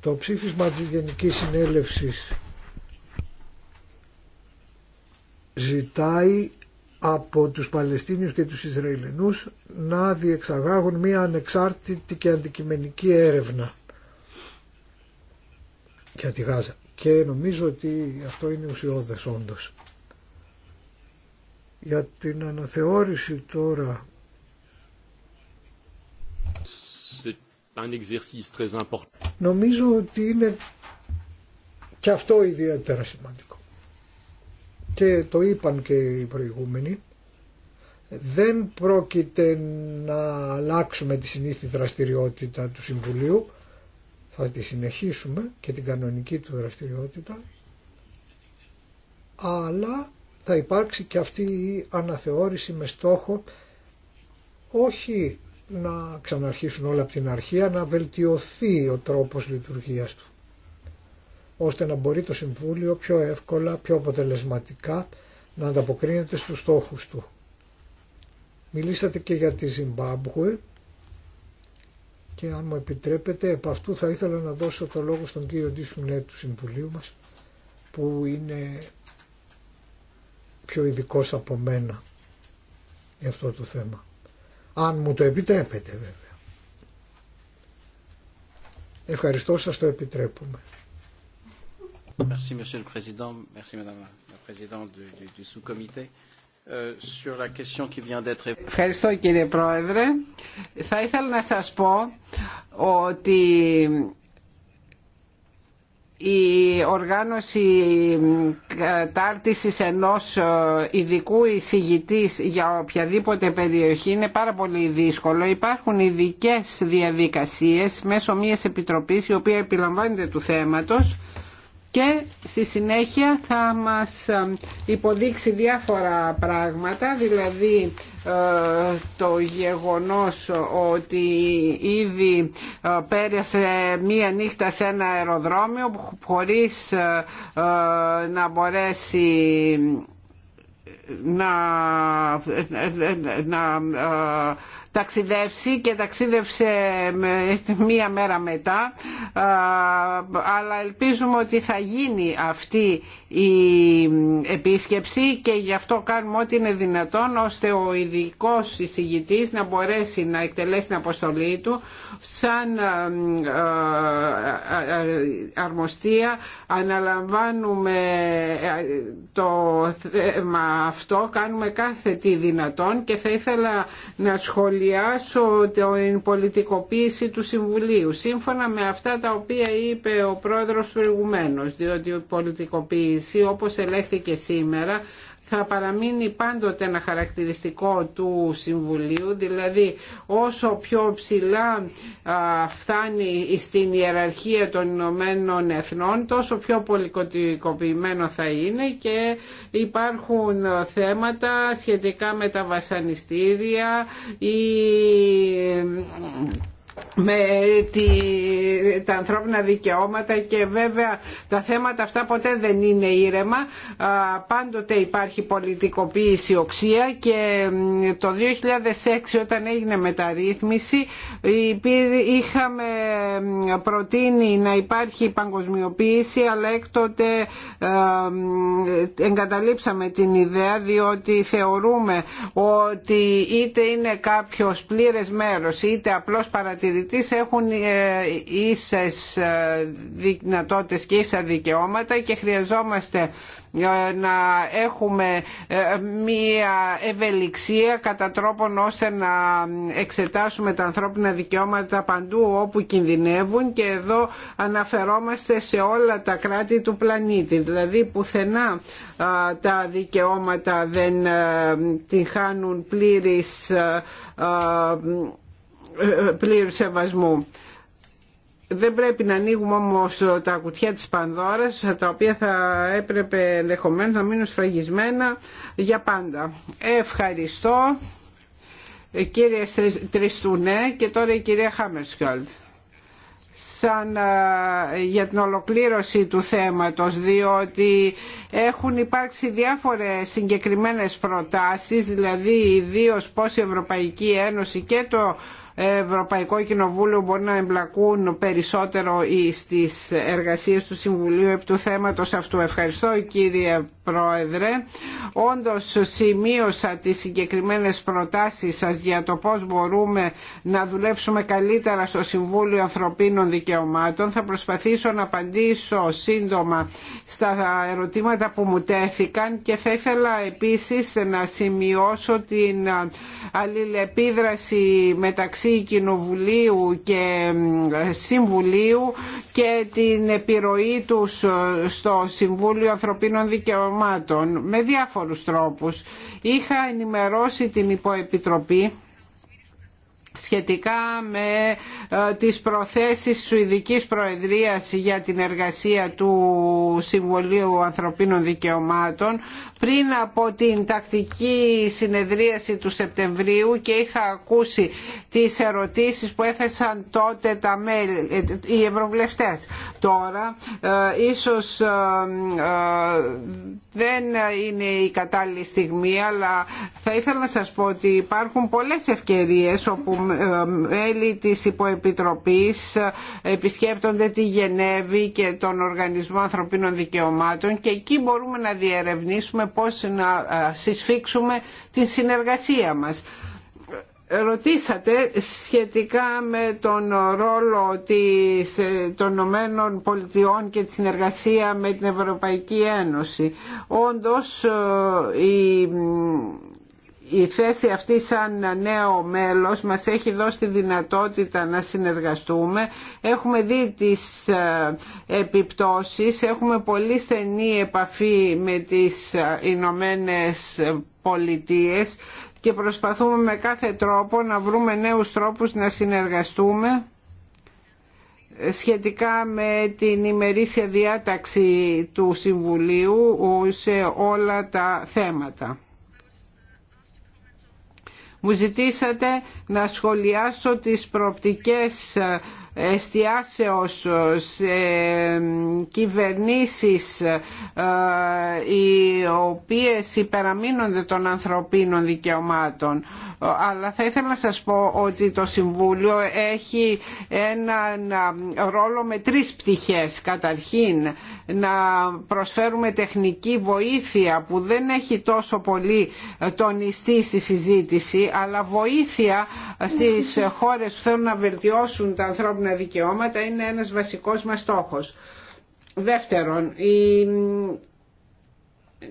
S6: Το ψήφισμα της Γενικής Συνέλευσης ζητάει από τους Παλαιστίνιους και τους Ισραηλινούς να διεξαγάγουν μία ανεξάρτητη και αντικειμενική έρευνα για τη Γάζα. Και νομίζω ότι αυτό είναι ουσιώδες όντως για την αναθεώρηση τώρα. Νομίζω ότι είναι και αυτό ιδιαίτερα σημαντικό. Και το είπαν και οι προηγούμενοι. Δεν πρόκειται να αλλάξουμε τη συνήθη δραστηριότητα του Συμβουλίου. Θα τη συνεχίσουμε και την κανονική του δραστηριότητα. Αλλά θα υπάρξει και αυτή η αναθεώρηση με στόχο όχι να ξαναρχίσουν όλα από την αρχή, να βελτιωθεί ο τρόπος λειτουργίας του, ώστε να μπορεί το Συμβούλιο πιο εύκολα, πιο αποτελεσματικά να ανταποκρίνεται στους στόχους του. Μιλήσατε και για τη Ζιμπάμπουε και αν μου επιτρέπετε, επ' αυτού θα ήθελα να δώσω το λόγο στον κύριο Ντίσου του Συμβουλίου μας, που είναι πιο ειδικό από μένα για αυτό το θέμα. Αν μου το επιτρέπετε βέβαια. Ευχαριστώ σας το επιτρέπουμε.
S2: Merci Monsieur le Président, merci Madame la Présidente du, du, du sous-comité. Euh, Ευχαριστώ κύριε Πρόεδρε. Θα ήθελα να σας πω ότι η οργάνωση κατάρτισης ενός ε, ειδικού εισηγητή για οποιαδήποτε περιοχή είναι πάρα πολύ δύσκολο. Υπάρχουν ειδικέ διαδικασίες μέσω μιας επιτροπής η οποία επιλαμβάνεται του θέματος και στη συνέχεια θα μας υποδείξει διάφορα πράγματα, δηλαδή ε, το γεγονός ότι ήδη ε, πέρασε μία νύχτα σε ένα αεροδρόμιο χωρίς ε, να μπορέσει να, να ταξιδεύσει και ταξίδευσε μία μέρα μετά αλλά ελπίζουμε ότι θα γίνει αυτή η επίσκεψη και γι' αυτό κάνουμε ό,τι είναι δυνατόν ώστε ο ειδικό εισηγητής να μπορέσει να εκτελέσει την αποστολή του σαν αρμοστία αναλαμβάνουμε ε, το θέμα αυτό κάνουμε κάθε τι δυνατόν και θα ήθελα να σχολιάσω σχεδιάσω την πολιτικοποίηση του Συμβουλίου σύμφωνα με αυτά τα οποία είπε ο πρόεδρος προηγουμένως διότι η πολιτικοποίηση όπως ελέγχθηκε σήμερα θα παραμείνει πάντοτε ένα χαρακτηριστικό του Συμβουλίου, δηλαδή όσο πιο ψηλά φτάνει στην ιεραρχία των Ηνωμένων Εθνών, τόσο πιο πολυκοτικοποιημένο θα είναι και υπάρχουν θέματα σχετικά με τα βασανιστήρια ή με τη, τα ανθρώπινα δικαιώματα και βέβαια τα θέματα αυτά ποτέ δεν είναι ήρεμα πάντοτε υπάρχει πολιτικοποίηση οξία και το 2006 όταν έγινε μεταρρύθμιση είχαμε προτείνει να υπάρχει παγκοσμιοποίηση αλλά έκτοτε εγκαταλείψαμε την ιδέα διότι θεωρούμε ότι είτε είναι κάποιος πλήρες μέρος είτε απλώς παρατηρητής έχουν ε, ίσες ε, δυνατότητες και ίσα δικαιώματα και χρειαζόμαστε ε, να έχουμε μία ευελιξία κατά τρόπον ώστε να εξετάσουμε τα ανθρώπινα δικαιώματα παντού όπου κινδυνεύουν και εδώ αναφερόμαστε σε όλα τα κράτη του πλανήτη δηλαδή πουθενά τα δικαιώματα δεν την χάνουν πλήρης ε, πλήρου σεβασμού. Δεν πρέπει να ανοίγουμε όμως τα κουτιά της Πανδώρας, τα οποία θα έπρεπε ενδεχομένω να μείνουν σφραγισμένα για πάντα. Ευχαριστώ κύριε Τριστουνέ και τώρα η κυρία Χάμερσκιόλτ σαν για την ολοκλήρωση του θέματος διότι έχουν υπάρξει διάφορες συγκεκριμένες προτάσεις δηλαδή ιδίω πώς η Ευρωπαϊκή Ένωση και το Ευρωπαϊκό Κοινοβούλιο μπορεί να εμπλακούν περισσότερο στις εργασίες του Συμβουλίου επί του θέματος αυτού. Ευχαριστώ κύριε Πρόεδρε. Όντως σημείωσα τις συγκεκριμένες προτάσεις σας για το πώς μπορούμε να δουλέψουμε καλύτερα στο Συμβούλιο Ανθρωπίνων Δικαιωμάτων. Θα προσπαθήσω να απαντήσω σύντομα στα ερωτήματα που μου τέθηκαν και θα ήθελα επίσης να σημειώσω την αλληλεπίδραση μεταξύ μεταξύ Κοινοβουλίου και Συμβουλίου και την επιρροή τους ε, στο Συμβούλιο Ανθρωπίνων Δικαιωμάτων με διάφορους τρόπους. Είχα ενημερώσει την υποεπιτροπή σχετικά με ε, τις προθέσεις της Σουηδικής Προεδρίας για την εργασία του Συμβουλίου Ανθρωπίνων Δικαιωμάτων πριν από την τακτική συνεδρίαση του Σεπτεμβρίου και είχα ακούσει τις ερωτήσεις που έθεσαν τότε τα μέλη, ε, οι ευρωβουλευτές. Τώρα ε, ίσως δεν είναι η κατάλληλη στιγμή αλλά θα ήθελα να σας πω ότι υπάρχουν πολλές ευκαιρίες όπου μέλη της υποεπιτροπής επισκέπτονται τη Γενέβη και τον Οργανισμό Ανθρωπίνων Δικαιωμάτων και εκεί μπορούμε να διερευνήσουμε πώς να ε, συσφίξουμε τη συνεργασία μας. Ρωτήσατε σχετικά με τον ρόλο της, ε, των Ηνωμένων Πολιτειών και τη συνεργασία με την Ευρωπαϊκή Ένωση. Όντως ε, η η θέση αυτή σαν νέο μέλος μας έχει δώσει τη δυνατότητα να συνεργαστούμε. Έχουμε δει τις ε, επιπτώσεις, έχουμε πολύ στενή επαφή με τις ε, Ηνωμένε Πολιτείες και προσπαθούμε με κάθε τρόπο να βρούμε νέους τρόπους να συνεργαστούμε σχετικά με την ημερήσια διάταξη του Συμβουλίου σε όλα τα θέματα. Μου ζητήσατε να σχολιάσω τις προοπτικές ε, εστιάσεως ε, σε κυβερνήσεις ε, οι οποίες υπεραμείνονται των ανθρωπίνων δικαιωμάτων αλλά θα ήθελα να σας πω ότι το Συμβούλιο έχει έναν ρόλο με τρεις πτυχές καταρχήν να προσφέρουμε τεχνική βοήθεια που δεν έχει τόσο πολύ τονιστεί στη συζήτηση αλλά βοήθεια στις χώρες που θέλουν να βελτιώσουν τα ανθρώπινα δικαιώματα είναι ένας βασικός μας στόχος. Δεύτερον, η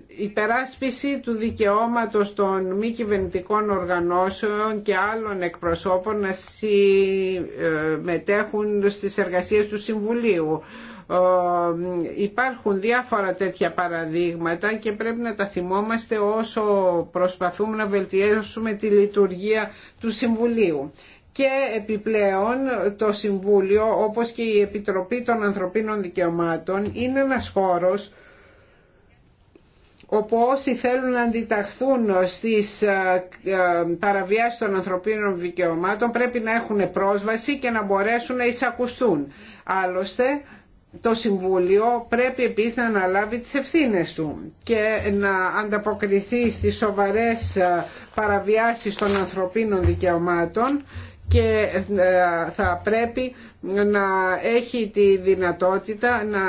S2: υπεράσπιση του δικαιώματος των μη κυβερνητικών οργανώσεων και άλλων εκπροσώπων να συμμετέχουν ε, στις εργασίες του Συμβουλίου. Υπάρχουν διάφορα τέτοια παραδείγματα και πρέπει να τα θυμόμαστε όσο προσπαθούμε να βελτιώσουμε τη λειτουργία του Συμβουλίου και επιπλέον το Συμβούλιο όπως και η Επιτροπή των Ανθρωπίνων Δικαιωμάτων είναι ένας χώρος όπου όσοι θέλουν να αντιταχθούν στις ε, ε, παραβιάσεις των ανθρωπίνων δικαιωμάτων πρέπει να έχουν πρόσβαση και να μπορέσουν να εισακουστούν. Άλλωστε το Συμβούλιο πρέπει επίσης να αναλάβει τις ευθύνες του και να ανταποκριθεί στις σοβαρές ε, παραβιάσεις των ανθρωπίνων δικαιωμάτων και ε, θα πρέπει να έχει τη δυνατότητα να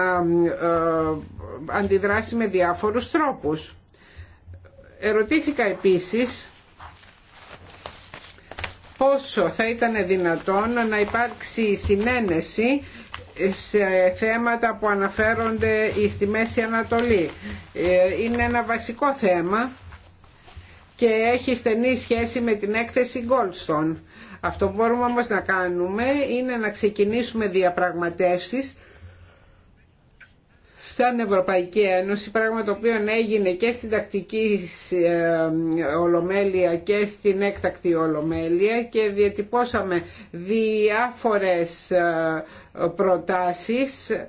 S2: ε, αντιδράσει με διάφορους τρόπους. Ερωτήθηκα επίσης πόσο θα ήταν δυνατόν να υπάρξει συνένεση σε θέματα που αναφέρονται στη Μέση Ανατολή. Ε, είναι ένα βασικό θέμα και έχει στενή σχέση με την έκθεση Goldstone. Αυτό που μπορούμε όμως να κάνουμε είναι να ξεκινήσουμε διαπραγματεύσεις σαν Ευρωπαϊκή Ένωση, πράγμα το οποίο έγινε και στην τακτική ε, ολομέλεια και στην έκτακτη ολομέλεια και διατυπώσαμε διάφορες ε, προτάσεις ε,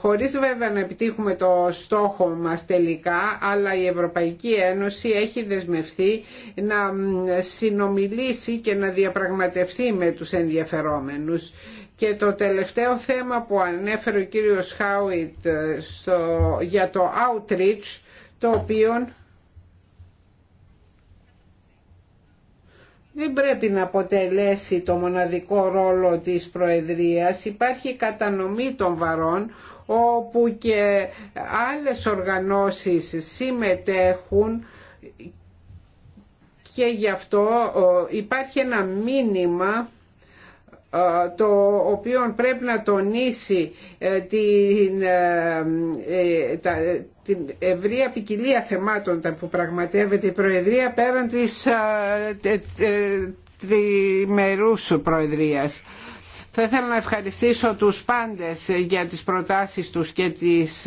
S2: χωρίς βέβαια να επιτύχουμε το στόχο μας τελικά αλλά η Ευρωπαϊκή Ένωση έχει δεσμευθεί να συνομιλήσει και να διαπραγματευτεί με τους ενδιαφερόμενους και το τελευταίο θέμα που ανέφερε ο κύριος Χάουιτ ε, στο, για το outreach, το οποίο δεν πρέπει να αποτελέσει το μοναδικό ρόλο της Προεδρίας. Υπάρχει κατανομή των βαρών όπου και άλλες οργανώσεις συμμετέχουν και γι' αυτό ε, υπάρχει ένα μήνυμα το οποίο πρέπει να τονίσει ε, την, ε, ε, την ευρεία ποικιλία θεμάτων που πραγματεύεται η Προεδρία πέραν της τριμερούς Προεδρίας. Θα ήθελα να ευχαριστήσω τους πάντες για τις προτάσεις τους και τις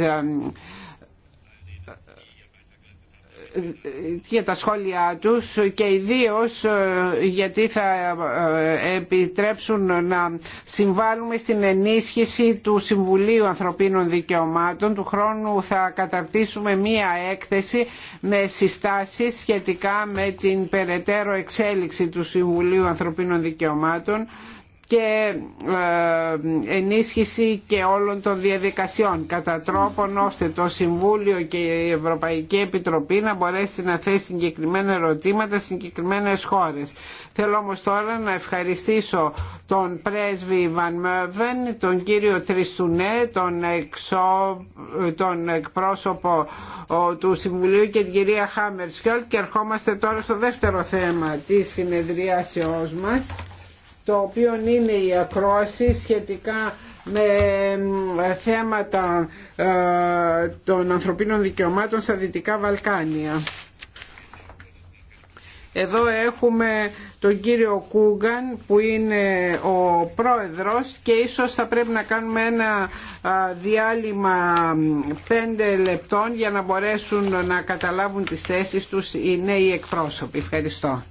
S2: για τα σχόλιά τους και ιδίως ε, γιατί θα ε, επιτρέψουν να συμβάλλουμε στην ενίσχυση του Συμβουλίου Ανθρωπίνων Δικαιωμάτων. Του χρόνου θα καταρτήσουμε μία έκθεση με συστάσεις σχετικά με την περαιτέρω εξέλιξη του Συμβουλίου Ανθρωπίνων Δικαιωμάτων και ε, ενίσχυση και όλων των διαδικασιών κατά τρόπον ώστε το Συμβούλιο και η Ευρωπαϊκή Επιτροπή να μπορέσει να θέσει συγκεκριμένα ερωτήματα σε συγκεκριμένες χώρες. Θέλω όμως τώρα να ευχαριστήσω τον πρέσβη Βαν Μεύεν, τον κύριο Τριστουνέ, τον, τον εκπρόσωπο του Συμβουλίου και την κυρία Χάμερ και ερχόμαστε τώρα στο δεύτερο θέμα της συνεδριάσεώς μας το οποίο είναι η ακρόαση σχετικά με θέματα ε, των ανθρωπίνων δικαιωμάτων στα Δυτικά Βαλκάνια. Εδώ έχουμε τον κύριο Κούγκαν που είναι ο πρόεδρος και ίσως θα πρέπει να κάνουμε ένα διάλειμμα πέντε λεπτών για να μπορέσουν να καταλάβουν τις θέσεις τους οι νέοι εκπρόσωποι. Ευχαριστώ.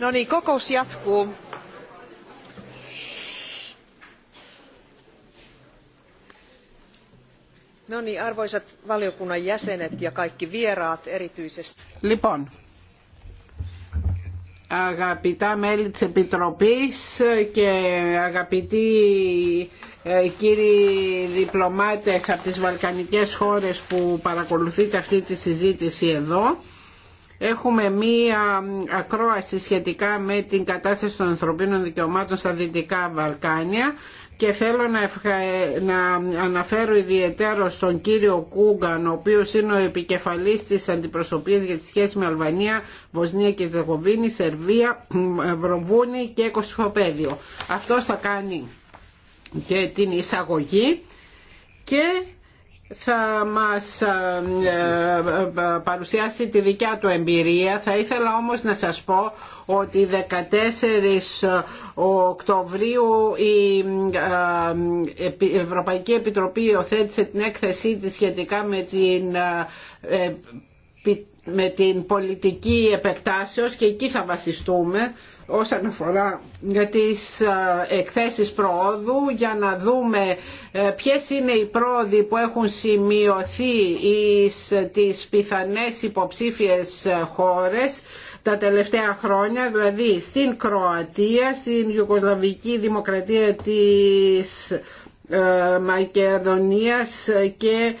S1: No niin, kokous jatkuu. No niin, arvoisat valiokunnan jäsenet ja kaikki vieraat erityisesti.
S2: Λοιπόν, αγαπητά μέλη της Επιτροπής και αγαπητοί ε, κύριοι διπλωμάτες από τις βαλκανικές χώρες που παρακολουθείτε αυτή τη συζήτηση εδώ Έχουμε μία ακρόαση σχετικά με την κατάσταση των ανθρωπίνων δικαιωμάτων στα Δυτικά Βαλκάνια και θέλω να, να αναφέρω ιδιαίτερο στον κύριο Κούγκαν, ο οποίος είναι ο επικεφαλής της αντιπροσωπείας για τη σχέση με Αλβανία, Βοσνία και Ζεγοβίνη, Σερβία, Βρομβούνη και Κωσυφοπέδιο. αυτό θα κάνει και την εισαγωγή και θα μας ε, ε, ε, παρουσιάσει τη δικιά του εμπειρία. Θα ήθελα όμως να σας πω ότι 14 Οκτωβρίου η Ευρωπαϊκή Επιτροπή υιοθέτησε την έκθεσή της σχετικά με την με την πολιτική επεκτάσεως και εκεί θα βασιστούμε όσον αφορά τις ε, εκθέσεις προόδου για να δούμε ε, ποιες είναι οι πρόοδοι που έχουν σημειωθεί εις ε, τις πιθανές υποψήφιες χώρες τα τελευταία χρόνια, δηλαδή στην Κροατία, στην Ιουγκοσλαβική Δημοκρατία της Μακεδονίας και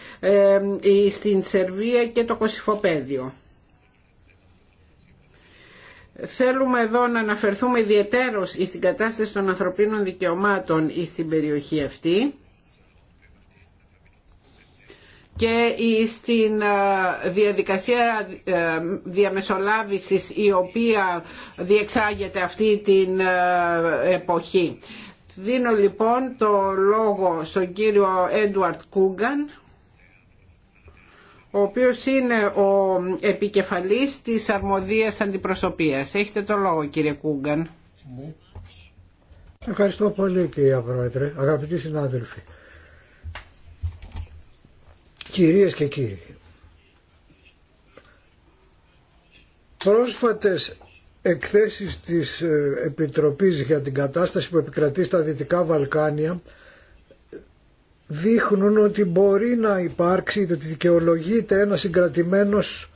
S2: στην Σερβία και το Κωσυφοπαίδιο. Θέλουμε εδώ να αναφερθούμε ιδιαιτέρως στην κατάσταση των ανθρωπίνων δικαιωμάτων στην περιοχή αυτή και στην ε, διαδικασία ε, διαμεσολάβησης η οποία διεξάγεται αυτή την ε, εποχή. Δίνω λοιπόν το λόγο στον κύριο Έντουαρτ Κούγκαν ο οποίος είναι ο επικεφαλής της αρμοδίας αντιπροσωπείας. Έχετε το λόγο κύριε Κούγκαν.
S6: Ευχαριστώ πολύ κύριε Πρόεδρε, αγαπητοί συνάδελφοι. Κυρίες και κύριοι, πρόσφατες εκθέσεις της ε, Επιτροπής για την κατάσταση που επικρατεί στα Δυτικά Βαλκάνια δείχνουν ότι μπορεί να υπάρξει, ότι δικαιολογείται ένα συγκρατημένος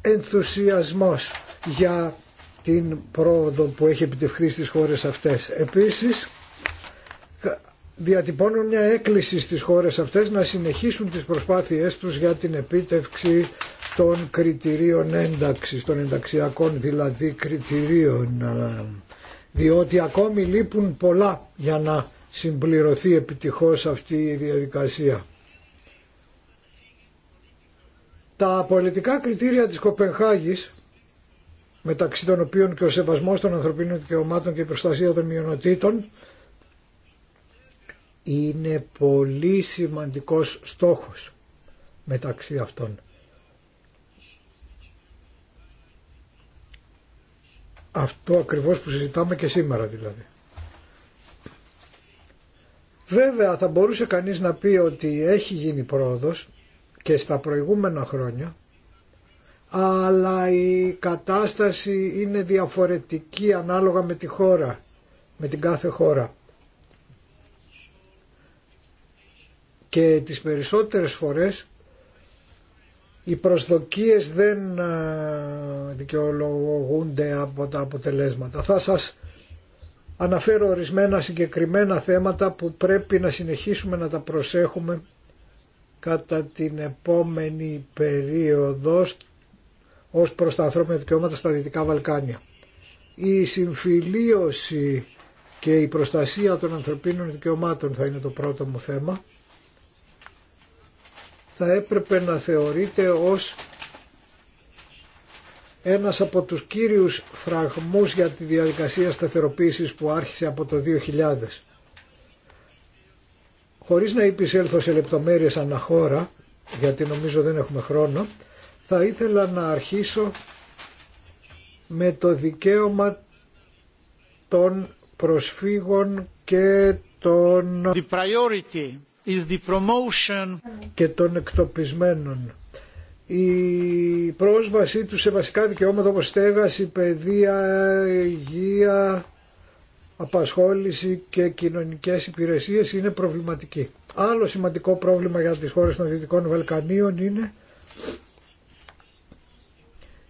S6: ενθουσιασμός για την πρόοδο που έχει επιτευχθεί στις χώρες αυτές. Επίσης, διατυπώνουν μια έκκληση στις χώρες αυτές να συνεχίσουν τις προσπάθειές τους για την επίτευξη των κριτηρίων ένταξη, των ενταξιακών δηλαδή κριτηρίων, διότι ακόμη λείπουν πολλά για να συμπληρωθεί επιτυχώς αυτή η διαδικασία. Τα πολιτικά κριτήρια της Κοπενχάγης, μεταξύ των οποίων και ο σεβασμός των ανθρωπίνων δικαιωμάτων και η προστασία των μειονοτήτων, είναι πολύ σημαντικός στόχος μεταξύ αυτών. Αυτό ακριβώς που συζητάμε και σήμερα δηλαδή. Βέβαια θα μπορούσε κανείς να πει ότι έχει γίνει πρόοδος και στα προηγούμενα χρόνια αλλά η κατάσταση είναι διαφορετική ανάλογα με τη χώρα, με την κάθε χώρα. Και τις περισσότερες φορές οι προσδοκίες δεν ε, δικαιολογούνται από τα αποτελέσματα. Θα σας αναφέρω ορισμένα συγκεκριμένα θέματα που πρέπει να συνεχίσουμε να τα προσέχουμε κατά την επόμενη περίοδο ως προς τα ανθρώπινα δικαιώματα στα Δυτικά Βαλκάνια. Η συμφιλίωση και η προστασία των ανθρωπίνων δικαιωμάτων θα είναι το πρώτο μου θέμα. Θα έπρεπε να θεωρείται ως ένας από τους κύριους φραγμούς για τη διαδικασία σταθεροποίησης που άρχισε από το 2000. Χωρίς να επισέλθω σε λεπτομέρειες αναχώρα, γιατί νομίζω δεν έχουμε χρόνο, θα ήθελα να αρχίσω με το δικαίωμα των προσφύγων και των, the priority is the promotion. και των εκτοπισμένων η πρόσβασή του σε βασικά δικαιώματα όπως στέγαση, παιδεία, υγεία, απασχόληση και κοινωνικές υπηρεσίες είναι προβληματική. Άλλο σημαντικό πρόβλημα για τις χώρες των Δυτικών Βαλκανίων είναι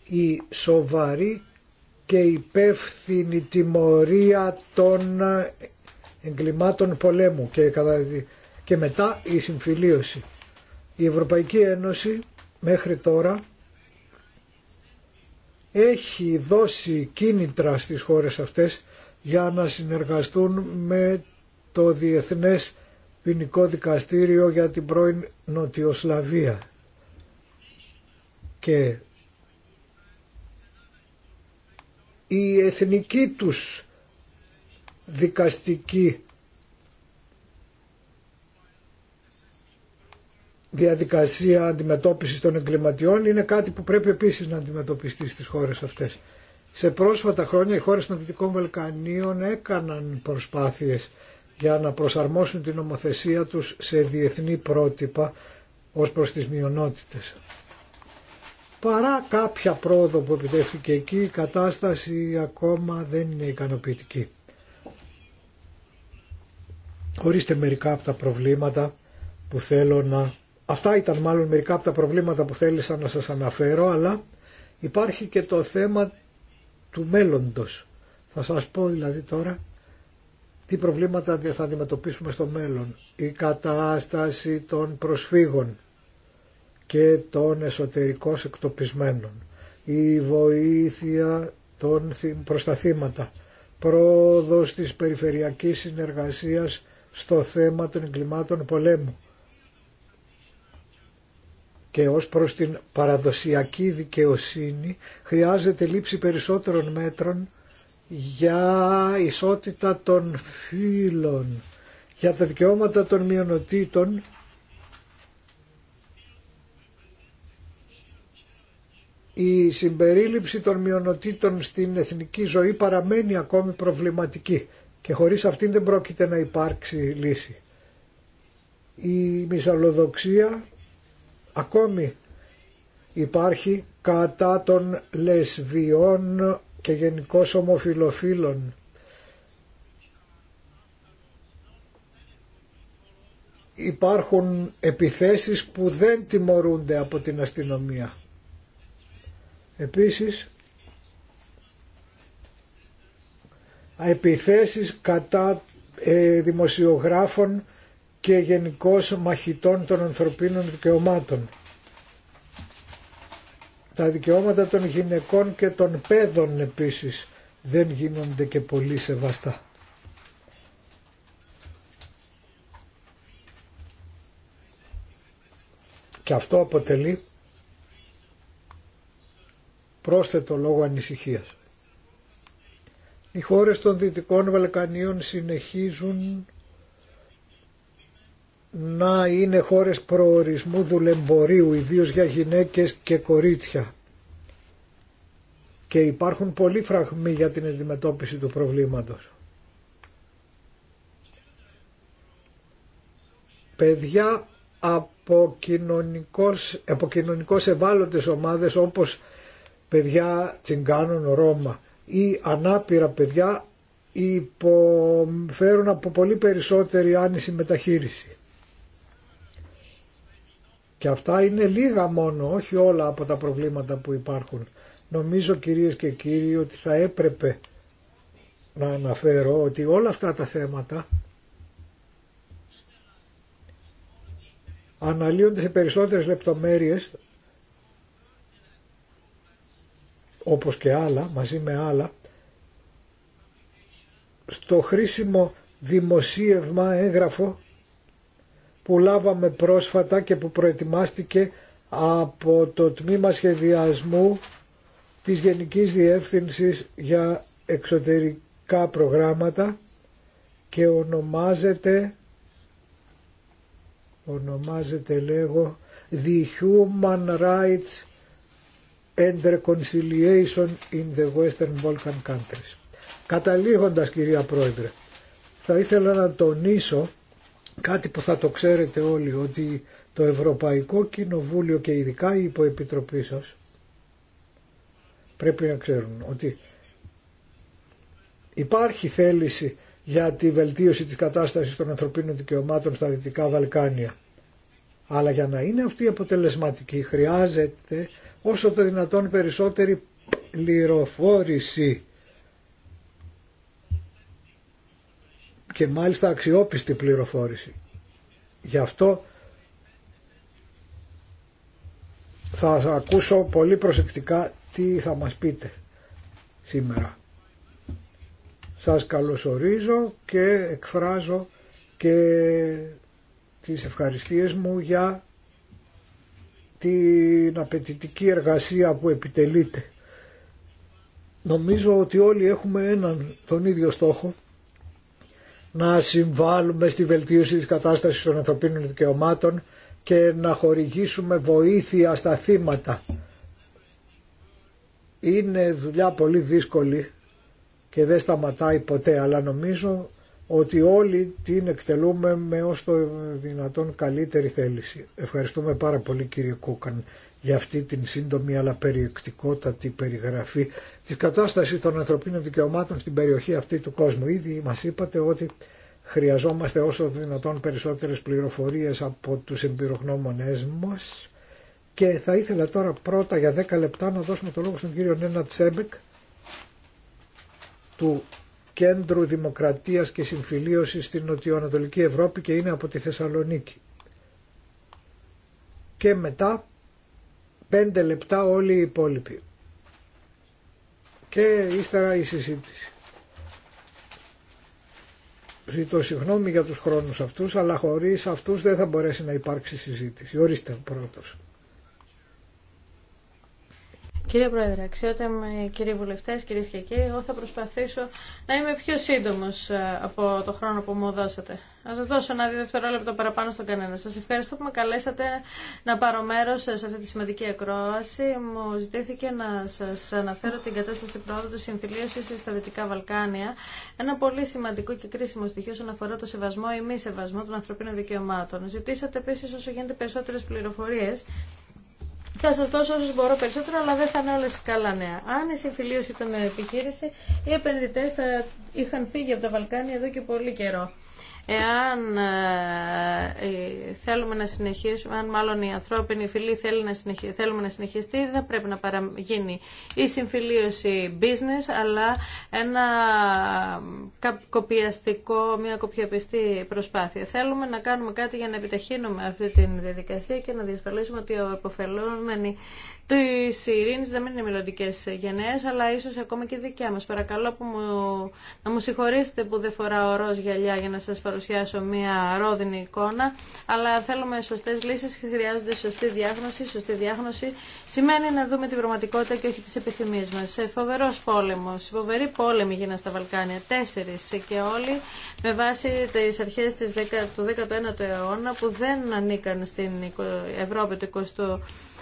S6: η σοβαρή και υπεύθυνη τιμωρία των εγκλημάτων πολέμου και, και μετά η συμφιλίωση. Η Ευρωπαϊκή Ένωση μέχρι τώρα έχει δώσει κίνητρα στις χώρες αυτές για να συνεργαστούν με το Διεθνές Ποινικό Δικαστήριο για την πρώην Νοτιοσλαβία. Και η εθνική τους δικαστική διαδικασία αντιμετώπισης των εγκληματιών είναι κάτι που πρέπει επίσης να αντιμετωπιστεί στις χώρες αυτές. Σε πρόσφατα χρόνια οι χώρες των Δυτικών Βαλκανίων έκαναν προσπάθειες για να προσαρμόσουν την νομοθεσία τους σε διεθνή πρότυπα ως προς τις μειονότητες. Παρά κάποια πρόοδο που επιτεύχθηκε εκεί, η κατάσταση ακόμα δεν είναι ικανοποιητική. Ορίστε μερικά από τα προβλήματα που θέλω να Αυτά ήταν μάλλον μερικά από τα προβλήματα που θέλησα να σας αναφέρω, αλλά υπάρχει και το θέμα του μέλλοντος. Θα σας πω δηλαδή τώρα τι προβλήματα θα αντιμετωπίσουμε στο μέλλον. Η κατάσταση των προσφύγων και των εσωτερικών εκτοπισμένων. Η βοήθεια των προσταθήματα. Πρόοδος της περιφερειακής συνεργασίας στο θέμα των εγκλημάτων πολέμου και ως προς την παραδοσιακή δικαιοσύνη χρειάζεται λήψη περισσότερων μέτρων για ισότητα των φύλων, για τα δικαιώματα των μειονοτήτων η συμπερίληψη των μειονοτήτων στην εθνική ζωή παραμένει ακόμη προβληματική και χωρίς αυτήν δεν πρόκειται να υπάρξει λύση. Η μυσαλλοδοξία Ακόμη υπάρχει κατά των λεσβιών και γενικώ ομοφιλοφίλων. Υπάρχουν επιθέσεις που δεν τιμωρούνται από την αστυνομία. Επίσης, επιθέσεις κατά ε, δημοσιογράφων και γενικώ μαχητών των ανθρωπίνων δικαιωμάτων. Τα δικαιώματα των γυναικών και των παιδών επίσης δεν γίνονται και πολύ σεβαστά. Και αυτό αποτελεί πρόσθετο λόγο ανησυχίας. Οι χώρες των Δυτικών Βαλκανίων συνεχίζουν να είναι χώρες προορισμού δουλεμπορίου, ιδίως για γυναίκες και κορίτσια. Και υπάρχουν πολλοί φραγμοί για την αντιμετώπιση του προβλήματος. Παιδιά από κοινωνικώς, από κοινωνικώς ευάλωτες ομάδες όπως παιδιά τσιγκάνων Ρώμα ή ανάπηρα παιδιά υποφέρουν από πολύ περισσότερη άνηση μεταχείριση. Και αυτά είναι λίγα μόνο, όχι όλα από τα προβλήματα που υπάρχουν. Νομίζω κυρίες και κύριοι ότι θα έπρεπε να αναφέρω ότι όλα αυτά τα θέματα αναλύονται σε περισσότερες λεπτομέρειες όπως και άλλα, μαζί με άλλα, στο χρήσιμο δημοσίευμα έγγραφο που λάβαμε πρόσφατα και που προετοιμάστηκε από το Τμήμα Σχεδιασμού της Γενικής Διεύθυνσης για Εξωτερικά Προγράμματα και ονομάζεται, ονομάζεται λέγω, The Human Rights and Reconciliation in the Western Balkan Countries. Καταλήγοντας κυρία Πρόεδρε, θα ήθελα να τονίσω κάτι που θα το ξέρετε όλοι ότι το Ευρωπαϊκό Κοινοβούλιο και ειδικά η υποεπιτροπή σας πρέπει να ξέρουν ότι υπάρχει θέληση για τη βελτίωση της κατάστασης των ανθρωπίνων δικαιωμάτων στα Δυτικά Βαλκάνια. Αλλά για να είναι αυτή αποτελεσματική χρειάζεται όσο το δυνατόν περισσότερη πληροφόρηση και μάλιστα αξιόπιστη πληροφόρηση. Γι' αυτό θα ακούσω πολύ προσεκτικά τι θα μας πείτε σήμερα. Σας καλωσορίζω και εκφράζω και τις ευχαριστίες μου για την απαιτητική εργασία που επιτελείτε. Νομίζω ότι όλοι έχουμε έναν τον ίδιο στόχο να συμβάλλουμε στη βελτίωση της κατάστασης των ανθρωπίνων δικαιωμάτων και να χορηγήσουμε βοήθεια στα θύματα. Είναι δουλειά πολύ δύσκολη και δεν σταματάει ποτέ, αλλά νομίζω ότι όλοι την εκτελούμε με όσο δυνατόν καλύτερη θέληση. Ευχαριστούμε πάρα πολύ κύριε Κούκαν για αυτή την σύντομη αλλά περιεκτικότατη περιγραφή της κατάστασης των ανθρωπίνων δικαιωμάτων στην περιοχή αυτή του κόσμου. Ήδη μας είπατε ότι χρειαζόμαστε όσο δυνατόν περισσότερες πληροφορίες από τους εμπειρογνώμονές μας και θα ήθελα τώρα πρώτα για 10 λεπτά να δώσουμε το λόγο στον κύριο Νένα Τσέμπεκ του Κέντρου Δημοκρατίας και Συμφιλίωσης στην Νοτιοανατολική Ευρώπη και είναι από τη Θεσσαλονίκη. Και μετά Πέντε λεπτά όλοι οι υπόλοιποι. Και ύστερα η συζήτηση. Ζητώ συγγνώμη για τους χρόνους αυτούς, αλλά χωρίς αυτούς δεν θα μπορέσει να υπάρξει συζήτηση. Ορίστε πρώτος.
S3: Κύριε Πρόεδρε, αξιότιμοι κύριοι βουλευτέ, κυρίε και κύριοι, εγώ θα προσπαθήσω να είμαι πιο σύντομο ε, από το χρόνο που μου δώσατε. Να σα δώσω ένα δύο παραπάνω στον κανένα. Σα ευχαριστώ που με καλέσατε να πάρω μέρο σε αυτή τη σημαντική ακρόαση. Μου ζητήθηκε να σα αναφέρω την κατάσταση πρόοδου τη συμφιλίωση στα Δυτικά Βαλκάνια. Ένα πολύ σημαντικό και κρίσιμο στοιχείο όσον αφορά το σεβασμό ή μη σεβασμό των ανθρωπίνων δικαιωμάτων. Ζητήσατε επίση όσο γίνεται περισσότερε πληροφορίε θα σα δώσω όσε μπορώ περισσότερο, αλλά δεν θα είναι όλες καλά νέα. Αν η συμφιλίωση ήταν επιχείρηση, οι επενδυτές θα είχαν φύγει από τα Βαλκάνια εδώ και πολύ καιρό. Εάν ε, ε, θέλουμε να συνεχίσουμε, αν μάλλον η ανθρώπινη φυλή θέλει να συνεχι... θέλουμε να συνεχιστεί, δεν πρέπει να παραγίνει η συμφιλίωση business, αλλά ένα κοπιαστικό, μια κοπιαπιστή προσπάθεια. Θέλουμε να κάνουμε κάτι για να επιταχύνουμε αυτή τη διαδικασία και να διασφαλίσουμε ότι ο επωφελούμενοι τη ειρήνη δεν είναι μελλοντικέ γενναίε, αλλά ίσω ακόμα και δικιά μα. Παρακαλώ που να μου συγχωρήσετε που δεν φοράω ροζ γυαλιά για να σα παρουσιάσω μία ρόδινη εικόνα, αλλά θέλουμε σωστέ λύσει, χρειάζονται σωστή διάγνωση. Σωστή διάγνωση σημαίνει να δούμε την πραγματικότητα και όχι τι επιθυμίε μα. Φοβερό πόλεμο, φοβερή πόλεμη γίνανε στα Βαλκάνια, τέσσερι και όλοι με βάση τι αρχέ του 19ου αιώνα που δεν ανήκαν στην Ευρώπη του 20ου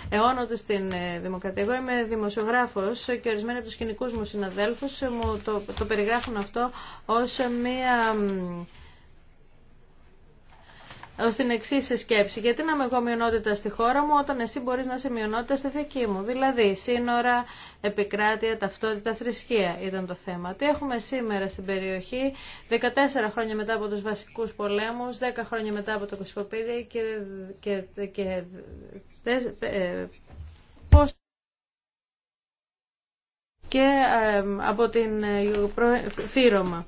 S3: αιώνονται στην ε, δημοκρατία. Εγώ είμαι δημοσιογράφος και ορισμένοι από του κοινικούς μου συναδέλφου, ε, μου το, το περιγράφουν αυτό ως ε, μια ω την εξή σκέψη. Γιατί να είμαι εγώ μειονότητα στη χώρα μου όταν εσύ μπορεί να είσαι μειονότητα στη δική μου. Δηλαδή, σύνορα, επικράτεια, ταυτότητα, θρησκεία ήταν το θέμα. Τι έχουμε σήμερα στην περιοχή, 14 χρόνια μετά από του βασικού πολέμου, 10 χρόνια μετά από το Κωσυφοπίδι και. και, και και ε, ε, από την ε, Φύρωμα.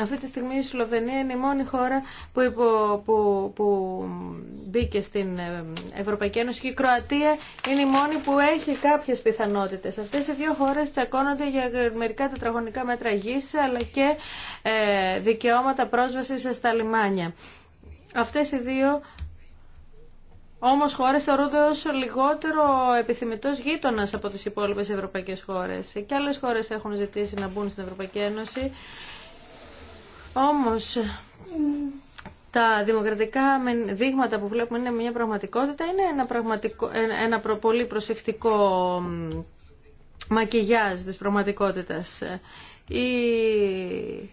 S3: Αυτή τη στιγμή η Σλοβενία είναι η μόνη χώρα που, υπο, που, που μπήκε στην ε, Ευρωπαϊκή Ένωση και η Κροατία είναι η μόνη που έχει κάποιε πιθανότητε. Αυτέ οι δύο χώρε τσακώνονται για μερικά τετραγωνικά μέτρα γη αλλά και ε, δικαιώματα πρόσβασης στα λιμάνια. Αυτέ οι δύο όμως χώρες θεωρούνται ως λιγότερο επιθυμητός γείτονας από τις υπόλοιπες ευρωπαϊκές χώρες. Και άλλες χώρες έχουν ζητήσει να μπουν στην Ευρωπαϊκή Ένωση. Όμως τα δημοκρατικά δείγματα που βλέπουμε είναι μια πραγματικότητα, είναι ένα, πραγματικό, ένα πολύ προσεκτικό μακιγιάζ της πραγματικότητας. Η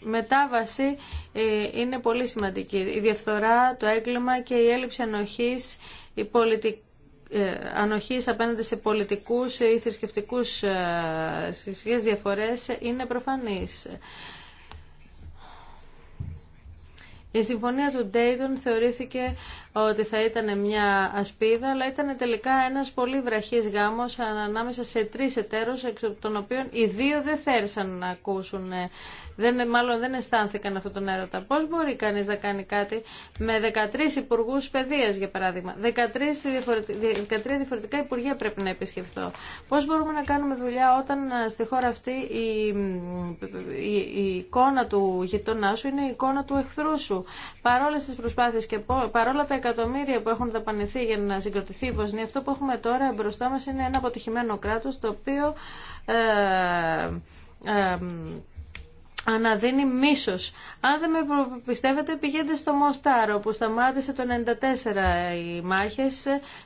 S3: μετάβαση ε, είναι πολύ σημαντική. Η διαφθορά, το έγκλημα και η έλλειψη ανοχής, η πολιτική ε, ανοχής απέναντι σε πολιτικούς ή θρησκευτικούς ε, διαφορές είναι προφανής. Η συμφωνία του Ντέιντον θεωρήθηκε ότι θα ήταν μια ασπίδα, αλλά ήταν τελικά ένας πολύ βραχής γάμος ανάμεσα σε τρεις εταίρους, εξ των οποίων οι δύο δεν θέλησαν να ακούσουν ε, δεν, μάλλον δεν αισθάνθηκαν αυτόν τον έρωτα. Πώ μπορεί κανεί να κάνει κάτι με 13 υπουργού παιδεία, για παράδειγμα. 13, διαφορετικά, 13 διαφορετικά υπουργεία πρέπει να επισκεφθώ. Πώ μπορούμε να κάνουμε δουλειά όταν ε, στη χώρα αυτή η, η, εικόνα του γειτονά σου είναι η εικόνα του εχθρού σου. Παρόλε τι προσπάθειε και παρόλα τα εκατομμύρια που έχουν δαπανηθεί για να συγκροτηθεί η Βοσνία, αυτό που έχουμε τώρα μπροστά μα είναι ένα αποτυχημένο κράτο το οποίο. Ε, ε, αναδίνει μίσος. Αν δεν με πιστεύετε πηγαίνετε στο Μοστάρο που σταμάτησε το 94 οι μάχες.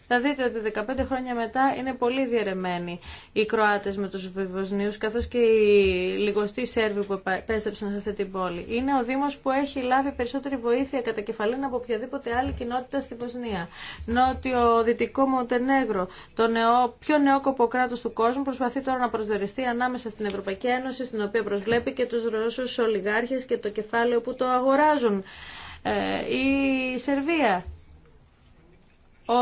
S3: Θα δείτε ότι 15 χρόνια μετά είναι πολύ διαιρεμένοι οι Κροάτες με τους Βοσνίους καθώς και οι λιγοστοί Σέρβοι που επέστρεψαν σε αυτή την πόλη. Είναι ο Δήμος που έχει λάβει περισσότερη βοήθεια κατά κεφαλήν από οποιαδήποτε άλλη κοινότητα στη Βοσνία. Νότιο Δυτικό Μοντενέγρο, το νεό, πιο νεόκοπο κράτος του κόσμου προσπαθεί τώρα να προσδοριστεί ανάμεσα στην Ευρωπαϊκή Ένωση στην οποία προσβλέπει και τους Ρώσους ολιγάρχες και το κεφάλαιο που το αγοράζουν. Ε, η Σερβία ο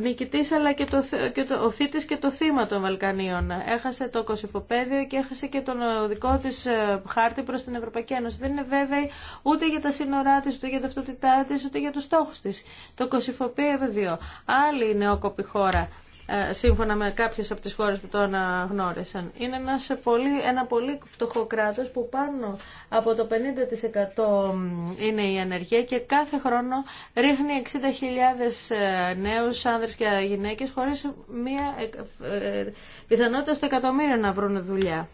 S3: νικητής αλλά και, το, και το, ο θήτης και το θύμα των Βαλκανίων. Έχασε το κοσυφοπαίδιο και έχασε και τον δικό της ε, χάρτη προς την Ευρωπαϊκή Ένωση. Δεν είναι βέβαιη ούτε για τα σύνορά της, ούτε για αυτοτητά της, ούτε για τους στόχους της. Το κοσυφοπαίδιο άλλη νεόκοπη χώρα ε, σύμφωνα με κάποιες από τις χώρες που το αναγνώρισαν. Είναι ένας πολύ, ένα πολύ φτωχό κράτος που πάνω από το 50% είναι η ανεργία και κάθε χρόνο ρίχνει 60.000 ε, νέους άνδρες και γυναίκες χωρίς μια ε, πιθανότητα στο εκατομμύριο να βρουν δουλειά.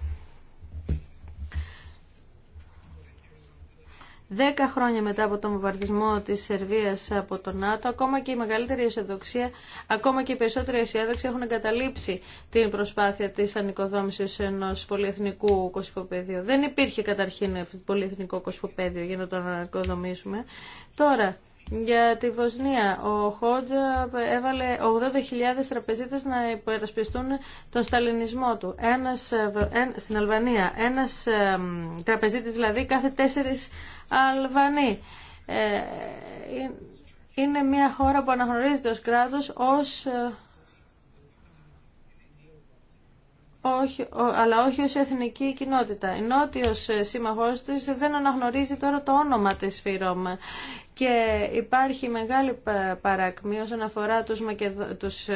S3: Δέκα χρόνια μετά από τον βομβαρδισμό τη σερβία από τον ΝΑΤΟ, ακόμα και η μεγαλύτερη αισιοδοξία, ακόμα και οι περισσότεροι αισιόδοξοι έχουν εγκαταλείψει την προσπάθεια τη ανοικοδόμηση ενό πολυεθνικού κοσμοπεδίου. Δεν υπήρχε καταρχήν πολυεθνικό κοσμοπεδίο για να το ανοικοδομήσουμε. Τώρα, για τη Βοσνία, ο Χόντ έβαλε 80.000 τραπεζίτες να υπερασπιστούν τον σταλινισμό του. Ένας, στην Αλβανία, ένας τραπεζίτης δηλαδή κάθε τέσσερις Αλβανοί. είναι μια χώρα που αναγνωρίζεται ως κράτος ως αλλά όχι ως εθνική κοινότητα. Η νότιος ε, σύμμαχός της δεν αναγνωρίζει τώρα το όνομα της ΦΥΡΟΜ και υπάρχει μεγάλη παρακμή όσον αφορά τους, Μακεδο... τους ε,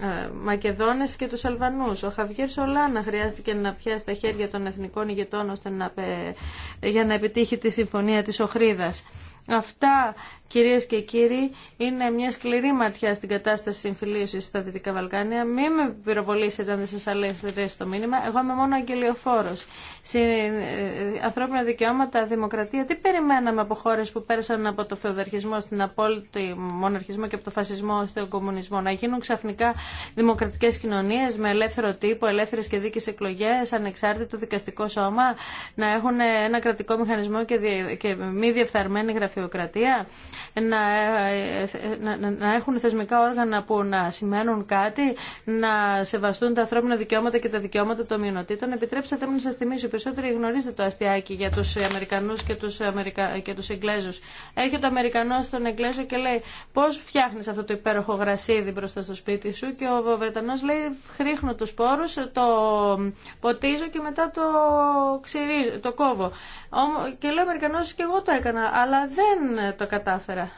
S3: ε, Μακεδόνες και τους Αλβανούς. Ο Χαβιέρ Σολάνα χρειάστηκε να πιάσει τα χέρια των εθνικών ηγετών ώστε να... για να επιτύχει τη συμφωνία της Οχρίδας. Αυτά, κυρίες και κύριοι, είναι μια σκληρή ματιά στην κατάσταση συμφιλίωσης στα Δυτικά Βαλκάνια. Μην με πυροβολήσετε αν δεν σας αλέσετε το μήνυμα. Εγώ είμαι μόνο αγγελιοφόρος. Συ... Ε, ανθρώπινα δικαιώματα, δημοκρατία. Τι περιμέναμε από χώρε που πέρασαν από το φεουδαρχισμό στην απόλυτη μοναρχισμό και από το φασισμό στο κομμουνισμό. Να γίνουν ξαφνικά δημοκρατικές κοινωνίες με ελεύθερο τύπο, ελεύθερες και δίκες εκλογές, ανεξάρτητο δικαστικό σώμα, να έχουν ένα κρατικό μηχανισμό και, και μη διεφθαρμένη γραφειοκρατία γραφειοκρατία, να, να, να έχουν θεσμικά όργανα που να σημαίνουν κάτι, να σεβαστούν τα ανθρώπινα δικαιώματα και τα δικαιώματα των μειονοτήτων. Επιτρέψατε μου να σα θυμίσω Περισσότεροι γνωρίζετε το αστιάκι για του Αμερικανού και του Αμερικα... Εγγλέζου. Έρχεται ο Αμερικανό στον Εγγλέζο και λέει πώ φτιάχνει αυτό το υπέροχο γρασίδι μπροστά στο σπίτι σου και ο Βρετανό λέει χρήχνω του πόρου το ποτίζω και μετά το, ξυρίζω, το κόβω. Και λέει ο Αμερικανό και εγώ το έκανα, αλλά δεν δεν το κατάφερα.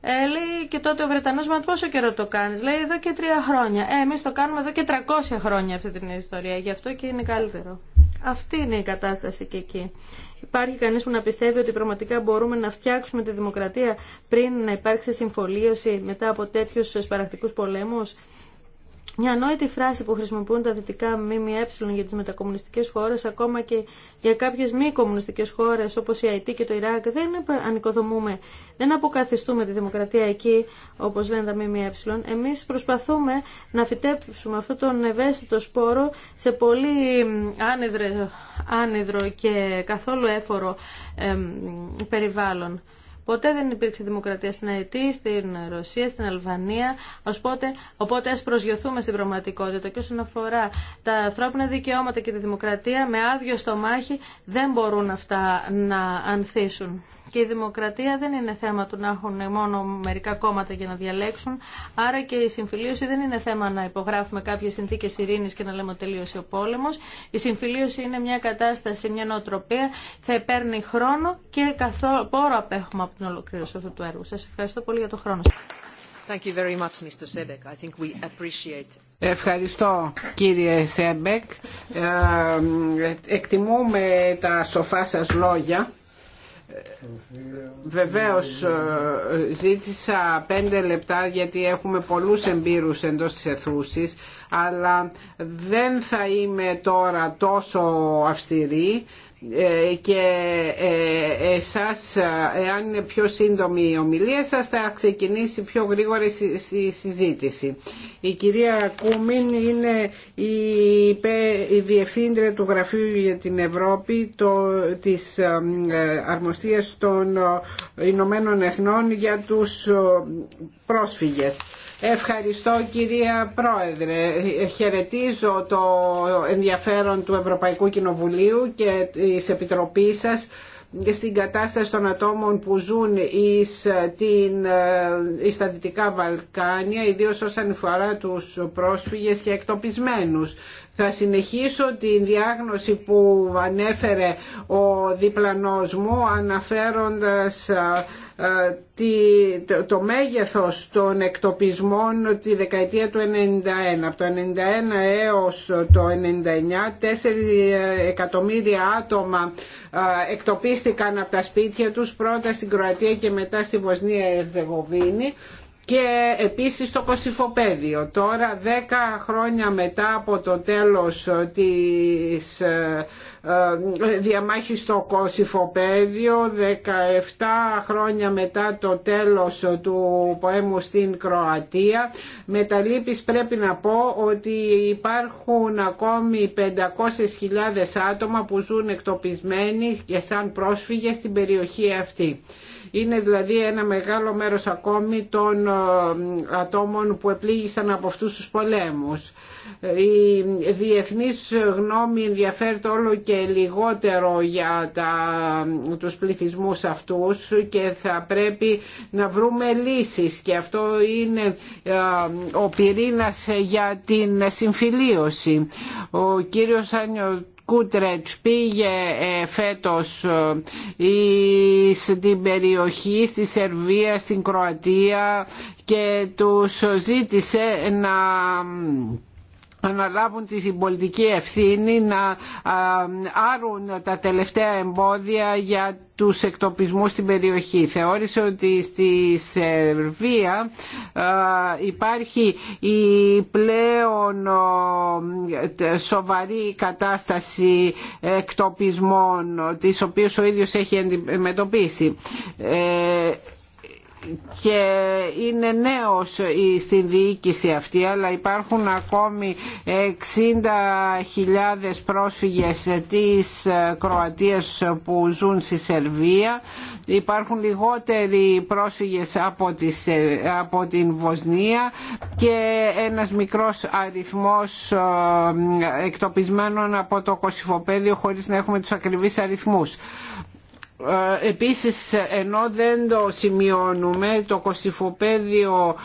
S3: Ε, λέει και τότε ο Βρετανό, μα πόσο καιρό το κάνει. Λέει εδώ και τρία χρόνια. Ε, εμεί το κάνουμε εδώ και 300 χρόνια αυτή την ιστορία. Γι' αυτό και είναι καλύτερο. Αυτή είναι η κατάσταση και εκεί. Υπάρχει κανεί που να πιστεύει ότι πραγματικά μπορούμε να φτιάξουμε τη δημοκρατία πριν να υπάρξει συμφωλίωση μετά από τέτοιου παρακτικού πολέμου. Μια ανόητη φράση που χρησιμοποιούν τα δυτικά ΜΜΕ για τις μετακομμουνιστικές χώρες, ακόμα και για κάποιες μη κομμουνιστικές χώρες όπως η Αϊτή και το Ιράκ, δεν ανικοδομούμε, δεν αποκαθιστούμε τη δημοκρατία εκεί, όπως λένε τα ΜΜΕ. Εμείς προσπαθούμε να φυτέψουμε αυτόν τον ευαίσθητο σπόρο σε πολύ άνεδρο, και καθόλου έφορο περιβάλλον. Ποτέ δεν υπήρξε δημοκρατία στην Αιτή, στην Ρωσία, στην Αλβανία. Οπότε, οπότε ας προσγειωθούμε στην πραγματικότητα. Και όσον αφορά τα ανθρώπινα δικαιώματα και τη δημοκρατία, με άδειο στομάχι δεν μπορούν αυτά να ανθίσουν και η δημοκρατία δεν είναι θέμα του να έχουν μόνο μερικά κόμματα για να διαλέξουν. Άρα και η συμφιλίωση δεν είναι θέμα να υπογράφουμε κάποιε συνθήκε ειρήνη και να λέμε ότι τελείωσε ο πόλεμο. Η συμφιλίωση είναι μια κατάσταση, μια νοοτροπία. Θα παίρνει χρόνο και καθό... πόρο απέχουμε από την ολοκλήρωση αυτού του έργου. Σα ευχαριστώ πολύ για τον χρόνο
S1: σα. Thank you very much, Mr. I think we appreciate...
S2: Ευχαριστώ κύριε Σέμπεκ. Ε, ε, εκτιμούμε τα σοφά σας λόγια. Βεβαίως ε, ζήτησα πέντε λεπτά γιατί έχουμε πολλούς εμπειρούς εντός της αιθούσης αλλά δεν θα είμαι τώρα τόσο αυστηρή ε, και ε, εσάς εάν είναι πιο σύντομη η ομιλία σας θα ξεκινήσει πιο γρήγορα η συζήτηση. Η κυρία Κούμιν είναι η Διευθύντρια του Γραφείου για την Ευρώπη το, της ε, Αρμοστίας των Ηνωμένων Εθνών για τους πρόσφυγες. Ευχαριστώ κυρία Πρόεδρε. Χαιρετίζω το ενδιαφέρον του Ευρωπαϊκού Κοινοβουλίου και της Επιτροπής σας στην κατάσταση των ατόμων που ζουν εις, την, τα Δυτικά Βαλκάνια, ιδίως όσον αφορά τους πρόσφυγες και εκτοπισμένους. Θα συνεχίσω την διάγνωση που ανέφερε ο διπλανός μου αναφέροντας ε, το μέγεθος των εκτοπισμών τη δεκαετία του 91. Από το 91 έως το 99 4 ε, εκατομμύρια άτομα ε, εκτοπίστηκαν από τα σπίτια τους πρώτα στην Κροατία και μετά στη Βοσνία Ερζεγοβίνη και επίσης το Κοσυφοπέδιο. Τώρα, δέκα χρόνια μετά από το τέλος της ε, ε, διαμάχης στο Κοσυφοπέδιο, 17 χρόνια μετά το τέλος του ποέμου στην Κροατία, με τα πρέπει να πω ότι υπάρχουν ακόμη 500.000 άτομα που ζουν εκτοπισμένοι και σαν πρόσφυγες στην περιοχή αυτή. Είναι δηλαδή ένα μεγάλο μέρος ακόμη των ε, ατόμων που επλήγησαν από αυτούς τους πολέμους. Η διεθνής γνώμη ενδιαφέρεται όλο και λιγότερο για τα, τους πληθυσμούς αυτούς και θα πρέπει να βρούμε λύσεις και αυτό είναι ε, ο πυρήνας για την συμφιλίωση. Ο κύριος Άνιο Κούτρετς πήγε ε, φέτος στην ε, περιοχή, στη Σερβία, στην Κροατία και τους ζήτησε να αναλάβουν την πολιτική ευθύνη να άρουν τα τελευταία εμπόδια για τους εκτοπισμούς στην περιοχή. Θεώρησε ότι στη Σερβία υπάρχει η πλέον σοβαρή κατάσταση εκτοπισμών, τις οποίες ο ίδιος έχει αντιμετωπίσει. Ε, και είναι νέος η διοίκηση αυτή αλλά υπάρχουν ακόμη 60.000 πρόσφυγες της ε, Κροατίας που ζουν στη Σερβία υπάρχουν λιγότεροι πρόσφυγες από, την Βοσνία και ένας μικρός αριθμός ε, εκτοπισμένων από το Κωσυφοπέδιο χωρίς να έχουμε τους ακριβείς αριθμούς. Ε, επίσης ενώ δεν το σημειώνουμε το κοστιφοπέδιο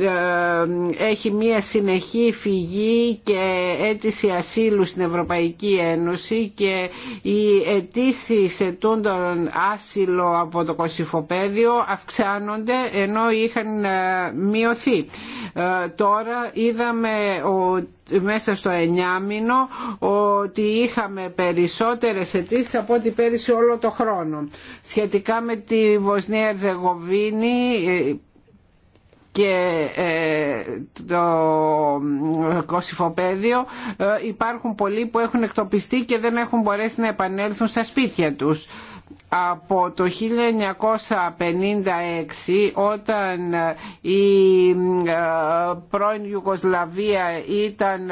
S2: ε, έχει μία συνεχή φυγή και αίτηση ασύλου στην Ευρωπαϊκή Ένωση και οι αιτήσει ετούντων άσυλο από το κοστιφοπέδιο αυξάνονται ενώ είχαν ε, μειωθεί. Τώρα είδαμε ότι μέσα στο εννιάμινο ότι είχαμε περισσότερες αιτήσει από ό,τι πέρυσι όλο το χρόνο. Σχετικά με τη Βοσνία Ερζεγοβίνη και ε, το κοσυφοπαίδιο ε, υπάρχουν πολλοί που έχουν εκτοπιστεί και δεν έχουν μπορέσει να επανέλθουν στα σπίτια τους από το 1956 όταν η ε, πρώην Ιουγκοσλαβία ήταν,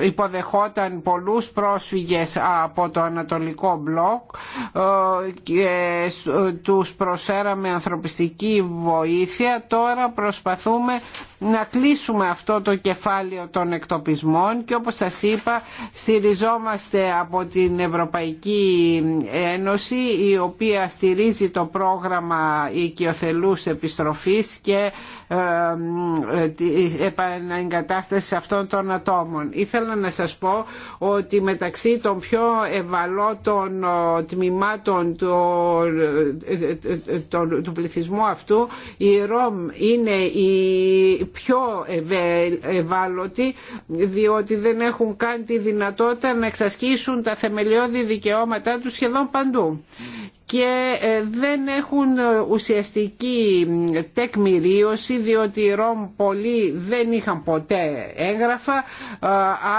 S2: ε, υποδεχόταν πολλούς πρόσφυγες από το Ανατολικό Μπλοκ ε, και τους προσέραμε ανθρωπιστική βοήθεια τώρα προσπαθούμε να κλείσουμε αυτό το κεφάλαιο των εκτοπισμών και όπως σας είπα στηριζόμαστε από την Ευρωπαϊκή Ένωση η οποία στηρίζει το πρόγραμμα οικειοθελούς επιστροφής και επαναγκατάσταση αυτών των ατόμων. Ήθελα να σας πω ότι μεταξύ των πιο ευαλώτων τμήματων του πληθυσμού αυτού η ΡΟΜ είναι η πιο ευάλωτοι διότι δεν έχουν καν τη δυνατότητα να εξασκήσουν τα θεμελιώδη δικαιώματά τους σχεδόν παντού και ε, δεν έχουν ε, ουσιαστική τεκμηρίωση διότι οι Ρώμ πολλοί δεν είχαν ποτέ έγγραφα ε,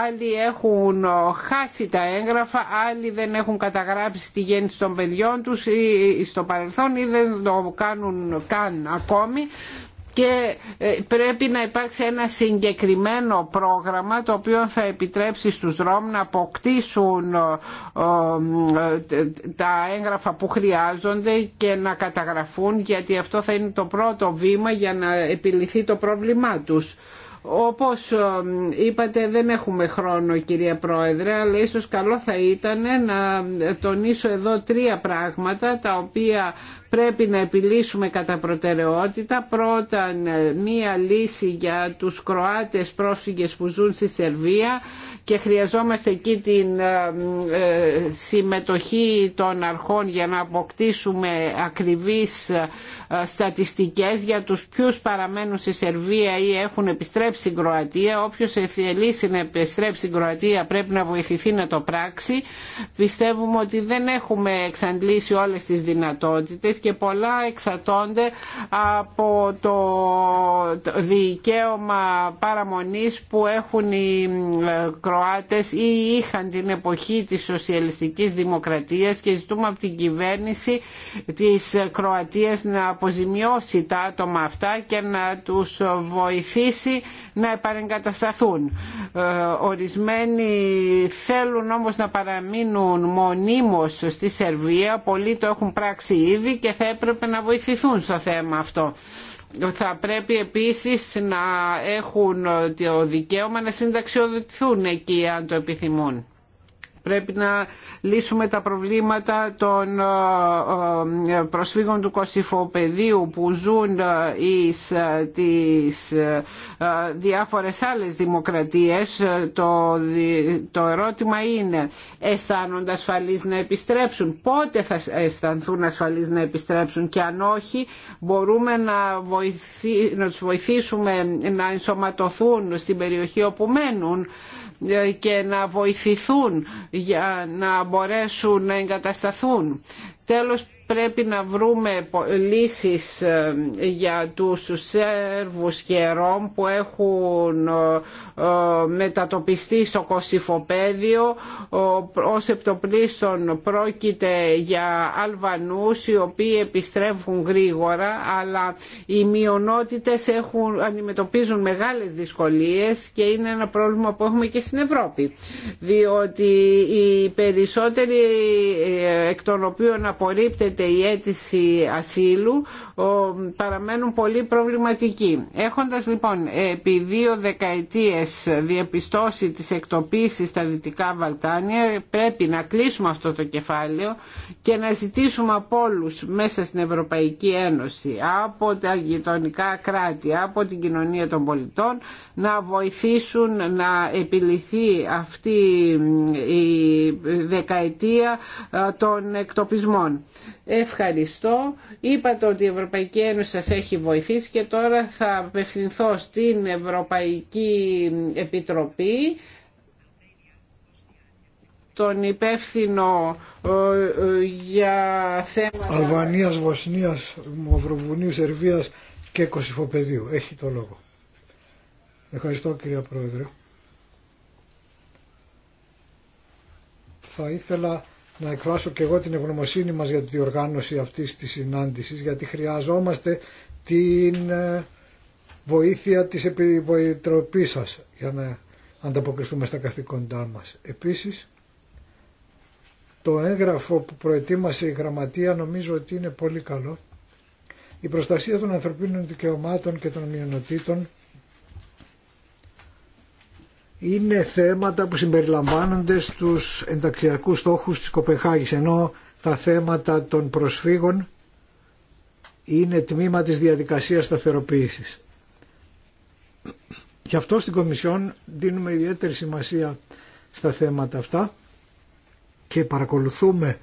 S2: άλλοι έχουν χάσει τα έγγραφα άλλοι δεν έχουν καταγράψει τη γέννηση των παιδιών τους ή στο παρελθόν ή δεν το κάνουν καν ακόμη και ε, πρέπει να υπάρξει ένα συγκεκριμένο πρόγραμμα το οποίο θα επιτρέψει στους δρόμους να αποκτήσουν ε, ε, τα έγγραφα που χρειάζονται και να καταγραφούν γιατί αυτό θα είναι το πρώτο βήμα για να επιληθεί το πρόβλημά τους. Όπως ε, είπατε δεν έχουμε χρόνο κυρία Πρόεδρε, αλλά ίσως καλό θα ήταν να τονίσω εδώ τρία πράγματα τα οποία πρέπει να επιλύσουμε κατά προτεραιότητα. Πρώτα ε, μία λύση για τους Κροάτες πρόσφυγες που ζουν στη Σερβία και χρειαζόμαστε εκεί την ε, συμμετοχή των αρχών για να αποκτήσουμε ακριβείς στατιστικές για τους ποιους παραμένουν στη Σερβία ή έχουν επιστρέψει επιστρέψει στην Κροατία. Όποιος θελήσει να επιστρέψει στην Κροατία πρέπει να βοηθηθεί να το πράξει. Πιστεύουμε ότι δεν έχουμε εξαντλήσει όλες τις δυνατότητες και πολλά εξατώνται από το δικαίωμα παραμονής που έχουν οι ε, Κροάτες ή είχαν την εποχή της σοσιαλιστικής δημοκρατίας και ζητούμε από την κυβέρνηση της Κροατίας να αποζημιώσει τα άτομα αυτά και να τους βοηθήσει να επανεγκατασταθούν. Ε, ορισμένοι θέλουν όμως να παραμείνουν μονίμως στη Σερβία, πολλοί το έχουν πράξει ήδη και θα έπρεπε να βοηθηθούν στο θέμα αυτό θα πρέπει επίσης να έχουν το δικαίωμα να συνταξιοδοτηθούν εκεί αν το επιθυμούν. Πρέπει να λύσουμε τα προβλήματα των ε, ε, προσφύγων του κοστιφοπεδίου που ζουν ε, εις τις διάφορες άλλες δημοκρατίες. Το, το ερώτημα είναι αισθάνονται ασφαλείς να επιστρέψουν. Πότε θα αισθανθούν ασφαλείς να επιστρέψουν και αν όχι μπορούμε να, βοηθήσουμε, να τους βοηθήσουμε να ενσωματωθούν στην περιοχή όπου μένουν και να βοηθηθούν για να μπορέσουν να εγκατασταθούν. Τέλος πρέπει να βρούμε λύσεις ε, για τους Σέρβους και Ρόμ που έχουν ε, ε, μετατοπιστεί στο Κωσυφοπαίδιο ως επτοπλίστων πρόκειται για Αλβανούς οι οποίοι επιστρέφουν γρήγορα αλλά οι μειονότητες έχουν, αντιμετωπίζουν μεγάλες δυσκολίες και είναι ένα πρόβλημα που έχουμε και στην Ευρώπη διότι οι περισσότεροι εκ των οποίων απορρίπτεται γίνεται η αίτηση ασύλου παραμένουν πολύ προβληματικοί. Έχοντας λοιπόν επί δύο δεκαετίες διαπιστώσει τις εκτοπίσεις στα Δυτικά Βαλτάνια πρέπει να κλείσουμε αυτό το κεφάλαιο και να ζητήσουμε από όλου μέσα στην Ευρωπαϊκή Ένωση, από τα γειτονικά κράτη, από την κοινωνία των πολιτών να βοηθήσουν να επιληθεί αυτή η δεκαετία ε, των εκτοπισμών. Ευχαριστώ. Είπατε ότι η Ευρωπαϊκή Ένωση σας έχει βοηθήσει και τώρα θα απευθυνθώ στην Ευρωπαϊκή Επιτροπή τον υπεύθυνο ε, ε, για θέματα...
S6: Αλβανίας, Βοσνίας, Μαυροβουνίου, Σερβίας και Κωσυφοπεδίου. Έχει το λόγο. Ευχαριστώ κυρία Πρόεδρε. Θα ήθελα να εκφράσω και εγώ την ευγνωμοσύνη μας για τη διοργάνωση αυτής της συνάντησης, γιατί χρειαζόμαστε την ε, βοήθεια της Επιτροπής σας για να ανταποκριθούμε στα καθήκοντά μας. Επίσης, το έγγραφο που προετοίμασε η Γραμματεία νομίζω ότι είναι πολύ καλό. Η προστασία των ανθρωπίνων δικαιωμάτων και των μειονοτήτων είναι θέματα που συμπεριλαμβάνονται στους ενταξιακούς στόχους της Κοπεχάγης ενώ τα θέματα των προσφύγων είναι τμήμα της διαδικασίας σταθεροποίησης. Γι' αυτό στην Κομισιόν δίνουμε ιδιαίτερη σημασία στα θέματα αυτά και παρακολουθούμε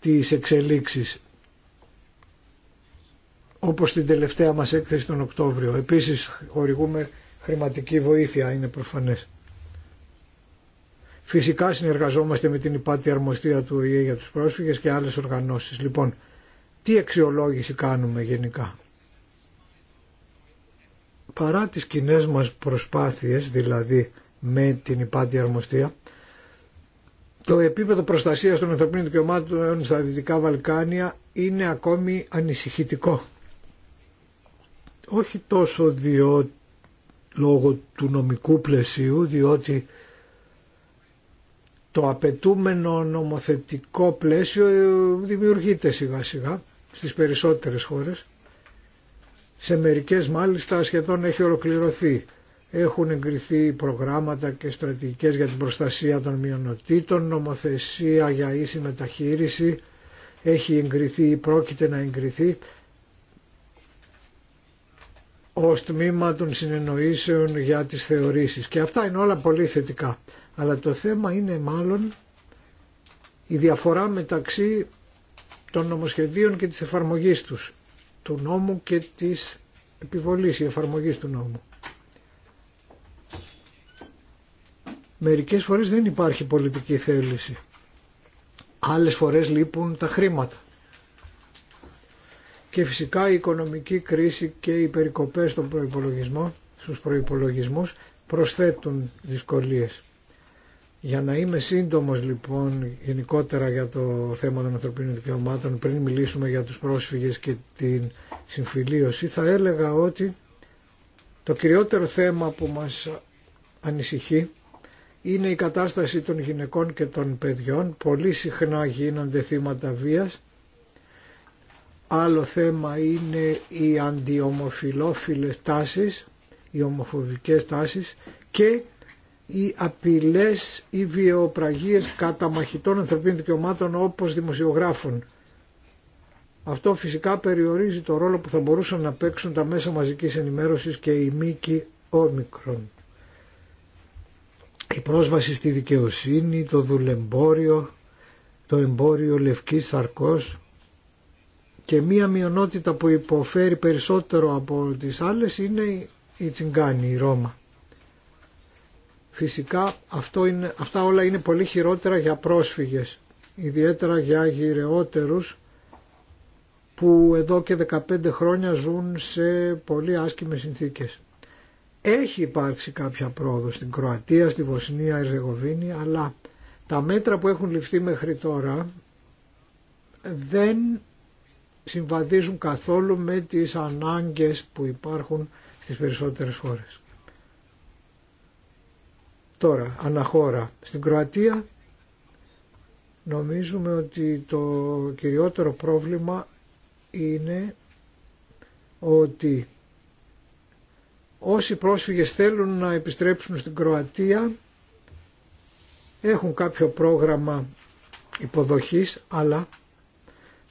S6: τις εξελίξεις όπως την τελευταία μας έκθεση τον Οκτώβριο. Επίσης χορηγούμε χρηματική βοήθεια είναι προφανές. Φυσικά συνεργαζόμαστε με την υπάτη αρμοστία του ΟΗΕ για τους πρόσφυγες και άλλες οργανώσεις. Λοιπόν, τι αξιολόγηση κάνουμε γενικά. Παρά τις κοινέ μας προσπάθειες, δηλαδή με την υπάτη αρμοστία, το επίπεδο προστασίας των ανθρωπίνων δικαιωμάτων στα Δυτικά Βαλκάνια είναι ακόμη ανησυχητικό. Όχι τόσο διότι λόγω του νομικού πλαισίου διότι το απαιτούμενο νομοθετικό πλαίσιο ε, δημιουργείται σιγά σιγά στις περισσότερες χώρες. Σε μερικές μάλιστα σχεδόν έχει ολοκληρωθεί. Έχουν εγκριθεί προγράμματα και στρατηγικές για την προστασία των μειονοτήτων, νομοθεσία για ίση μεταχείριση, έχει εγκριθεί ή πρόκειται να εγκριθεί ως τμήμα των συνεννοήσεων για τις θεωρήσεις. Και αυτά είναι όλα πολύ θετικά. Αλλά το θέμα είναι μάλλον η διαφορά μεταξύ των νομοσχεδίων και της εφαρμογής τους, του νόμου και της επιβολής, η εφαρμογής του νόμου. Μερικές φορές δεν υπάρχει πολιτική θέληση. Άλλες φορές λείπουν τα χρήματα. Και φυσικά η οικονομική κρίση και οι περικοπές στον προϋπολογισμό, στους προϋπολογισμούς προσθέτουν δυσκολίες. Για να είμαι σύντομος λοιπόν γενικότερα για το θέμα των ανθρωπίνων δικαιωμάτων πριν μιλήσουμε για τους πρόσφυγες και την συμφιλίωση θα έλεγα ότι το κυριότερο θέμα που μας ανησυχεί είναι η κατάσταση των γυναικών και των παιδιών. Πολύ συχνά γίνονται θύματα βίας Άλλο θέμα είναι οι αντιομοφιλόφιλες τάσεις, οι ομοφοβικές τάσεις και οι απειλές ή βιοπραγίες κατά μαχητών ανθρωπίνων δικαιωμάτων όπως δημοσιογράφων. Αυτό φυσικά περιορίζει το ρόλο που θα μπορούσαν να παίξουν τα μέσα μαζικής ενημέρωσης και η μήκη όμικρον. Η πρόσβαση στη δικαιοσύνη, το δουλεμπόριο, το εμπόριο λευκής σαρκός, και μία μειονότητα που υποφέρει περισσότερο από τις άλλες είναι η Τσιγκάνη, η Ρώμα. Φυσικά αυτό είναι, αυτά όλα είναι πολύ χειρότερα για πρόσφυγες, ιδιαίτερα για γυρεότερους που εδώ και 15 χρόνια ζουν σε πολύ άσκημες συνθήκες. Έχει υπάρξει κάποια πρόοδο στην Κροατία, στη Βοσνία, Ερζεγοβίνη, αλλά τα μέτρα που έχουν ληφθεί μέχρι τώρα δεν συμβαδίζουν καθόλου με τις ανάγκες που υπάρχουν στις περισσότερες χώρες. Τώρα, αναχώρα. Στην Κροατία νομίζουμε ότι το κυριότερο πρόβλημα είναι ότι όσοι πρόσφυγες θέλουν να επιστρέψουν στην Κροατία έχουν κάποιο πρόγραμμα υποδοχής αλλά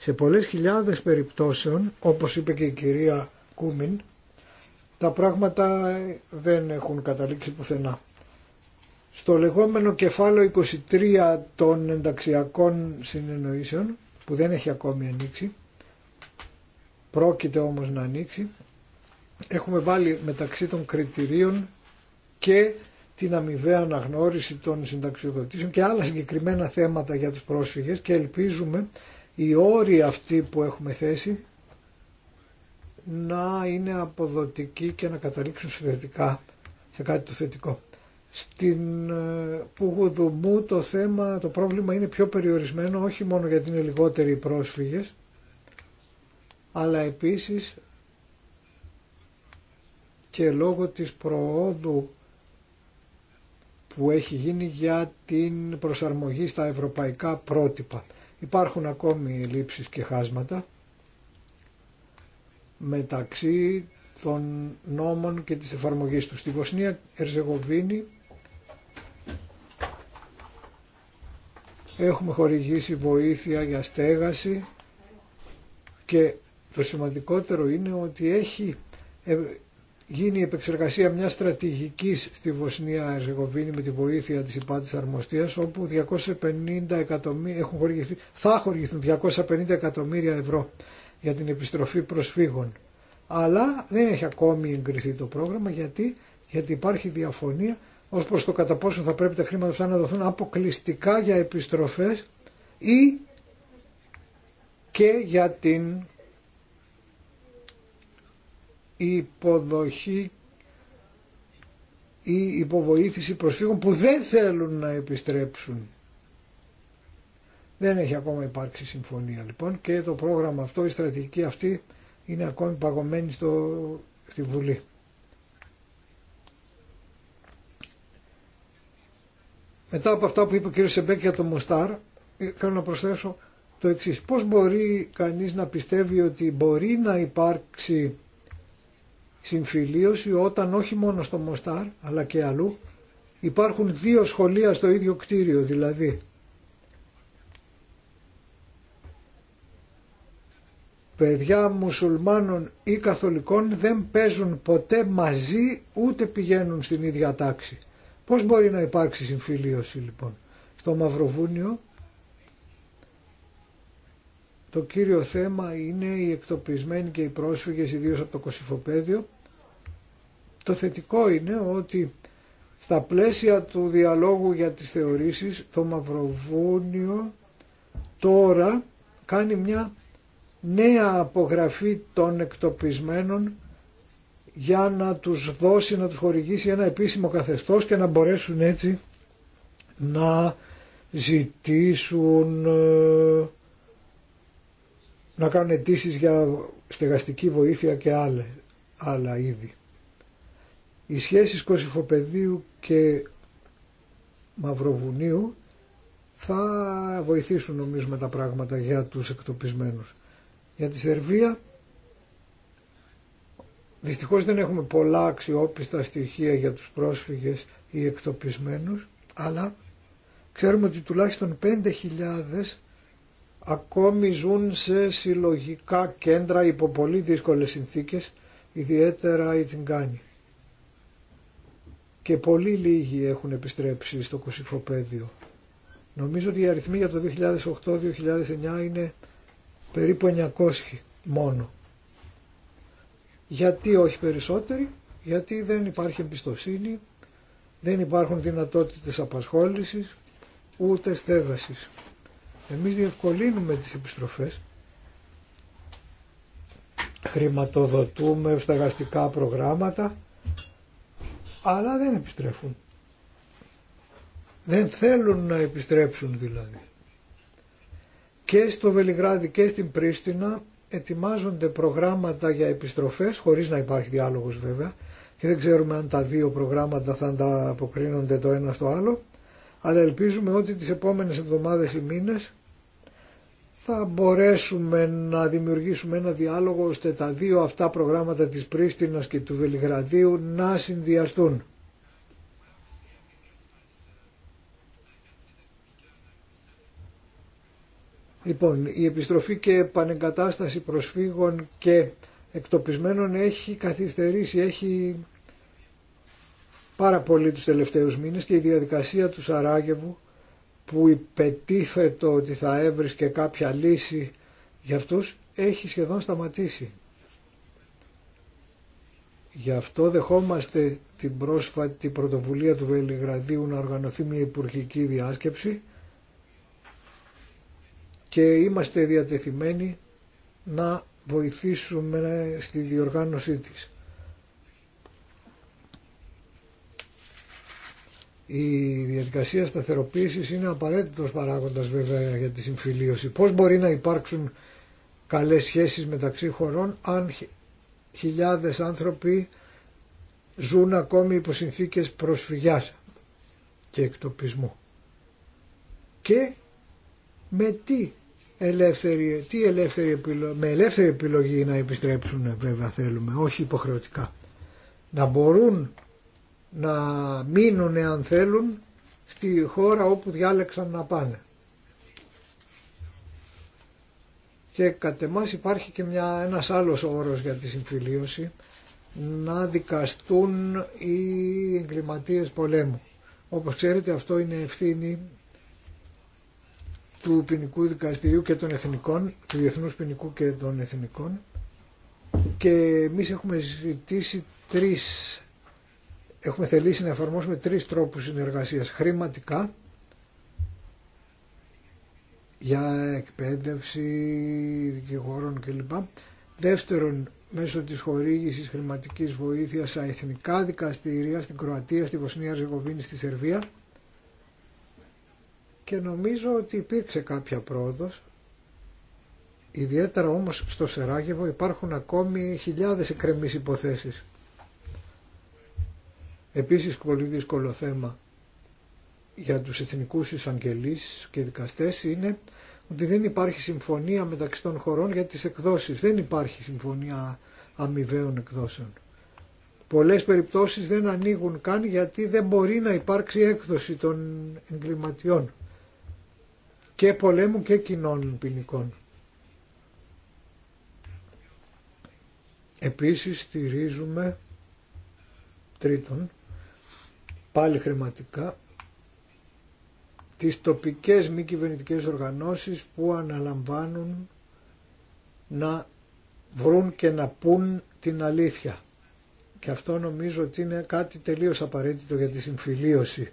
S6: σε πολλές χιλιάδες περιπτώσεων, όπως είπε και η κυρία Κούμιν, τα πράγματα δεν έχουν καταλήξει πουθενά. Στο λεγόμενο κεφάλαιο 23 των ενταξιακών συνεννοήσεων, που δεν έχει ακόμη ανοίξει, πρόκειται όμως να ανοίξει, έχουμε βάλει μεταξύ των κριτηρίων και την αμοιβαία αναγνώριση των συνταξιοδοτήσεων και άλλα συγκεκριμένα θέματα για τους πρόσφυγες και ελπίζουμε οι όροι αυτοί που έχουμε θέσει να είναι αποδοτικοί και να καταλήξουν σε, σε κάτι το θετικό. Στην ε, Πουγουδουμού το θέμα, το πρόβλημα είναι πιο περιορισμένο, όχι μόνο γιατί είναι λιγότεροι οι πρόσφυγες, αλλά επίσης και λόγω της προόδου που έχει γίνει για την προσαρμογή στα ευρωπαϊκά πρότυπα. Υπάρχουν ακόμη λήψεις και χάσματα μεταξύ των νόμων και της εφαρμογής του. Στη Βοσνία Ερζεγοβίνη έχουμε χορηγήσει βοήθεια για στέγαση και το σημαντικότερο είναι ότι έχει ε, γίνει η επεξεργασία μια στρατηγικής στη Βοσνία Ερζεγοβίνη με τη βοήθεια τη Υπάτη Αρμοστία, όπου 250 εκατομμύρια έχουν χορηγηθεί, θα χορηγηθούν 250 εκατομμύρια ευρώ για την επιστροφή προσφύγων. Αλλά δεν έχει ακόμη εγκριθεί το πρόγραμμα γιατί, γιατί υπάρχει διαφωνία ως προς το κατά πόσο θα πρέπει τα χρήματα αυτά να δοθούν αποκλειστικά για επιστροφέ ή και για την η υποδοχή ή υποβοήθηση προσφύγων που δεν θέλουν να επιστρέψουν. Δεν έχει ακόμα υπάρξει συμφωνία λοιπόν και το πρόγραμμα αυτό, η στρατηγική αυτή είναι ακόμη παγωμένη στο, στη Βουλή. Μετά από αυτά που είπε ο κ. Σεμπέκ για το Μουστάρ, ε, θέλω να προσθέσω το εξής. Πώς μπορεί κανείς να πιστεύει ότι μπορεί να υπάρξει συμφιλίωση όταν όχι μόνο στο Μοστάρ αλλά και αλλού υπάρχουν δύο σχολεία στο ίδιο κτίριο δηλαδή. Παιδιά μουσουλμάνων ή καθολικών δεν παίζουν ποτέ μαζί ούτε πηγαίνουν στην ίδια τάξη. Πώς μπορεί να υπάρξει συμφιλίωση λοιπόν. Στο Μαυροβούνιο το κύριο θέμα είναι οι εκτοπισμένοι και οι πρόσφυγες ιδίως από το Κωσυφοπαίδιο το θετικό είναι ότι στα πλαίσια του διαλόγου για τις θεωρήσεις το Μαυροβούνιο τώρα κάνει μια νέα απογραφή των εκτοπισμένων για να τους δώσει, να τους χορηγήσει ένα επίσημο καθεστώς και να μπορέσουν έτσι να ζητήσουν ε, να κάνουν αιτήσει για στεγαστική βοήθεια και άλλα, άλλα είδη. Οι σχέσεις Κωσυφοπεδίου και Μαυροβουνίου θα βοηθήσουν με τα πράγματα για τους εκτοπισμένους. Για τη Σερβία δυστυχώς δεν έχουμε πολλά αξιόπιστα στοιχεία για τους πρόσφυγες ή εκτοπισμένους, αλλά ξέρουμε ότι τουλάχιστον 5.000 ακόμη ζουν σε συλλογικά κέντρα υπό πολύ δύσκολες συνθήκες, ιδιαίτερα οι τσιγκάνοι και πολύ λίγοι έχουν επιστρέψει στο κοσυφοπαίδιο. Νομίζω ότι οι αριθμοί για το 2008-2009 είναι περίπου 900 μόνο. Γιατί όχι περισσότεροι, γιατί δεν υπάρχει εμπιστοσύνη, δεν υπάρχουν δυνατότητες απασχόλησης, ούτε στέγασης. Εμείς διευκολύνουμε τις επιστροφές, χρηματοδοτούμε στεγαστικά προγράμματα αλλά δεν επιστρέφουν. Δεν θέλουν να επιστρέψουν δηλαδή. Και στο Βελιγράδι και στην Πρίστινα ετοιμάζονται προγράμματα για επιστροφές, χωρίς να υπάρχει διάλογος βέβαια, και δεν ξέρουμε αν τα δύο προγράμματα θα ανταποκρίνονται το ένα στο άλλο, αλλά ελπίζουμε ότι τις επόμενες εβδομάδες ή μήνες θα μπορέσουμε να δημιουργήσουμε ένα διάλογο ώστε τα δύο αυτά προγράμματα της Πρίστινας και του Βελιγραδίου να συνδυαστούν. Λοιπόν, η επιστροφή και επανεγκατάσταση προσφύγων και εκτοπισμένων έχει καθυστερήσει, έχει πάρα πολύ τους τελευταίους μήνες και η διαδικασία του Σαράγεβου που υπετίθετο ότι θα έβρισκε κάποια λύση για αυτούς έχει σχεδόν σταματήσει. Γι' αυτό δεχόμαστε την πρόσφατη πρωτοβουλία του Βελιγραδίου να οργανωθεί μια υπουργική διάσκεψη και είμαστε διατεθειμένοι να βοηθήσουμε στη διοργάνωσή της. Η διαδικασία σταθεροποίησης είναι απαραίτητος παράγοντας βέβαια για τη συμφιλίωση. Πώς μπορεί να υπάρξουν καλές σχέσεις μεταξύ χωρών αν χιλιάδες άνθρωποι ζουν ακόμη υπό συνθήκες προσφυγιάς και εκτοπισμού. Και με τι ελεύθερη, τι ελεύθερη επιλογή, με ελεύθερη επιλογή να επιστρέψουν βέβαια θέλουμε, όχι υποχρεωτικά. Να μπορούν να μείνουν αν θέλουν στη χώρα όπου διάλεξαν να πάνε. Και κατ' εμάς υπάρχει και μια, ένας άλλος όρος για τη συμφιλίωση, να δικαστούν οι εγκληματίες πολέμου. Όπως ξέρετε αυτό είναι ευθύνη του ποινικού δικαστηρίου και των εθνικών, του διεθνούς ποινικού και των εθνικών και εμείς έχουμε ζητήσει τρεις Έχουμε θελήσει να εφαρμόσουμε τρεις τρόπους συνεργασίας. Χρηματικά, για εκπαίδευση δικηγόρων κλπ. Δεύτερον, μέσω της χορήγησης χρηματικής βοήθειας σε εθνικά δικαστήρια στην Κροατία, στη Βοσνία, Ζεγοβίνη, στη Σερβία και νομίζω ότι υπήρξε κάποια πρόοδος ιδιαίτερα όμως στο Σεράγεβο υπάρχουν ακόμη χιλιάδες εκκρεμείς υποθέσεις Επίσης πολύ δύσκολο θέμα για τους εθνικούς εισαγγελείς και δικαστές είναι ότι δεν υπάρχει συμφωνία μεταξύ των χωρών για τις εκδόσεις. Δεν υπάρχει συμφωνία αμοιβαίων εκδόσεων. Πολλές περιπτώσεις δεν ανοίγουν καν γιατί δεν μπορεί να υπάρξει έκδοση των εγκληματιών και πολέμου και κοινών ποινικών. Επίσης στηρίζουμε τρίτον πάλι χρηματικά τις τοπικές μη κυβερνητικέ οργανώσεις που αναλαμβάνουν να βρουν και να πούν την αλήθεια. Και αυτό νομίζω ότι είναι κάτι τελείως απαραίτητο για τη συμφιλίωση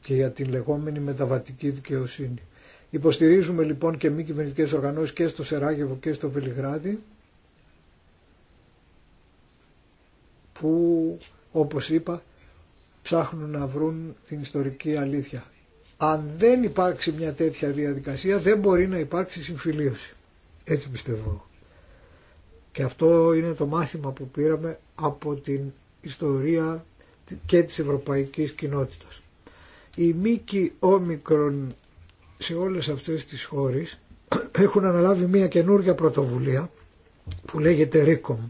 S6: και για την λεγόμενη μεταβατική δικαιοσύνη. Υποστηρίζουμε λοιπόν και μη κυβερνητικέ οργανώσεις και στο Σεράγεβο και στο Βελιγράδι που όπως είπα, ψάχνουν να βρουν την ιστορική αλήθεια. Αν δεν υπάρξει μια τέτοια διαδικασία δεν μπορεί να υπάρξει συμφιλίωση. Έτσι πιστεύω. Και αυτό είναι το μάθημα που πήραμε από την ιστορία και της ευρωπαϊκής κοινότητας. Οι μήκοι όμικρον σε όλες αυτές τις χώρες έχουν αναλάβει μια καινούργια πρωτοβουλία που λέγεται Ρίκομ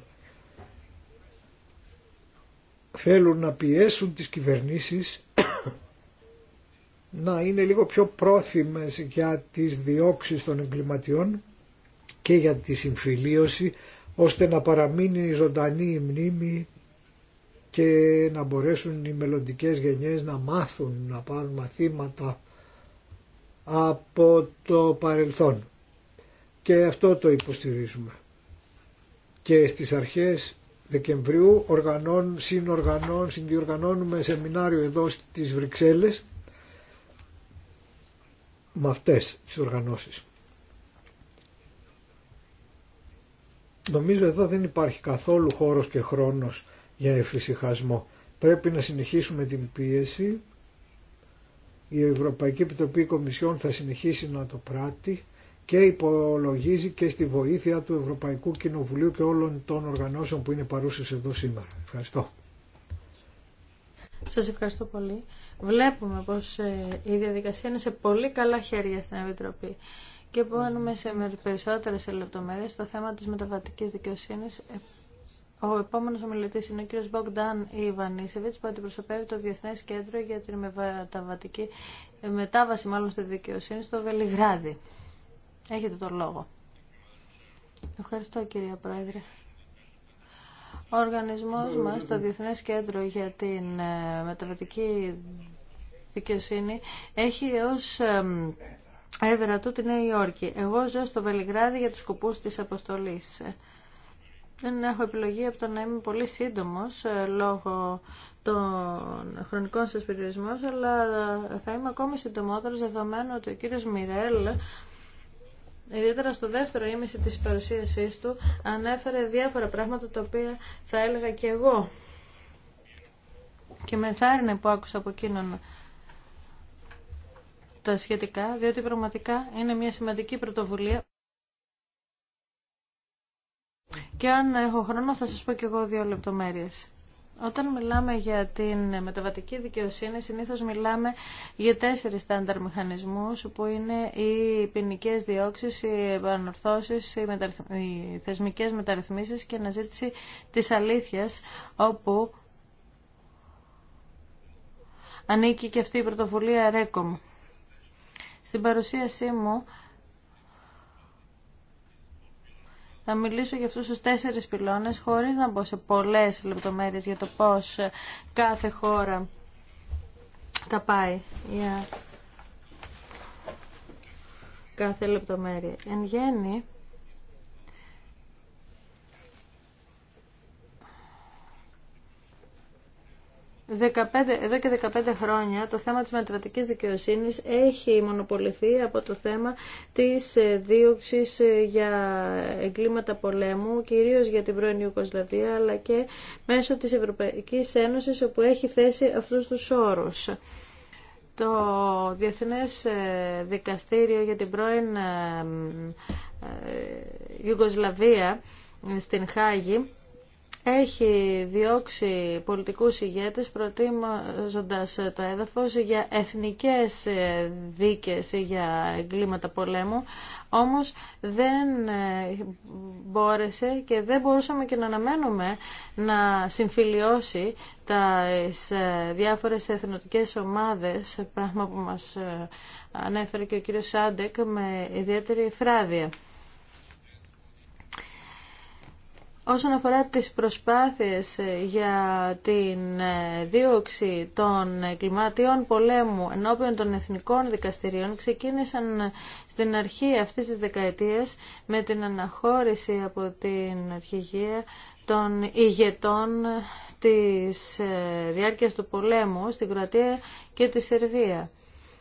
S6: θέλουν να πιέσουν τις κυβερνήσεις [coughs] να είναι λίγο πιο πρόθυμες για τις διώξεις των εγκληματιών και για τη συμφιλίωση ώστε να παραμείνει ζωντανή η μνήμη και να μπορέσουν οι μελλοντικές γενιές να μάθουν, να πάρουν μαθήματα από το παρελθόν. Και αυτό το υποστηρίζουμε. Και στις αρχές Δεκεμβρίου οργανών, συνοργανών, συνδιοργανώνουμε σεμινάριο εδώ στις Βρυξέλλες με αυτές τις οργανώσεις. Νομίζω εδώ δεν υπάρχει καθόλου χώρος και χρόνος για εφησυχασμό. Πρέπει να συνεχίσουμε την πίεση. Η Ευρωπαϊκή Επιτροπή Κομισιόν θα συνεχίσει να το πράττει και υπολογίζει και στη βοήθεια του Ευρωπαϊκού Κοινοβουλίου και όλων των οργανώσεων που είναι παρούσες εδώ σήμερα. Ευχαριστώ.
S3: Σας ευχαριστώ πολύ. Βλέπουμε πως ε, η διαδικασία είναι σε πολύ καλά χέρια στην Επιτροπή και μπαίνουμε σε περισσότερες λεπτομέρειες στο θέμα της μεταβατικής δικαιοσύνης ο επόμενο ομιλητή είναι ο κ. Μπογκδάν Ιβανίσεβιτ, που αντιπροσωπεύει το Διεθνέ Κέντρο για τη μεταβατική μετάβαση μάλλον στη δικαιοσύνη στο Βελιγράδι. Έχετε τον λόγο. Ευχαριστώ κυρία Πρόεδρε. Ο οργανισμός μας, το Διεθνές Κέντρο για την ε, Μεταβατική Δικαιοσύνη, έχει ως έδρα του τη Νέα Υόρκη. Εγώ ζω στο Βελιγράδι για τους σκοπούς της αποστολής. Δεν έχω επιλογή από το να είμαι πολύ σύντομος ε, λόγω των χρονικών σας περιορισμών, αλλά θα είμαι ακόμη συντομότερος δεδομένου ότι ο κύριος Μιρέλ ιδιαίτερα στο δεύτερο ήμιση της παρουσίασής του, ανέφερε διάφορα πράγματα τα οποία θα έλεγα και εγώ. Και με θάρρυνε που άκουσα από εκείνον τα σχετικά, διότι πραγματικά είναι μια σημαντική πρωτοβουλία. Και αν έχω χρόνο θα σας πω και εγώ δύο λεπτομέρειες. Όταν μιλάμε για την μεταβατική δικαιοσύνη, συνήθως μιλάμε για τέσσερις στάνταρ μηχανισμούς, που είναι οι ποινικέ διώξεις, οι επανορθώσεις, οι, οι θεσμικές μεταρρυθμίσεις και η αναζήτηση της αλήθειας, όπου ανήκει και αυτή η πρωτοβουλία Ρέκομ. Στην παρουσίασή μου θα μιλήσω για αυτούς τους τέσσερις πυλώνες χωρίς να μπω σε πολλές λεπτομέρειες για το πώς κάθε χώρα τα πάει για κάθε λεπτομέρεια. Εν γέννη, 15, εδώ και 15 χρόνια το θέμα της μετρατικής δικαιοσύνης έχει μονοποληθεί από το θέμα της ε, δίωξης ε, για εγκλήματα πολέμου, κυρίως για την πρώην Ιουκοσλαβία, αλλά και μέσω της Ευρωπαϊκής Ένωσης όπου έχει θέσει αυτούς τους όρους. Το Διεθνές ε, Δικαστήριο για την πρώην Ιουγκοσλαβία στην Χάγη έχει διώξει πολιτικούς ηγέτες προτίμαζοντας το έδαφος για εθνικές δίκες για εγκλήματα πολέμου όμως δεν ε, μπόρεσε και δεν μπορούσαμε και να αναμένουμε να συμφιλιώσει τα ε, διάφορες εθνοτικές ομάδες, πράγμα που μας ε, ανέφερε και ο κύριος Σάντεκ με ιδιαίτερη φράδια. Όσον αφορά τις προσπάθειες ε, για την ε, δίωξη των ε, κλιμάτιων πολέμου ενώπιον των εθνικών δικαστηρίων ξεκίνησαν στην αρχή αυτής της δεκαετίας με την αναχώρηση από την αρχηγία των ηγετών της διάρκειας του πολέμου στην Κροατία και τη Σερβία.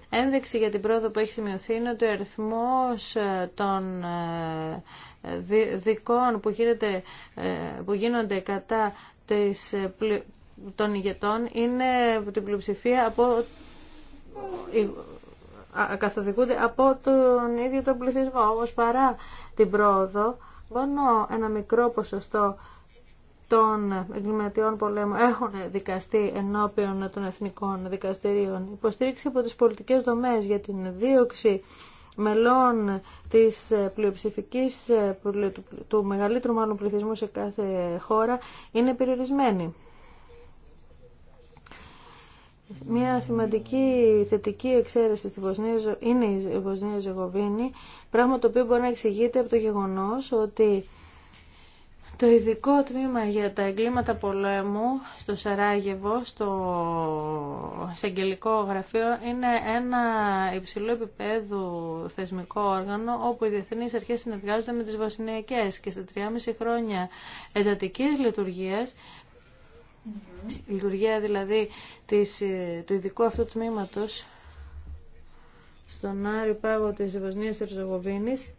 S3: Ένδειξη για την πρόοδο που έχει σημειωθεί είναι ότι ο αριθμός των δικών που, γίνεται, ε, που γίνονται κατά της, ε, των ηγετών είναι την πλειοψηφία από καθοδηγούνται από τον ίδιο τον πληθυσμό. Όμως παρά την πρόοδο, μόνο ένα μικρό ποσοστό των εγκληματιών πολέμων έχουν δικαστεί ενώπιον των εθνικών δικαστηρίων. Υποστήριξη από τις πολιτικές δομές για την δίωξη μελών της ε, πλειοψηφικής, ε, του μεγαλύτερου μάλλον πληθυσμού σε κάθε χώρα είναι περιορισμένη. Μια σημαντική θετική εξαίρεση στη Βοσνία είναι η Βοσνία Ζεγοβίνη, πράγμα το οποίο μπορεί να εξηγείται από το γεγονός ότι το ειδικό τμήμα για τα εγκλήματα πολέμου στο Σαράγεβο, στο εισαγγελικό γραφείο, είναι ένα υψηλό επίπεδο θεσμικό όργανο όπου οι διεθνεί αρχέ συνεργάζονται με τι βοσνιακέ και στα 3,5 χρόνια εντατική λειτουργία. λειτουργία δηλαδή της, του ειδικού αυτού τμήματος στον Άρη Πάγο της Βοσνίας Ερζογοβίνης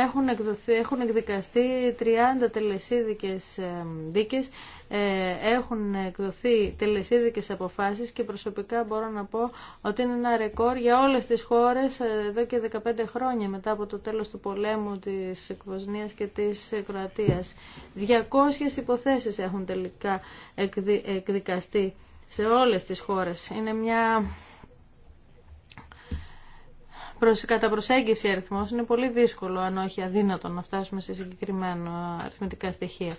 S3: έχουν, εκδικαστεί 30 τελεσίδικες ε, δίκες, ε, έχουν εκδοθεί τελεσίδικες αποφάσεις και προσωπικά μπορώ να πω ότι είναι ένα ρεκόρ για όλες τις χώρες ε, εδώ και 15 χρόνια μετά από το τέλος του πολέμου της Βοσνίας και της Κροατίας. 200 υποθέσεις έχουν τελικά εκδικαστεί σε όλες τις χώρες. Είναι μια προς, κατά προσέγγιση αριθμός είναι πολύ δύσκολο αν όχι αδύνατο να φτάσουμε σε συγκεκριμένα αριθμητικά στοιχεία.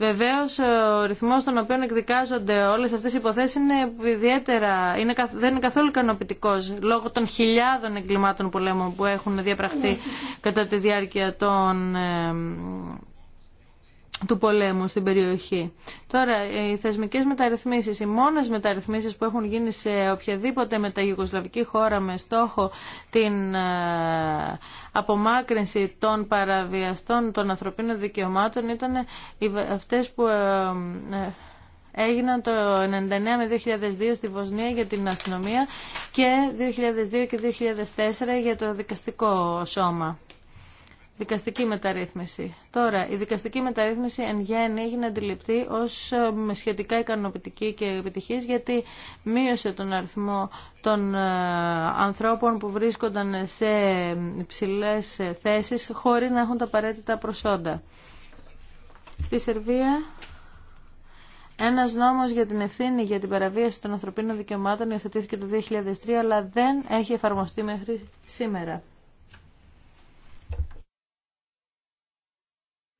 S3: Βεβαίω, ε, ο ρυθμό στον οποίο εκδικάζονται όλε αυτέ οι υποθέσει είναι ιδιαίτερα, είναι, δεν είναι καθόλου ικανοποιητικό λόγω των χιλιάδων εγκλημάτων πολέμων που έχουν διαπραχθεί ναι. κατά τη διάρκεια των ε, του πολέμου στην περιοχή. Τώρα, οι θεσμικές μεταρρυθμίσεις, οι μόνες μεταρρυθμίσεις που έχουν γίνει σε οποιαδήποτε μεταγιουγκοσλαβική χώρα με στόχο την ε, απομάκρυνση των παραβιαστών των ανθρωπίνων δικαιωμάτων ήταν αυτές που ε, ε, έγιναν το 1999 με 2002 στη Βοσνία για την αστυνομία και 2002 και 2004 για το δικαστικό σώμα δικαστική μεταρρύθμιση. Τώρα, η δικαστική μεταρρύθμιση εν γέννη έγινε αντιληπτή ω ε, σχετικά ικανοποιητική και επιτυχής γιατί μείωσε τον αριθμό των ε, ανθρώπων που βρίσκονταν σε υψηλέ θέσει, χωρί να έχουν τα απαραίτητα προσόντα. Στη Σερβία ένα νόμο για την ευθύνη για την παραβίαση των ανθρωπίνων δικαιωμάτων υιοθετήθηκε το 2003, αλλά δεν έχει εφαρμοστεί μέχρι σήμερα.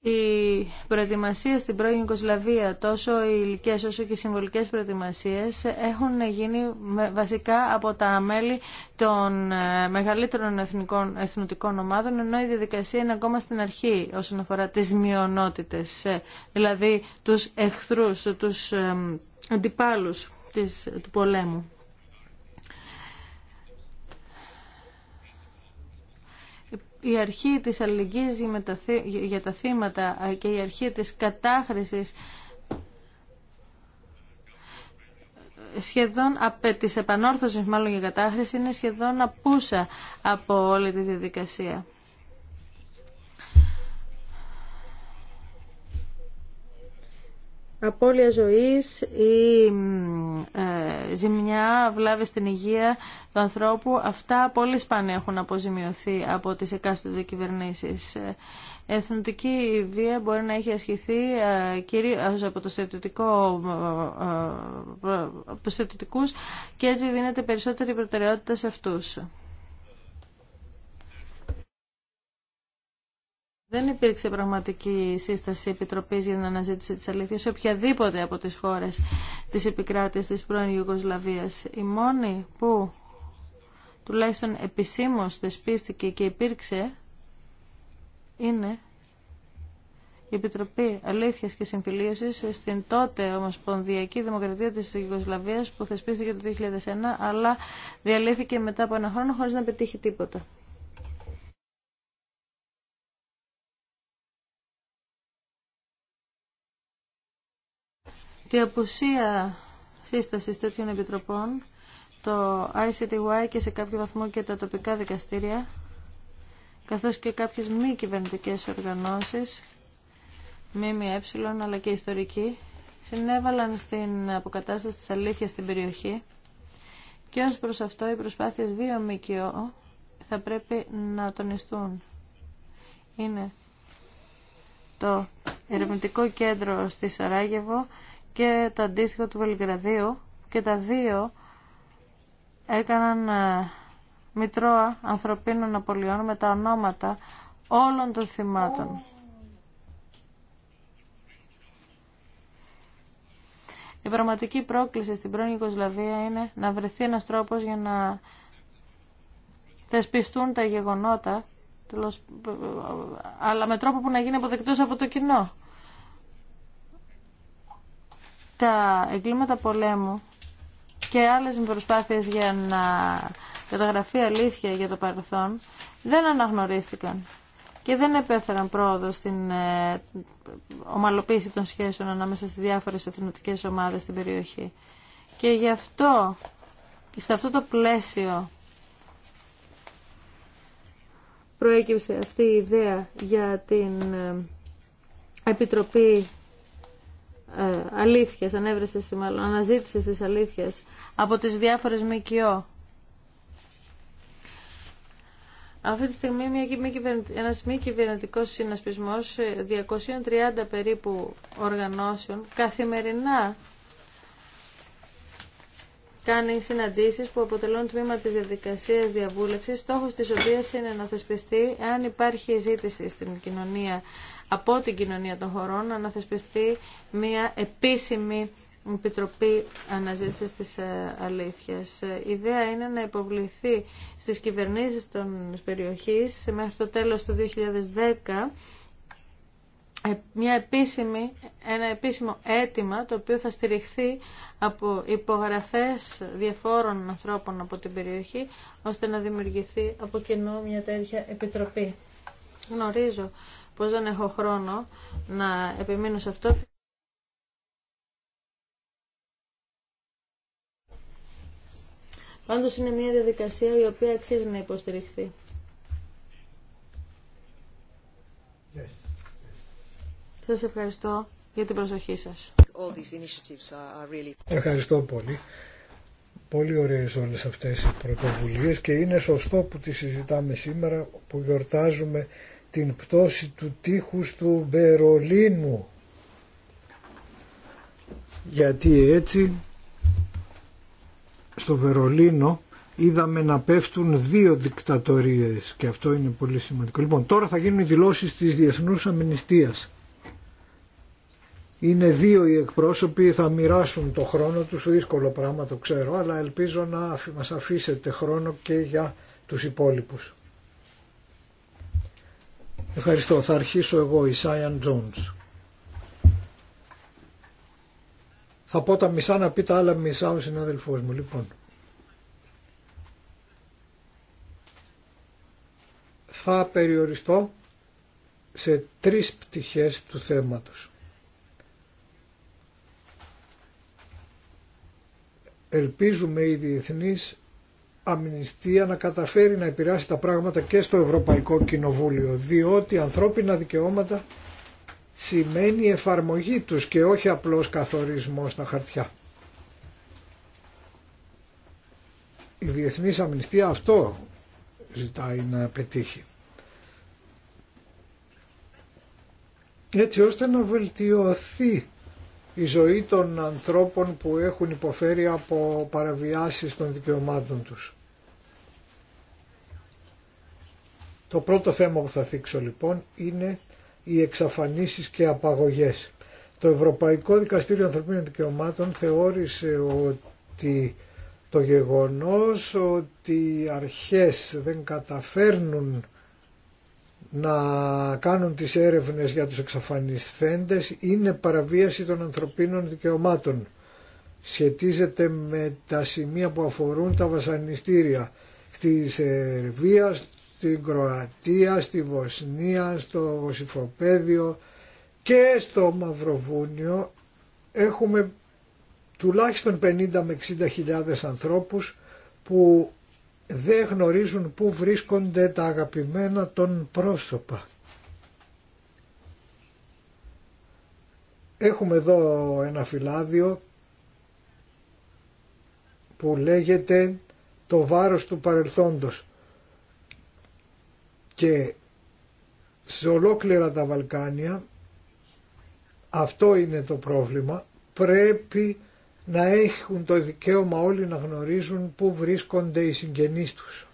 S3: η προετοιμασία στην πρώην Οικοσλαβία, τόσο οι υλικέ όσο και οι συμβολικέ προετοιμασίε, έχουν γίνει βασικά από τα μέλη των ε, μεγαλύτερων εθνικών, εθνοτικών ομάδων, ενώ η διαδικασία είναι ακόμα στην αρχή όσον αφορά τι μειονότητε, ε, δηλαδή του εχθρού, του ε, αντιπάλου του πολέμου. η αρχή της αλληλεγγύης για τα θύματα και η αρχή της κατάχρησης σχεδόν της επανόρθωσης μάλλον για κατάχρηση είναι σχεδόν απούσα από όλη τη διαδικασία. απώλεια ζωής ή ε, ζημιά, βλάβη στην υγεία του ανθρώπου, αυτά πολύ σπάνια έχουν αποζημιωθεί από τις εκάστοτε κυβερνήσεις. Ε, εθνοτική βία μπορεί να έχει ασχηθεί ε, κυρίως από, το στρατιωτικό, τους και έτσι δίνεται περισσότερη προτεραιότητα σε αυτούς. Δεν υπήρξε πραγματική σύσταση επιτροπή για την αναζήτηση τη αλήθεια σε οποιαδήποτε από τι χώρε τη επικράτεια τη πρώην Ιουγκοσλαβία. Η μόνη που τουλάχιστον επισήμω θεσπίστηκε και υπήρξε είναι η Επιτροπή Αλήθειας και Συμφιλίωσης στην τότε Ομοσπονδιακή Δημοκρατία της Ιουγκοσλαβίας που θεσπίστηκε το 2001 αλλά διαλύθηκε μετά από ένα χρόνο χωρίς να πετύχει τίποτα. Τη απουσία σύσταση τέτοιων επιτροπών, το ICTY και σε κάποιο βαθμό και τα τοπικά δικαστήρια, καθώς και κάποιες μη κυβερνητικέ οργανώσεις, ΜΜΕ αλλά και ιστορικοί, συνέβαλαν στην αποκατάσταση της αλήθειας στην περιοχή και ως προς αυτό οι προσπάθειες δύο ΜΚΟ θα πρέπει να τονιστούν. Είναι το ερευνητικό κέντρο στη Σαράγεβο, και το αντίστοιχο του Βελιγραδίου και τα δύο έκαναν ε, μητρώα ανθρωπίνων απολειών με τα ονόματα όλων των θυμάτων. Η πραγματική πρόκληση στην πρώην Ιγκοσλαβία είναι να βρεθεί ένας τρόπος για να θεσπιστούν τα γεγονότα, ε, ε, αλλά με τρόπο που να γίνει αποδεκτός από το κοινό τα εγκλήματα πολέμου και άλλες προσπάθειες για να καταγραφεί αλήθεια για το παρελθόν δεν αναγνωρίστηκαν και δεν επέφεραν πρόοδο στην ε, ομαλοποίηση των σχέσεων ανάμεσα στις διάφορες εθνωτικές ομάδες στην περιοχή. Και γι' αυτό, σε αυτό το πλαίσιο προέκυψε αυτή η ιδέα για την ε, Επιτροπή ε, αλήθειας, ανέβρεσης μάλλον, αναζήτησης της αλήθειας από τις διάφορες ΜΚΟ. Αυτή τη στιγμή ένας μη κυβερνητικό συνασπισμός 230 ε, περίπου οργανώσεων καθημερινά κάνει συναντήσεις που αποτελούν τμήμα της διαδικασίας διαβούλευσης, στόχος της οποίας είναι να θεσπιστεί αν υπάρχει ζήτηση στην κοινωνία από την κοινωνία των χωρών να αναθεσπιστεί μια επίσημη Επιτροπή Αναζήτησης της ε, Αλήθειας. Ε, η ιδέα είναι να υποβληθεί στις κυβερνήσεις των περιοχής μέχρι το τέλο του 2010 ε, μια επίσημη, ένα επίσημο αίτημα το οποίο θα στηριχθεί από υπογραφές διαφόρων ανθρώπων από την περιοχή ώστε να δημιουργηθεί από κοινού μια τέτοια επιτροπή. Γνωρίζω πως δεν έχω χρόνο να επιμείνω σε αυτό. Πάντως είναι μια διαδικασία η οποία αξίζει να υποστηριχθεί. Yes. Σας ευχαριστώ για την προσοχή σας.
S6: Ευχαριστώ πολύ. Πολύ ωραίες όλες αυτές οι πρωτοβουλίες και είναι σωστό που τις συζητάμε σήμερα που γιορτάζουμε την πτώση του τείχους του Μπερολίνου γιατί έτσι στο Βερολίνο είδαμε να πέφτουν δύο δικτατορίες και αυτό είναι πολύ σημαντικό. Λοιπόν, τώρα θα γίνουν οι δηλώσεις της Διεθνούς Αμνηστίας. Είναι δύο οι εκπρόσωποι, θα μοιράσουν το χρόνο τους, δύσκολο πράγμα το ξέρω, αλλά ελπίζω να μας αφήσετε χρόνο και για τους υπόλοιπους. Ευχαριστώ. Θα αρχίσω εγώ, η Σάιαν Jones. Θα πω τα μισά να πει τα άλλα μισά ο συνάδελφός μου. Λοιπόν, θα περιοριστώ σε τρεις πτυχές του θέματος. Ελπίζουμε οι διεθνείς αμνηστία να καταφέρει να επηρεάσει τα πράγματα και στο Ευρωπαϊκό Κοινοβούλιο διότι ανθρώπινα δικαιώματα σημαίνει εφαρμογή τους και όχι απλώς καθορισμό στα χαρτιά. Η διεθνής αμνηστία αυτό ζητάει να πετύχει. Έτσι ώστε να βελτιωθεί η ζωή των ανθρώπων που έχουν υποφέρει από παραβιάσεις των δικαιωμάτων τους. Το πρώτο θέμα που θα θίξω λοιπόν είναι οι εξαφανίσεις και απαγωγές. Το Ευρωπαϊκό Δικαστήριο Ανθρωπίνων Δικαιωμάτων θεώρησε ότι το γεγονός ότι οι αρχές δεν καταφέρνουν να κάνουν τις έρευνες για τους εξαφανισθέντες είναι παραβίαση των ανθρωπίνων δικαιωμάτων. Σχετίζεται με τα σημεία που αφορούν τα βασανιστήρια στη Σερβία, στην Κροατία, στη Βοσνία, στο Βοσιφοπέδιο και στο Μαυροβούνιο έχουμε τουλάχιστον 50 με 60 χιλιάδες ανθρώπους που δεν γνωρίζουν πού βρίσκονται τα αγαπημένα των πρόσωπα. Έχουμε εδώ ένα φυλάδιο που λέγεται το βάρος του παρελθόντος και σε ολόκληρα τα Βαλκάνια αυτό είναι το πρόβλημα πρέπει να έχουν το δικαίωμα όλοι να γνωρίζουν πού βρίσκονται οι συγγενείς τους.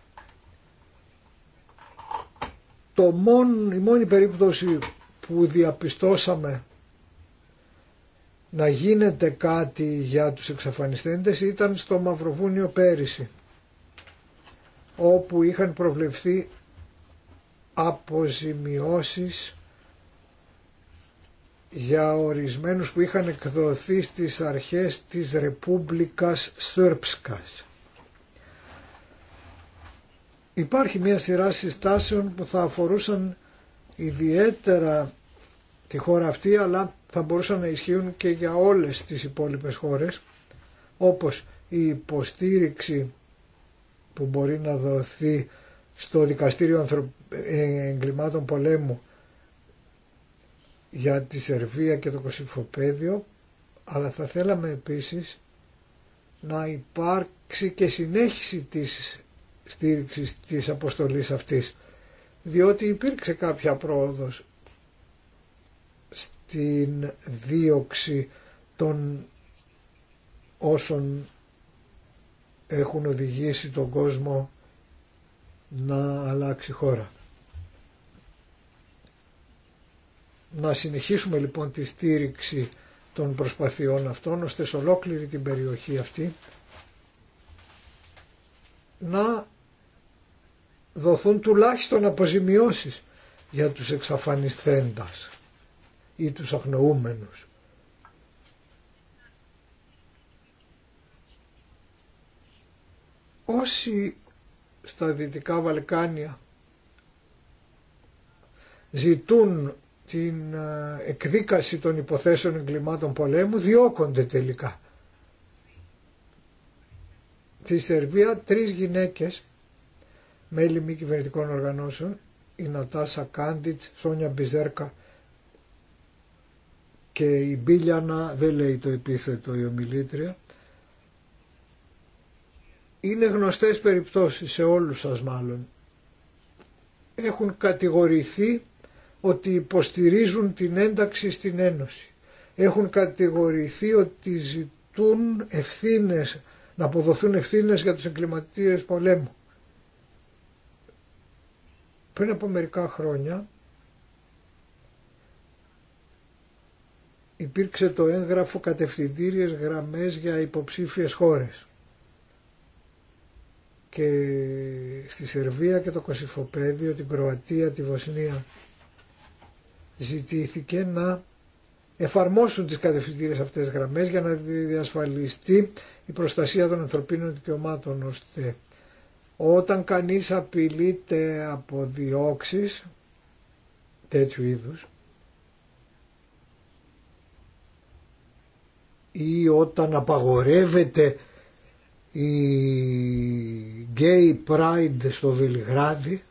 S6: Το μόνο, η μόνη περίπτωση που διαπιστώσαμε να γίνεται κάτι για τους εξαφανιστέντες ήταν στο Μαυροβούνιο πέρυσι όπου είχαν προβλεφθεί αποζημιώσεις για ορισμένους που είχαν εκδοθεί στις αρχές της Ρεπούμπλικας Σέρψκας. Υπάρχει μια σειρά συστάσεων που θα αφορούσαν ιδιαίτερα τη χώρα αυτή αλλά θα μπορούσαν να ισχύουν και για όλες τις υπόλοιπες χώρες όπως η υποστήριξη που μπορεί να δοθεί στο Δικαστήριο ε, Εγκλημάτων Πολέμου για τη Σερβία και το Κωσυφοπαίδιο, αλλά θα θέλαμε επίσης να υπάρξει και συνέχιση της στήριξης της αποστολής αυτής, διότι υπήρξε κάποια πρόοδος στην δίωξη των όσων έχουν οδηγήσει τον κόσμο να αλλάξει χώρα. Να συνεχίσουμε λοιπόν τη στήριξη των προσπαθειών αυτών ώστε σε ολόκληρη την περιοχή αυτή να δοθούν τουλάχιστον αποζημιώσεις για τους εξαφανισθέντας ή τους αγνοούμενους. Όσοι στα Δυτικά Βαλκάνια ζητούν την ε, εκδίκαση των υποθέσεων εγκλημάτων πολέμου διώκονται τελικά. Στη Σερβία τρεις γυναίκες μέλη μη κυβερνητικών οργανώσεων η Νατάσα Κάντιτς, Σόνια Μπιζέρκα και η Μπίλιανα, δεν λέει το επίθετο η ομιλήτρια, είναι γνωστές περιπτώσεις σε όλους σας μάλλον. Έχουν κατηγορηθεί ότι υποστηρίζουν την ένταξη στην Ένωση. Έχουν κατηγορηθεί ότι ζητούν ευθύνες, να αποδοθούν ευθύνες για τους εγκληματίες πολέμου. Πριν από μερικά χρόνια υπήρξε το έγγραφο κατευθυντήριες γραμμές για υποψήφιες χώρες και στη Σερβία και το Κωσυφοπέδιο, την Κροατία, τη Βοσνία ζητήθηκε να εφαρμόσουν τις κατευθυντήρες αυτές γραμμές για να διασφαλιστεί η προστασία των ανθρωπίνων δικαιωμάτων ώστε όταν κανείς απειλείται από διώξεις τέτοιου είδους ή όταν απαγορεύεται η Gay Pride στο Βιλιγράδι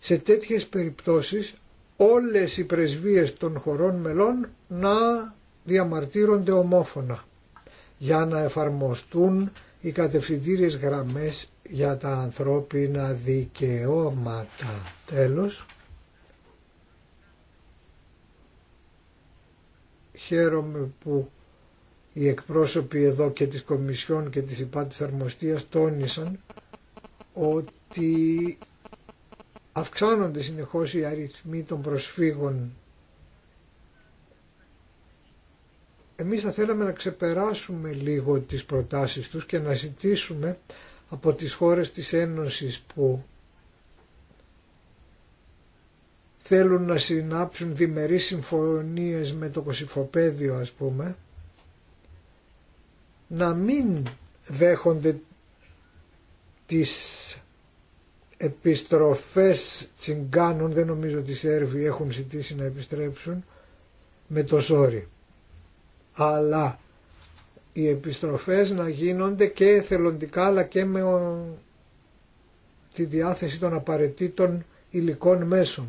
S6: σε τέτοιες περιπτώσεις όλες οι πρεσβείες των χωρών μελών να διαμαρτύρονται ομόφωνα για να εφαρμοστούν οι κατευθυντήριες γραμμές για τα ανθρώπινα δικαιώματα. Τέλος. Χαίρομαι που οι εκπρόσωποι εδώ και της Κομισιόν και της ΥΠΑ της Αρμοστίας τόνισαν ότι αυξάνονται συνεχώς οι αριθμοί των προσφύγων. Εμείς θα θέλαμε να ξεπεράσουμε λίγο τις προτάσεις τους και να ζητήσουμε από τις χώρες της Ένωσης που θέλουν να συνάψουν διμερείς συμφωνίες με το κοσυφοπέδιο ας πούμε να μην δέχονται τις επιστροφές τσιγκάνων, δεν νομίζω ότι οι Σέρβοι έχουν ζητήσει να επιστρέψουν, με το ζόρι. Αλλά οι επιστροφές να γίνονται και θελοντικά αλλά και με τη διάθεση των απαραίτητων υλικών μέσων.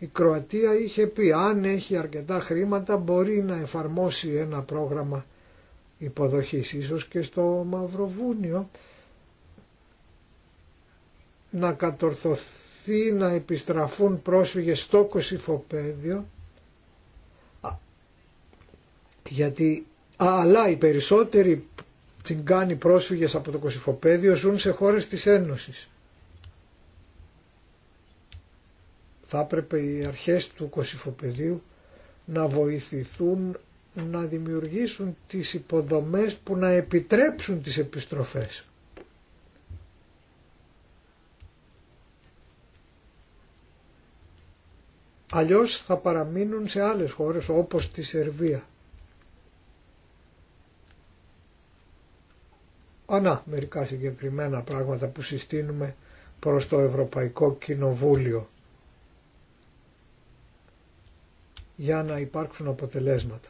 S6: Η Κροατία είχε πει αν έχει αρκετά χρήματα μπορεί να εφαρμόσει ένα πρόγραμμα υποδοχής ίσως και στο Μαυροβούνιο να κατορθωθεί να επιστραφούν πρόσφυγες στο Κωσυφοπαίδιο γιατί αλλά οι περισσότεροι τσιγκάνοι πρόσφυγες από το Κωσυφοπαίδιο ζουν σε χώρες της Ένωσης Θα έπρεπε οι αρχές του κοσυφοπεδίου να βοηθηθούν να δημιουργήσουν τις υποδομές που να επιτρέψουν τις επιστροφές. Αλλιώς θα παραμείνουν σε άλλες χώρες όπως τη Σερβία. Ανά μερικά συγκεκριμένα πράγματα που συστήνουμε προς το Ευρωπαϊκό Κοινοβούλιο. για να υπάρξουν αποτελέσματα.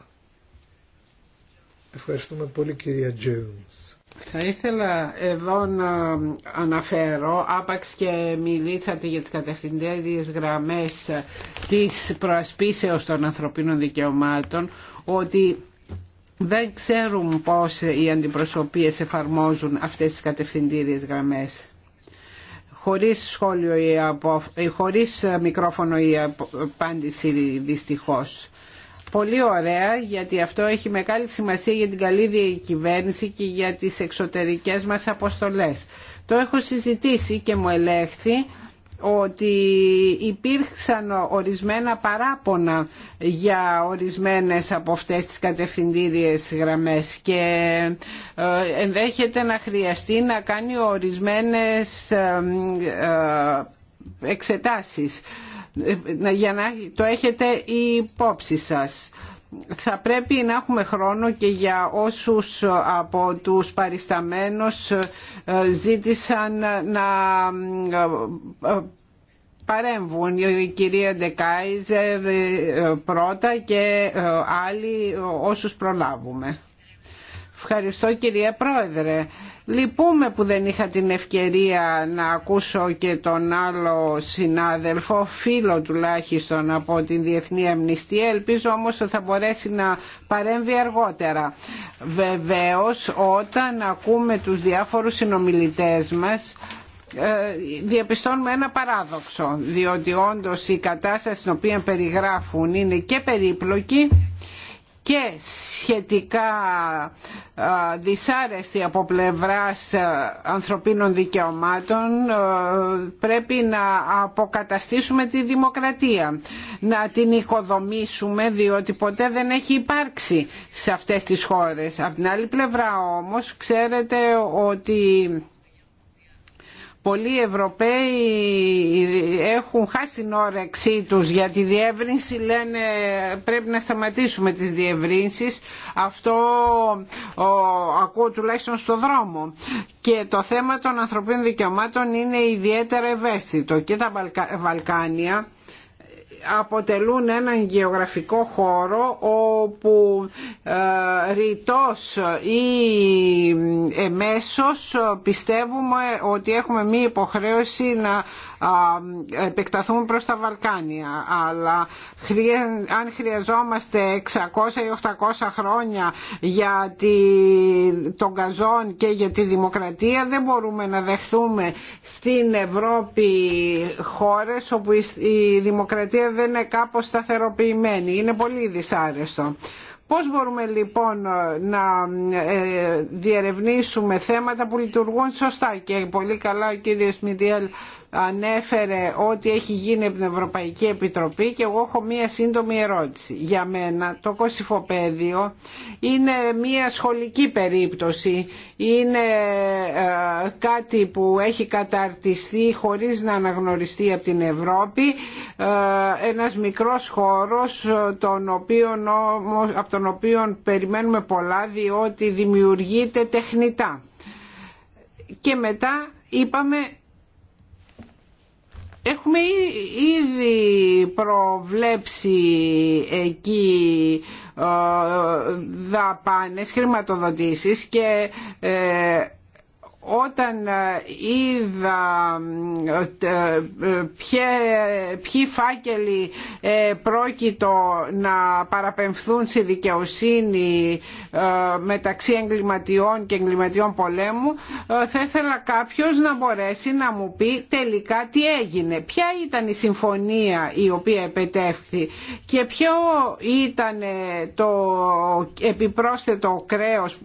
S6: Ευχαριστούμε πολύ κυρία Jones.
S2: Θα ήθελα εδώ να αναφέρω, άπαξ και μιλήσατε για τις κατευθυντήριες γραμμές της προασπίσεως των ανθρωπίνων δικαιωμάτων, ότι δεν ξέρουν πώς οι αντιπροσωπείες εφαρμόζουν αυτές τις κατευθυντήριες γραμμές χωρίς σχόλιο ή απο... χωρίς ε, μικρόφωνο η απάντηση δυστυχώς. Πολύ ωραία γιατί αυτό έχει μεγάλη σημασία για την καλή διακυβέρνηση και για τις εξωτερικές μας αποστολές. Το έχω συζητήσει και μου ελέγχθη ότι υπήρξαν ορισμένα παράπονα για ορισμένες από αυτές τις κατευθυντήριες γραμμές και ε, ενδέχεται να χρειαστεί να κάνει ορισμένες ε, εξετάσεις ε, για να το έχετε υπόψη σας θα πρέπει να έχουμε χρόνο και για όσους από τους παρισταμένους ε, ζήτησαν να ε, παρέμβουν η κυρία Ντεκάιζερ πρώτα και ε, άλλοι όσους προλάβουμε. Ευχαριστώ κυρία Πρόεδρε. Λυπούμε που δεν είχα την ευκαιρία να ακούσω και τον άλλο συνάδελφο, φίλο τουλάχιστον από την Διεθνή Αμνηστία. Ελπίζω όμως ότι θα μπορέσει να παρέμβει αργότερα. Βεβαίως όταν ακούμε τους διάφορους συνομιλητές μας ε, διαπιστώνουμε ένα παράδοξο διότι όντως η κατάσταση στην οποία περιγράφουν είναι και περίπλοκη και σχετικά δυσάρεστη από πλευράς ανθρωπίνων δικαιωμάτων πρέπει να αποκαταστήσουμε τη δημοκρατία να την οικοδομήσουμε διότι ποτέ δεν έχει υπάρξει σε αυτές τις χώρες. Από την άλλη πλευρά όμως ξέρετε ότι Πολλοί Ευρωπαίοι έχουν χάσει την όρεξή τους για τη διεύρυνση, λένε πρέπει να σταματήσουμε τις διευρύνσεις. Αυτό ακούω τουλάχιστον στο δρόμο. Και το θέμα των ανθρωπίνων δικαιωμάτων είναι ιδιαίτερα ευαίσθητο και τα Βαλκάνια αποτελούν έναν γεωγραφικό χώρο όπου ε, ρητός ή εμέσως πιστεύουμε ότι έχουμε μία υποχρέωση να επεκταθούν προς τα Βαλκάνια. Αλλά αν χρειαζόμαστε 600 ή 800 χρόνια για τον καζόν και για τη δημοκρατία δεν μπορούμε να δεχθούμε στην Ευρώπη χώρες όπου η δημοκρατία δεν είναι κάπως σταθεροποιημένη. Είναι πολύ δυσάρεστο. Πώς μπορούμε λοιπόν να ε, διερευνήσουμε θέματα που λειτουργούν σωστά και πολύ καλά ο κύριος Μιδιέλ ανέφερε ό,τι έχει γίνει από την Ευρωπαϊκή Επιτροπή και εγώ έχω μία σύντομη ερώτηση. Για μένα το κοσυφοπαίδιο είναι μία σχολική περίπτωση. Είναι ε, κάτι που έχει καταρτιστεί χωρίς να αναγνωριστεί από την Ευρώπη ε, ένας μικρός χώρος ε, τον οποίον, από τον οποίο περιμένουμε πολλά διότι δημιουργείται τεχνητά. Και μετά είπαμε Έχουμε ήδη προβλέψει εκεί ε, δαπάνες, χρηματοδοτήσεις και ε, όταν ε, είδα ε, ποιοι φάκελοι ε, πρόκειτο να παραπεμφθούν στη δικαιοσύνη μεταξύ εγκληματιών και εγκληματιών πολέμου θα ήθελα κάποιος να μπορέσει να μου πει τελικά τι έγινε ποια ήταν η συμφωνία η οποία επετεύχθη και ποιο ήταν το επιπρόσθετο κρέος,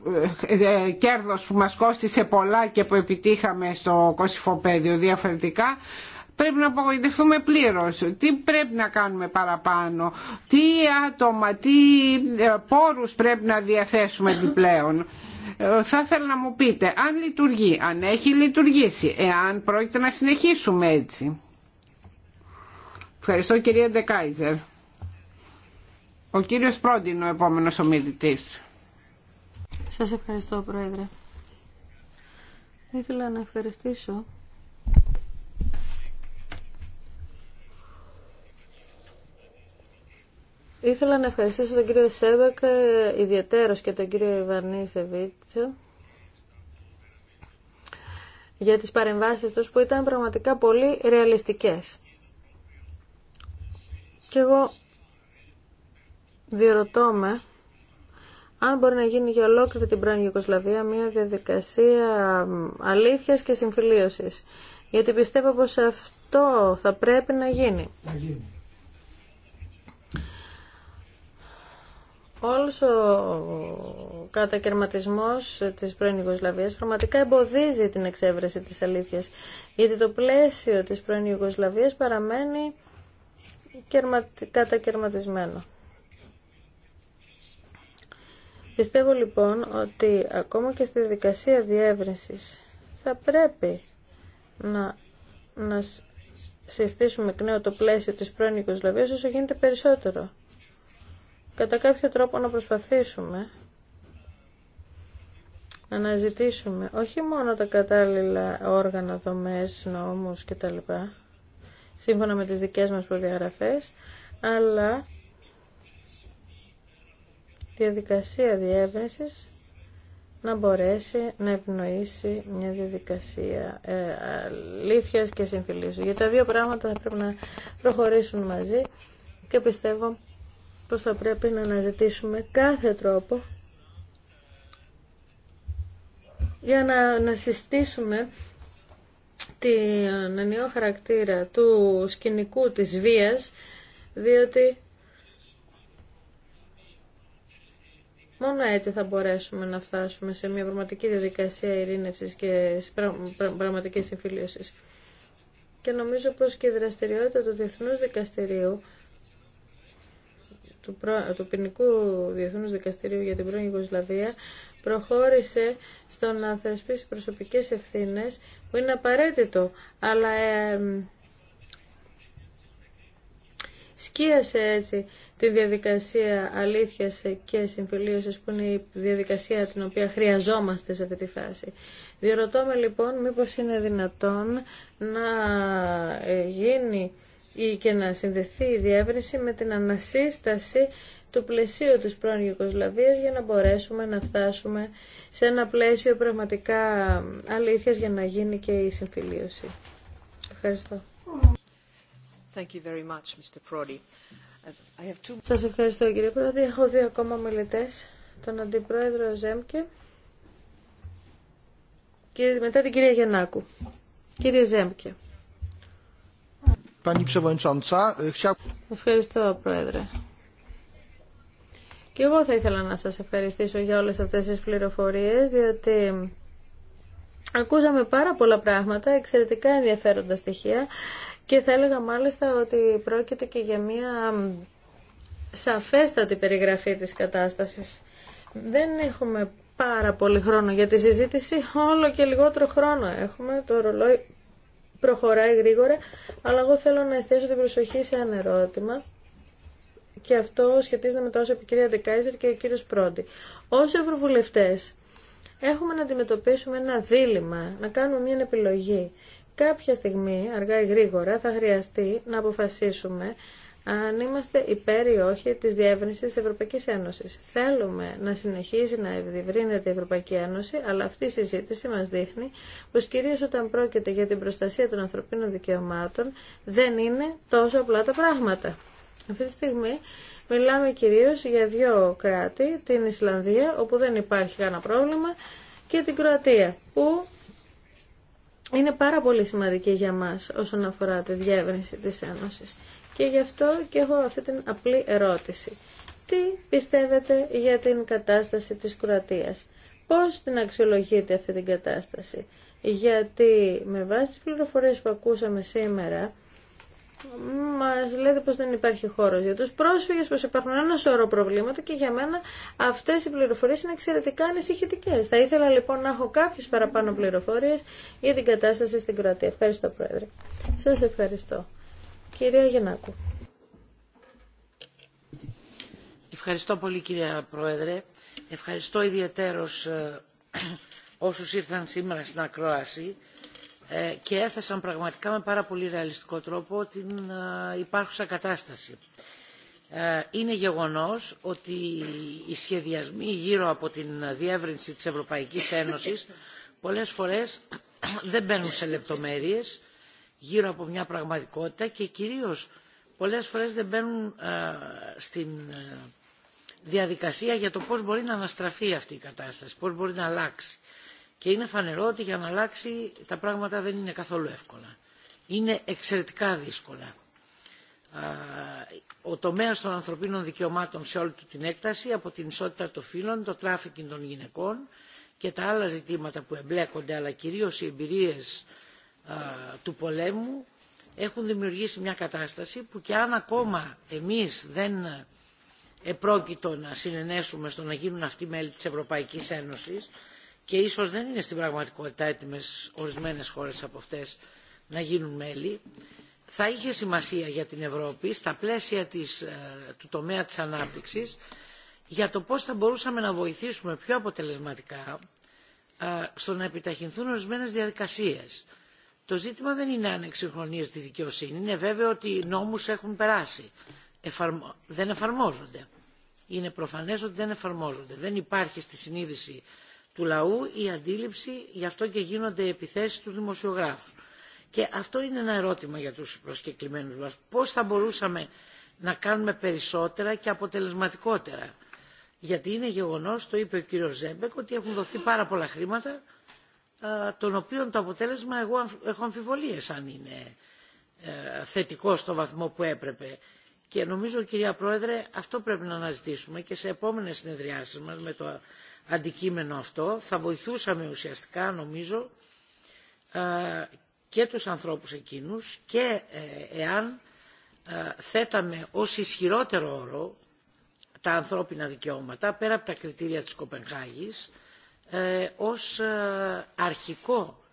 S2: κέρδος που μας κόστησε πολλά και που επιτύχαμε στο Κωσυφοπέδιο διαφορετικά πρέπει να απογοητευτούμε πλήρως. Τι πρέπει να κάνουμε παραπάνω, τι άτομα, τι ε, πόρους πρέπει να διαθέσουμε επιπλέον. Ε, θα ήθελα να μου πείτε αν λειτουργεί, αν έχει λειτουργήσει, εάν πρόκειται να συνεχίσουμε έτσι. Ευχαριστώ κυρία Ντεκάιζερ. Ο κύριος Πρόντινο, επόμενος ομιλητής.
S3: Σας ευχαριστώ Πρόεδρε ήθελα να ευχαριστήσω Ήθελα να ευχαριστήσω τον κύριο Σέμπεκ ιδιαίτερος και τον κύριο Ιβανή Σεβίτσο ε, για τις παρεμβάσεις τους που ήταν πραγματικά πολύ ρεαλιστικές. Και εγώ διερωτώ με αν μπορεί να γίνει για ολόκληρη την πρώην Ιουγκοσλαβία μια διαδικασία αλήθειας και συμφιλίωσης. Γιατί πιστεύω πως αυτό θα πρέπει να γίνει. Όλος ο κατακαιρματισμός της πρώην Ιουγκοσλαβίας πραγματικά εμποδίζει την εξέβρεση της αλήθειας. Γιατί το πλαίσιο της πρώην Ιουγκοσλαβίας παραμένει κατακαιρματισμένο. Πιστεύω λοιπόν ότι ακόμα και στη δικασία διεύρυνσης θα πρέπει να, να συστήσουμε εκ νέου το πλαίσιο της πρώην Ιουγκοσλαβίας όσο γίνεται περισσότερο. Κατά κάποιο τρόπο να προσπαθήσουμε να αναζητήσουμε όχι μόνο τα κατάλληλα όργανα, δομές, νόμους κτλ. σύμφωνα με τις δικές μας προδιαγραφές, αλλά διαδικασία διεύρυνσης να μπορέσει να επινοήσει μια διαδικασία ε, και συμφιλίωσης. Γιατί τα δύο πράγματα θα πρέπει να προχωρήσουν μαζί και πιστεύω πως θα πρέπει να αναζητήσουμε κάθε τρόπο για να, να συστήσουμε την ενιαίο χαρακτήρα του σκηνικού της βίας διότι Μόνο έτσι θα μπορέσουμε να φτάσουμε σε μια πραγματική διαδικασία ειρήνευσης και πραγματική συμφιλίωσης. Και νομίζω πως και η δραστηριότητα του Διεθνούς Δικαστηρίου, του, προ... ποινικού Διεθνούς Δικαστηρίου για την πρώην Ιγκοσλαβία, προχώρησε στο να θεσπίσει προσωπικές ευθύνες, που είναι απαραίτητο, αλλά σκίασε έτσι τη διαδικασία αλήθειας και συμφιλίωσης που είναι η διαδικασία την οποία χρειαζόμαστε σε αυτή τη φάση. Διαρωτώ με λοιπόν μήπως είναι δυνατόν να ε, γίνει ή και να συνδεθεί η διεύρυνση με την ανασύσταση του πλαισίου της πρώην Ιουκοσλαβίας για να μπορέσουμε να φτάσουμε σε ένα πλαίσιο πραγματικά αλήθειας για να γίνει και η συμφιλίωση. Ευχαριστώ.
S1: Thank
S3: σας ευχαριστώ κύριε Πρόεδρε. Έχω δύο ακόμα μιλητές. Τον Αντιπρόεδρο Ζέμκε και μετά την κυρία Γιαννάκου. Κύριε Ζέμκε.
S6: E,
S3: ευχαριστώ Πρόεδρε. Και εγώ θα ήθελα να σας ευχαριστήσω για όλες αυτές τις πληροφορίες, διότι ακούσαμε πάρα πολλά πράγματα, εξαιρετικά ενδιαφέροντα στοιχεία και θα έλεγα μάλιστα ότι πρόκειται και για μια σαφέστατη περιγραφή της κατάστασης. Δεν έχουμε πάρα πολύ χρόνο για τη συζήτηση, όλο και λιγότερο χρόνο έχουμε. Το ρολόι προχωράει γρήγορα, αλλά εγώ θέλω να εστιάσω την προσοχή σε ένα ερώτημα και αυτό σχετίζεται με το όσο είπε η κυρία Ντεκάιζερ και ο κύριος Πρόντι. Ως ευρωβουλευτές έχουμε να αντιμετωπίσουμε ένα δίλημα, να κάνουμε μια επιλογή κάποια στιγμή, αργά ή γρήγορα, θα χρειαστεί να αποφασίσουμε αν είμαστε υπέρ ή όχι της διεύρυνσης της Ευρωπαϊκής Ένωσης. Θέλουμε να συνεχίζει να ευδιευρύνεται η Ευρωπαϊκή Ένωση, αλλά αυτή η οχι της διευρυνσης της ευρωπαικης ενωσης θελουμε να συνεχιζει να ευδιβρυνεται η ευρωπαικη ενωση αλλα αυτη η συζητηση μας δείχνει πως κυρίως όταν πρόκειται για την προστασία των ανθρωπίνων δικαιωμάτων δεν είναι τόσο απλά τα πράγματα. Αυτή τη στιγμή μιλάμε κυρίως για δύο κράτη, την Ισλανδία όπου δεν υπάρχει κανένα πρόβλημα και την Κροατία που είναι πάρα πολύ σημαντική για μας όσον αφορά τη διεύρυνση της Ένωσης. Και γι' αυτό και έχω αυτή την απλή ερώτηση. Τι πιστεύετε για την κατάσταση της κρατίας, Πώς την αξιολογείτε αυτή την κατάσταση. Γιατί με βάση τις πληροφορίες που ακούσαμε σήμερα, Μα λέτε πως δεν υπάρχει χώρος για τους πρόσφυγες, πω υπάρχουν ένα σωρό προβλήματα και για μένα αυτές οι πληροφορίες είναι εξαιρετικά ανησυχητικέ. Θα ήθελα λοιπόν να έχω κάποιες παραπάνω πληροφορίες για την κατάσταση στην Κροατία. Ευχαριστώ Πρόεδρε. Σας ευχαριστώ. Κυρία Γεννάκου.
S5: Ευχαριστώ πολύ κυρία Πρόεδρε. Ευχαριστώ ιδιαίτερω ε, [clears throat] όσου ήρθαν σήμερα στην ακρόαση ε, και έθεσαν πραγματικά με πάρα πολύ ρεαλιστικό τρόπο την ε, υπάρχουσα κατάσταση. Ε, είναι γεγονός ότι οι σχεδιασμοί γύρω από την διεύρυνση της Ευρωπαϊκής Ένωσης πολλές φορές [coughs] δεν μπαίνουν σε λεπτομέρειες γύρω από μια πραγματικότητα και κυρίως πολλές φορές δεν μπαίνουν στην διαδικασία για το πώς μπορεί να αναστραφεί αυτή η κατάσταση, πώς μπορεί να αλλάξει. Και είναι φανερό ότι για να αλλάξει τα πράγματα δεν είναι καθόλου εύκολα. Είναι εξαιρετικά δύσκολα. Ο τομέας των ανθρωπίνων δικαιωμάτων σε όλη του την έκταση, από την ισότητα των φύλων, το τράφικινγκ των γυναικών και τα άλλα ζητήματα που εμπλέκονται, αλλά κυρίως οι εμπειρίες του πολέμου, έχουν δημιουργήσει μια κατάσταση που και αν ακόμα εμείς δεν επρόκειτο να συνενέσουμε στο να γίνουν αυτοί μέλη της Ευρωπαϊκής Ένωσης, και ίσως δεν είναι στην πραγματικότητα έτοιμες ορισμένες χώρες από αυτές να γίνουν μέλη, θα είχε σημασία για την Ευρώπη στα πλαίσια της, ε, του τομέα της ανάπτυξης για το πώς θα μπορούσαμε να βοηθήσουμε πιο αποτελεσματικά ε, στο να επιταχυνθούν ορισμένες διαδικασίες. Το ζήτημα δεν είναι αν εξυγχρονίζει τη δικαιοσύνη. Είναι βέβαιο ότι οι νόμους έχουν περάσει. Δεν εφαρμόζονται. Είναι προφανές ότι δεν εφαρμόζονται. Δεν υπάρχει στη συνείδηση του λαού η αντίληψη, γι' αυτό και γίνονται οι επιθέσεις του δημοσιογράφου. Και αυτό είναι ένα ερώτημα για τους προσκεκλημένους μας. Πώς θα μπορούσαμε να κάνουμε περισσότερα και αποτελεσματικότερα. Γιατί είναι γεγονός, το είπε ο κύριος Ζέμπεκ, ότι έχουν δοθεί πάρα πολλά χρήματα, των οποίων το αποτέλεσμα εγώ έχω αμφιβολίες αν είναι ε, θετικό στο βαθμό που έπρεπε και νομίζω, κυρία Πρόεδρε, αυτό πρέπει να αναζητήσουμε και σε επόμενες συνεδριάσεις μας με το αντικείμενο αυτό θα βοηθούσαμε ουσιαστικά, νομίζω, ε, και τους ανθρώπους εκείνους και ε, εάν ε, θέταμε ως ισχυρότερο όρο τα ανθρώπινα δικαιώματα πέρα από τα κριτήρια της Κοπενχάγης ως αρχικό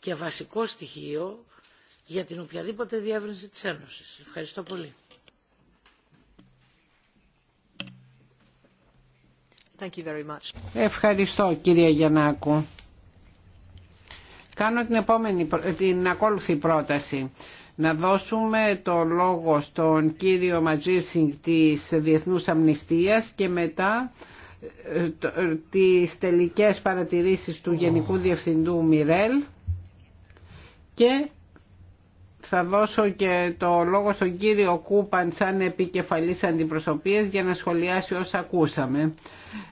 S5: και βασικό στοιχείο για την οποιαδήποτε διεύρυνση της Ένωσης. Ευχαριστώ πολύ.
S2: Ευχαριστώ κυρία Γιαννάκου. Κάνω την, επόμενη, ε, την ακόλουθη πρόταση. Να δώσουμε το λόγο στον κύριο Ματζίρσινγκ της Διεθνούς Αμνηστίας και μετά ε, ε, τις τελικές παρατηρήσεις του Γενικού Διευθυντού Μιρέλ και θα δώσω και το λόγο στον κύριο Κούπαν σαν επικεφαλής αντιπροσωπείας για να σχολιάσει όσα ακούσαμε.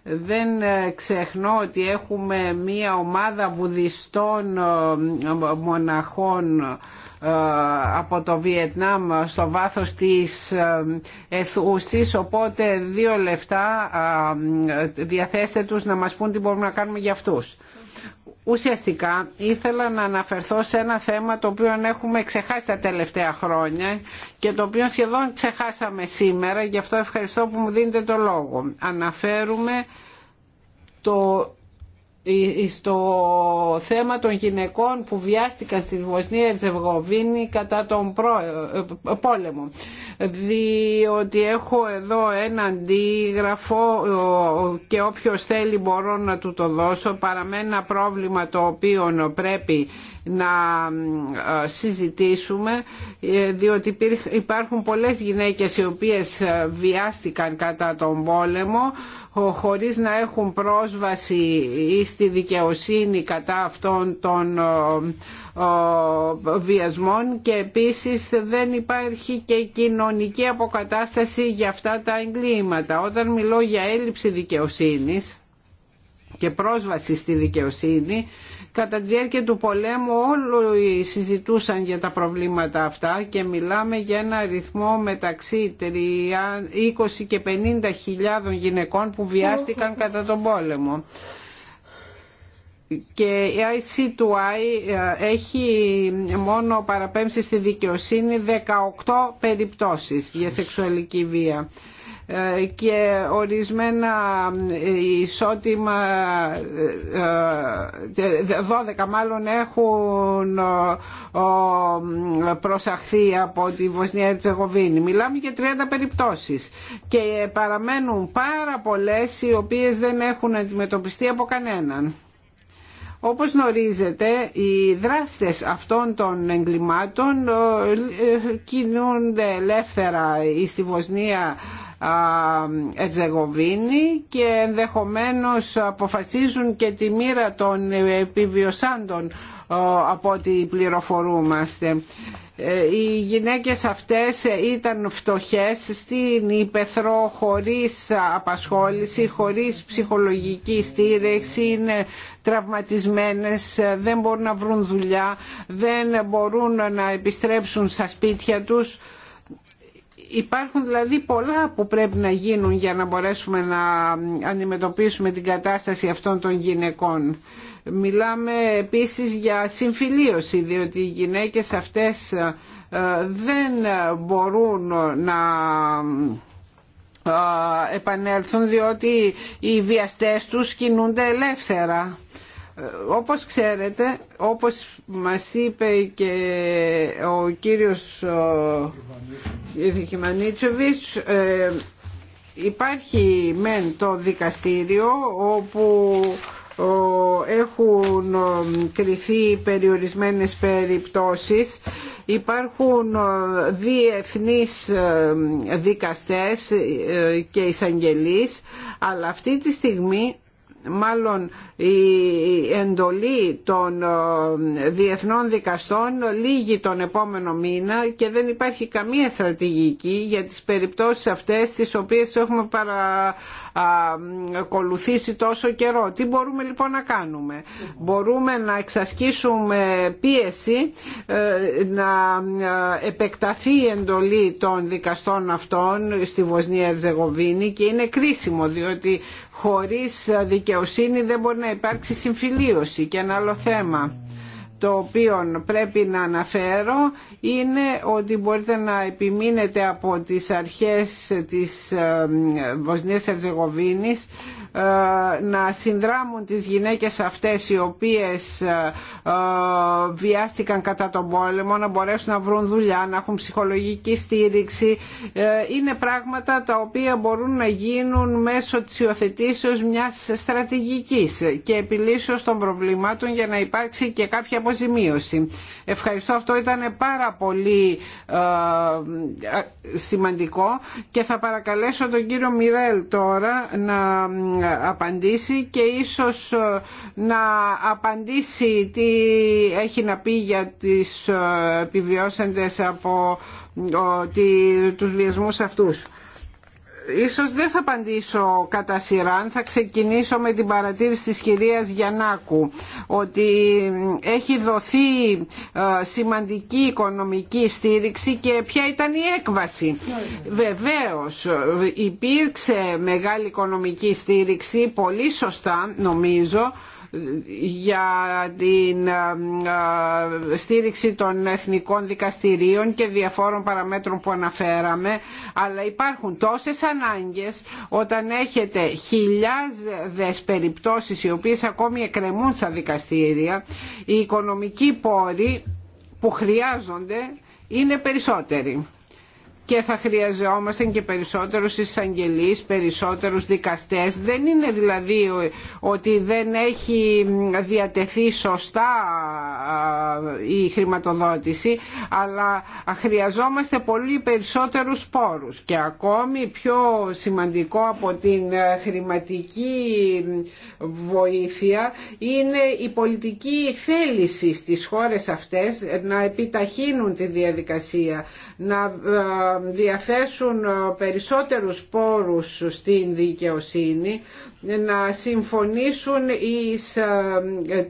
S2: Δεν ε, ξεχνώ ότι έχουμε μία ομάδα βουδιστών ε, μοναχών ε, από το Βιετνάμ στο βάθος της εθούσης οπότε δύο λεφτά διαθέστε τους να μας πούν τι μπορούμε να κάνουμε για αυτούς. Ουσιαστικά ήθελα να αναφερθώ σε ένα θέμα το οποίο έχουμε ξεχάσει τα τελευταία χρόνια και το οποίο σχεδόν ξεχάσαμε σήμερα, γι' αυτό ευχαριστώ που μου δίνετε το λόγο. Αναφέρουμε το, στο θέμα των γυναικών που βιάστηκαν στη Βοσνία Ερζεγοβίνη κατά τον ε, ε, πόλεμο διότι έχω εδώ ένα αντίγραφο και όποιος θέλει μπορώ να του το δώσω παρά ένα πρόβλημα το οποίο πρέπει να ε, συζητήσουμε ε, διότι υπάρχουν πολλές γυναίκες οι οποίες ε, βιάστηκαν κατά τον πόλεμο χωρίς να έχουν πρόσβαση ή στη δικαιοσύνη κατά αυτών των βιασμών και επίσης δεν υπάρχει και κοινωνική αποκατάσταση για αυτά τα εγκλήματα. Όταν μιλώ για έλλειψη δικαιοσύνης και πρόσβαση στη δικαιοσύνη, κατά τη διάρκεια του πολέμου όλοι συζητούσαν για τα προβλήματα αυτά και μιλάμε για ένα αριθμό μεταξύ 20 και 50 χιλιάδων γυναικών που βιάστηκαν κατά τον πόλεμο και η IC2I ε, μόνο παραπέμψει στη δικαιοσύνη 18 περιπτώσεις για σεξουαλική βία ε, και ορισμένα ε, ισότιμα 12 μάλλον έχουν προσαχθεί από τη Βοσνία Ερτσεγοβίνη Μιλάμε για 30 περιπτώσεις και παραμένουν πάρα πολλές οι οποίες δεν έχουν αντιμετωπιστεί από κανέναν. Όπως γνωρίζετε, οι δράστες αυτών των εγκλημάτων ε, ε, κινούνται ελεύθερα στη Βοσνία Ετζεγοβίνη και ενδεχομένως αποφασίζουν και τη μοίρα των επιβιωσάντων ε, από ό,τι πληροφορούμαστε. Ε, οι γυναίκες αυτές ήταν φτωχές στην Υπεθρό χωρίς απασχόληση, χωρίς ψυχολογική στήρεξη, είναι τραυματισμένες, δεν μπορούν να βρουν δουλειά, δεν μπορούν να επιστρέψουν στα σπίτια τους. Υπάρχουν δηλαδή πολλά που πρέπει να γίνουν για να μπορέσουμε να αντιμετωπίσουμε την κατάσταση αυτών των γυναικών. Μιλάμε επίσης για συμφιλίωση, διότι οι γυναίκες αυτές ε, δεν μπορούν να ε, επανέλθουν διότι οι βιαστές τους κινούνται ελεύθερα. Ε, όπως ξέρετε, όπως μας είπε και ο κύριος Χιμανίτσοβιτς, υπάρχει μεν το δικαστήριο όπου έχουν κριθεί περιορισμένες περιπτώσεις υπάρχουν διεθνείς ε, δικαστές ε, και εισαγγελείς αλλά αυτή τη στιγμή μάλλον η εντολή των ε, διεθνών δικαστών λύγει τον επόμενο μήνα και δεν υπάρχει καμία στρατηγική για τις περιπτώσεις αυτές τις οποίες έχουμε παρακολουθήσει τόσο καιρό. Τι μπορούμε λοιπόν να κάνουμε. Μπορούμε να εξασκήσουμε πίεση ε, να ε, επεκταθεί η εντολή των δικαστών αυτών στη Βοσνία Ερζεγοβίνη και είναι κρίσιμο διότι χωρίς δικαιοσύνη δεν μπορεί να υπάρξει συμφιλίωση και ένα άλλο θέμα το οποίο πρέπει να αναφέρω είναι ότι μπορείτε να επιμείνετε από τις αρχές της ε, Βοσνίας Ερζεγοβίνης ε, να συνδράμουν τις γυναίκες αυτές οι οποίες ε, ε, βιάστηκαν κατά τον πόλεμο να μπορέσουν να βρουν δουλειά, να έχουν ψυχολογική στήριξη. Είναι πράγματα τα οποία μπορούν να γίνουν μέσω της υιοθετήσεως μιας στρατηγικής και επιλύσεως των προβλημάτων για να υπάρξει και κάποια αποζημίωση. Ευχαριστώ. Αυτό ήταν πάρα πολύ σημαντικό και θα παρακαλέσω τον κύριο Μιρέλ τώρα να απαντήσει και ίσως ε, να απαντήσει τι έχει να πει για τις ε, επιβιώσαντες από ε, τους βιασμούς αυτούς. Ίσως δεν θα απαντήσω κατά σειράν, θα ξεκινήσω με την παρατήρηση της κυρίας Γιαννάκου ότι έχει δοθεί ε, σημαντική οικονομική στήριξη και ποια ήταν η έκβαση. Βεβαίως υπήρξε μεγάλη οικονομική στήριξη, πολύ σωστά νομίζω, για την ε, ε, στήριξη των εθνικών δικαστηρίων και διαφόρων παραμέτρων που αναφέραμε αλλά υπάρχουν τόσες ανάγκες όταν έχετε χιλιάδες περιπτώσεις οι οποίες ακόμη εκκρεμούν στα δικαστήρια οι οικονομικοί πόροι που χρειάζονται είναι περισσότεροι και θα χρειαζόμαστε και περισσότερους εισαγγελείς, περισσότερους δικαστές. Δεν είναι δηλαδή ότι δεν έχει διατεθεί σωστά η χρηματοδότηση, αλλά χρειαζόμαστε πολύ περισσότερους πόρους. Και ακόμη πιο σημαντικό από την ε, χρηματική βοήθεια είναι η πολιτική θέληση στις χώρες αυτές να επιταχύνουν τη διαδικασία, να ε, διαθέσουν ε, περισσότερους πόρους στην δικαιοσύνη, να συμφωνήσουν εις, ε,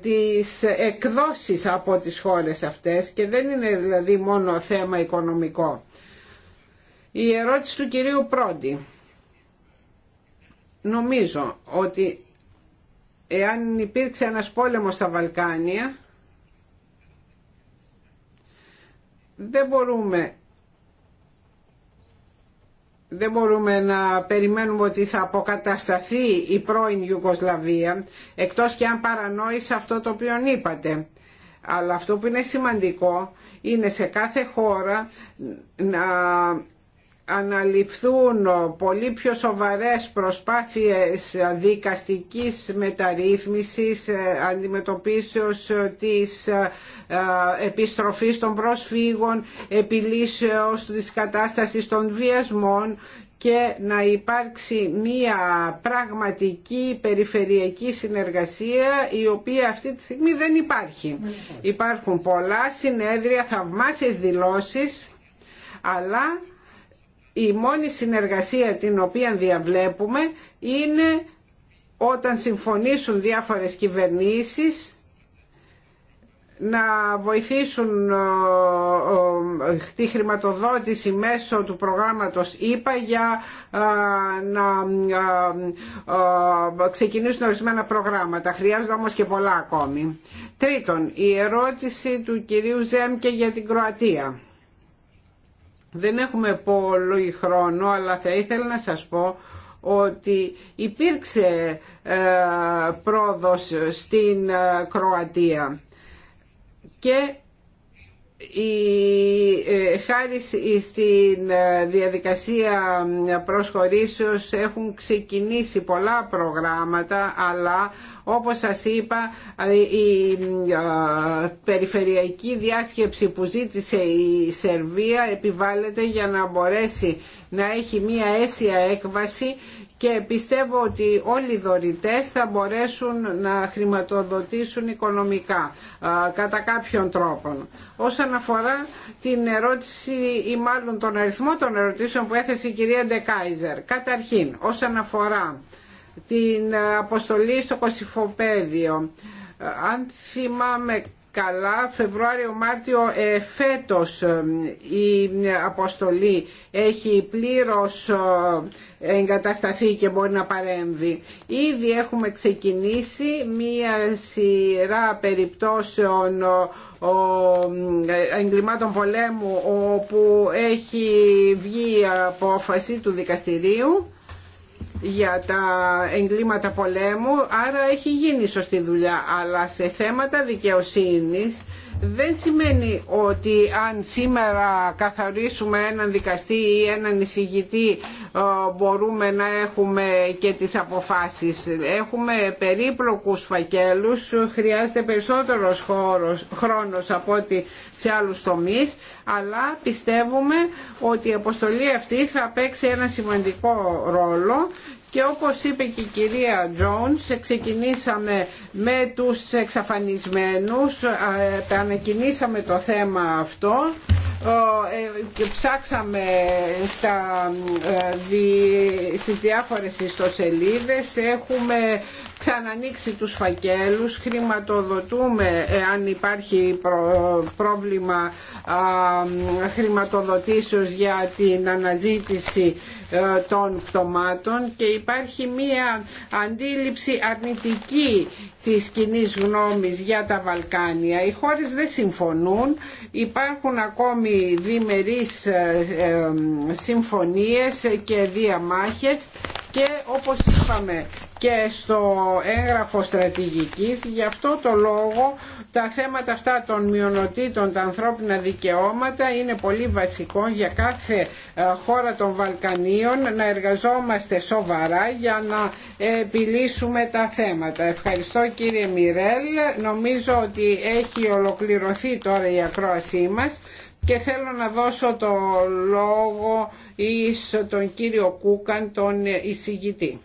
S2: τις εκδόσεις από τις χώρες αυτές και δεν είναι δηλαδή μόνο θέμα οικονομικό. Η ερώτηση του κυρίου Πρόντι. Νομίζω ότι εάν υπήρξε ένας πόλεμος στα Βαλκάνια δεν μπορούμε δεν μπορούμε να περιμένουμε ότι θα αποκατασταθεί η πρώην Ιουγκοσλαβία εκτός και αν παρανόησε αυτό το οποίο είπατε. Αλλά αυτό που είναι σημαντικό είναι σε κάθε χώρα να αναλυφθούν πολύ πιο σοβαρές προσπάθειες δικαστικής μεταρρύθμισης ε, αντιμετωπίσεως ε, της ε, επιστροφής των προσφύγων, επιλύσεως της κατάστασης των βιασμών και να υπάρξει μία πραγματική περιφερειακή συνεργασία η οποία αυτή τη στιγμή δεν υπάρχει. Υπάρχουν πολλά συνέδρια, θαυμάσιες δηλώσεις, αλλά η μόνη συνεργασία την οποία διαβλέπουμε είναι όταν συμφωνήσουν διάφορες κυβερνήσεις να βοηθήσουν τη χρηματοδότηση μέσω του προγράμματος ΕΠΑ για να ξεκινήσουν ορισμένα προγράμματα. Χρειάζονται όμως και πολλά ακόμη. Τρίτον, η ερώτηση του κυρίου Ζέμ και για την Κροατία. Δεν έχουμε πολύ χρόνο, αλλά θα ήθελα να σας πω ότι υπήρξε ε, πρόοδος στην ε, Κροατία και η, ε, χάρη στην ε, διαδικασία προσχωρήσεως έχουν ξεκινήσει πολλά προγράμματα αλλά όπως σας είπα ε, η περιφερειακή διάσκεψη που ζήτησε η Σερβία επιβάλλεται για να μπορέσει να έχει μία αίσια έκβαση και πιστεύω ότι όλοι οι δωρητές θα μπορέσουν να χρηματοδοτήσουν οικονομικά κατά κάποιον τρόπο. Όσον αφορά την ερώτηση ή μάλλον τον αριθμό των ερωτήσεων που έθεσε η κυρία Ντεκάιζερ. Καταρχήν, όσον αφορά την αποστολή στο Κωσυφοπαίδιο, αν θυμάμαι καλά Φεβρουάριο-Μάρτιο ε, φέτος ε, η ε, αποστολή έχει πλήρως ε, εγκατασταθεί και μπορεί να παρέμβει. Ήδη έχουμε ξεκινήσει μία σειρά περιπτώσεων εγκλημάτων πολέμου όπου έχει βγει απόφαση του δικαστηρίου για τα εγκλήματα πολέμου, άρα έχει γίνει σωστή δουλειά, αλλά σε θέματα δικαιοσύνης δεν σημαίνει ότι αν σήμερα καθαρίσουμε έναν δικαστή ή έναν εισηγητή ε, μπορούμε να έχουμε και τις αποφάσεις. Έχουμε περίπλοκους φακέλους, χρειάζεται περισσότερος χώρος, χρόνος από ό,τι σε άλλους τομείς, αλλά πιστεύουμε ότι η αποστολή αυτή θα παίξει ένα σημαντικό ρόλο και όπως είπε και η κυρία Τζόνς ξεκινήσαμε με τους εξαφανισμένους ανακοινήσαμε το θέμα αυτό ε, ψάξαμε στα, ε, στις διάφορες ιστοσελίδες έχουμε ξανανοίξει τους φακέλους, χρηματοδοτούμε ε, αν υπάρχει πρόβλημα χρηματοδοτήσεως για την αναζήτηση ε, των πτωμάτων και υπάρχει μία αντίληψη αρνητική της κοινή γνώμης για τα Βαλκάνια. Οι χώρες δεν συμφωνούν, υπάρχουν ακόμη διμερείς ε, συμφωνίες και διαμάχες και όπως είπαμε και στο έγγραφο στρατηγικής. Γι' αυτό το λόγο τα θέματα αυτά των μειονοτήτων, τα ανθρώπινα δικαιώματα είναι πολύ βασικό για κάθε ε, χώρα των Βαλκανίων να εργαζόμαστε σοβαρά για να επιλύσουμε τα θέματα. Ευχαριστώ κύριε Μιρέλ. Νομίζω ότι έχει ολοκληρωθεί τώρα η ακρόασή μας και θέλω να δώσω το λόγο εις τον κύριο Κούκαν, τον εισηγητή.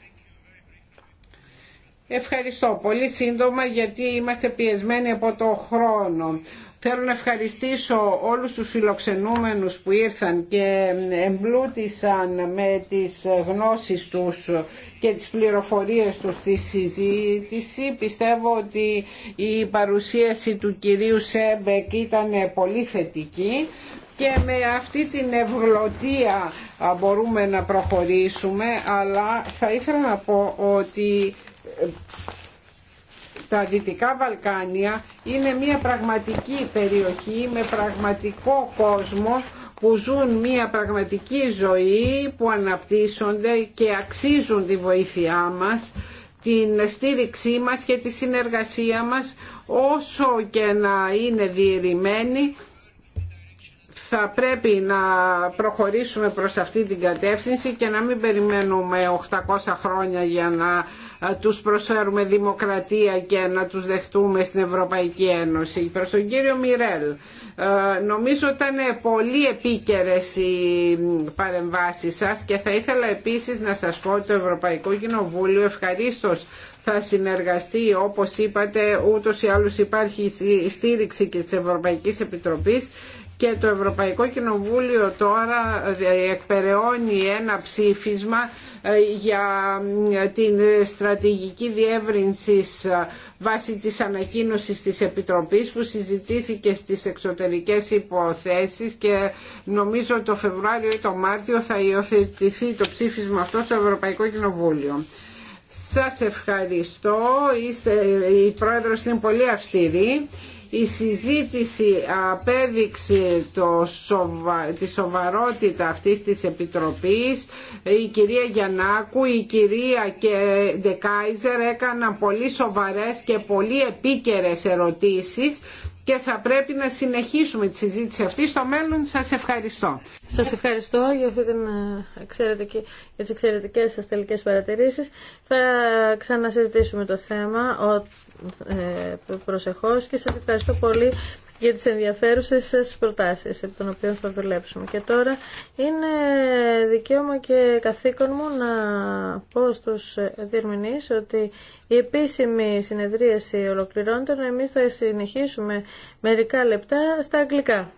S2: Ευχαριστώ πολύ σύντομα γιατί είμαστε πιεσμένοι από το χρόνο. Θέλω να ευχαριστήσω όλους τους φιλοξενούμενους που ήρθαν και εμπλούτησαν με τις γνώσεις τους και τις πληροφορίες τους στη συζήτηση. Πιστεύω ότι η παρουσίαση του κυρίου Σέμπεκ ήταν πολύ θετική και με αυτή την ευγλωτία μπορούμε να προχωρήσουμε αλλά θα ήθελα να πω ότι τα Δυτικά Βαλκάνια είναι μια πραγματική περιοχή με πραγματικό κόσμο που ζουν μια πραγματική ζωή, που αναπτύσσονται και αξίζουν τη βοήθειά μας, την στήριξή μας και τη συνεργασία μας όσο και να είναι διαιρημένη θα πρέπει να προχωρήσουμε προς αυτή την κατεύθυνση και να μην περιμένουμε 800 χρόνια για να τους προσφέρουμε δημοκρατία και να τους δεχτούμε στην Ευρωπαϊκή Ένωση. Προς τον κύριο Μιρέλ, νομίζω ήταν πολύ επίκαιρες οι παρεμβάσεις σας και θα ήθελα επίσης να σας πω ότι το Ευρωπαϊκό Κοινοβούλιο ευχαρίστως θα συνεργαστεί όπως είπατε ούτως ή άλλως υπάρχει στήριξη και της Ευρωπαϊκής Επιτροπής και το Ευρωπαϊκό Κοινοβούλιο τώρα ε, εκπεραιώνει ένα ψήφισμα ε, για ε, την στρατηγική διεύρυνση βάσει της ανακοίνωσης της Επιτροπής που συζητήθηκε στις εξωτερικές υποθέσεις και νομίζω το Φεβρουάριο ή το Μάρτιο θα υιοθετηθεί το ψήφισμα αυτό στο Ευρωπαϊκό Κοινοβούλιο. Σας ευχαριστώ. Είστε, η πρόεδρος είναι πολύ αυστηρή η συζήτηση απέδειξε το τη σοβαρότητα αυτής της Επιτροπής. Η κυρία Γιαννάκου, η κυρία και Ντεκάιζερ έκαναν πολύ σοβαρές και πολύ επίκαιρες ερωτήσεις και θα πρέπει να συνεχίσουμε τη συζήτηση αυτή στο μέλλον. Σας ευχαριστώ. Σας
S3: ευχαριστώ για, αυτή την, ε, εξαιρετική, για τις εξαιρετικές τελικές παρατηρήσεις. Θα ξανασυζητήσουμε το θέμα ε, προσεχώς και σας ευχαριστώ πολύ για τις ενδιαφέρουσες σας προτάσεις από τον οποίο θα δουλέψουμε. Και τώρα είναι δικαίωμα και καθήκον μου να πω στους διερμηνείς ότι η επίσημη συνεδρίαση ολοκληρώνεται, εμείς θα συνεχίσουμε μερικά λεπτά στα αγγλικά.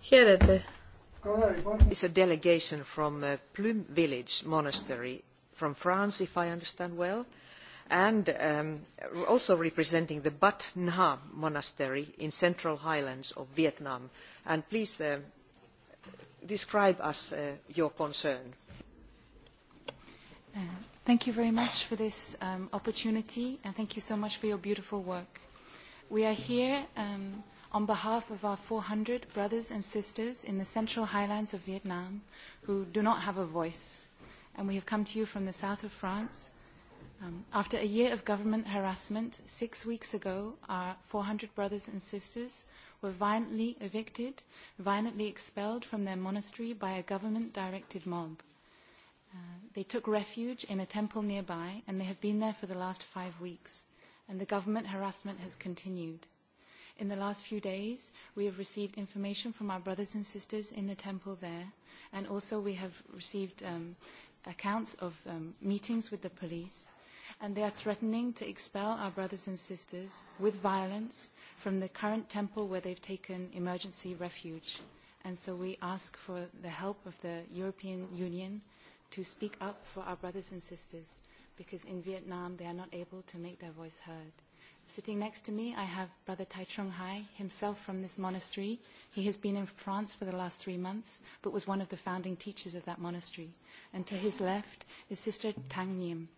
S1: Χαίρετε. Λοιπόν. It's a delegation from uh, Plume Village Monastery from France, if I understand well and also representing the Bat Nha Monastery in Central Highlands of Vietnam. And please describe us your concern.
S7: Thank you very much for this opportunity and thank you so much for your beautiful work. We are here on behalf of our 400 brothers and sisters in the Central Highlands of Vietnam who do not have a voice. And we have come to you from the south of France After a year of government harassment, six weeks ago, our 400 brothers and sisters were violently evicted, violently expelled from their monastery by a government-directed mob. They took refuge in a temple nearby, and they have been there for the last five weeks, and the government harassment has continued. In the last few days, we have received information from our brothers and sisters in the temple there, and also we have received accounts of meetings with the police and they are threatening to expel our brothers and sisters with violence from the current temple where they've taken emergency refuge. And so we ask for the help of the European Union to speak up for our brothers and sisters, because in Vietnam they are not able to make their voice heard. Sitting next to me, I have Brother Tai Trung Hai, himself from this monastery. He has been in France for the last three months, but was one of the founding teachers of that monastery. And to his left is Sister Tang Nim.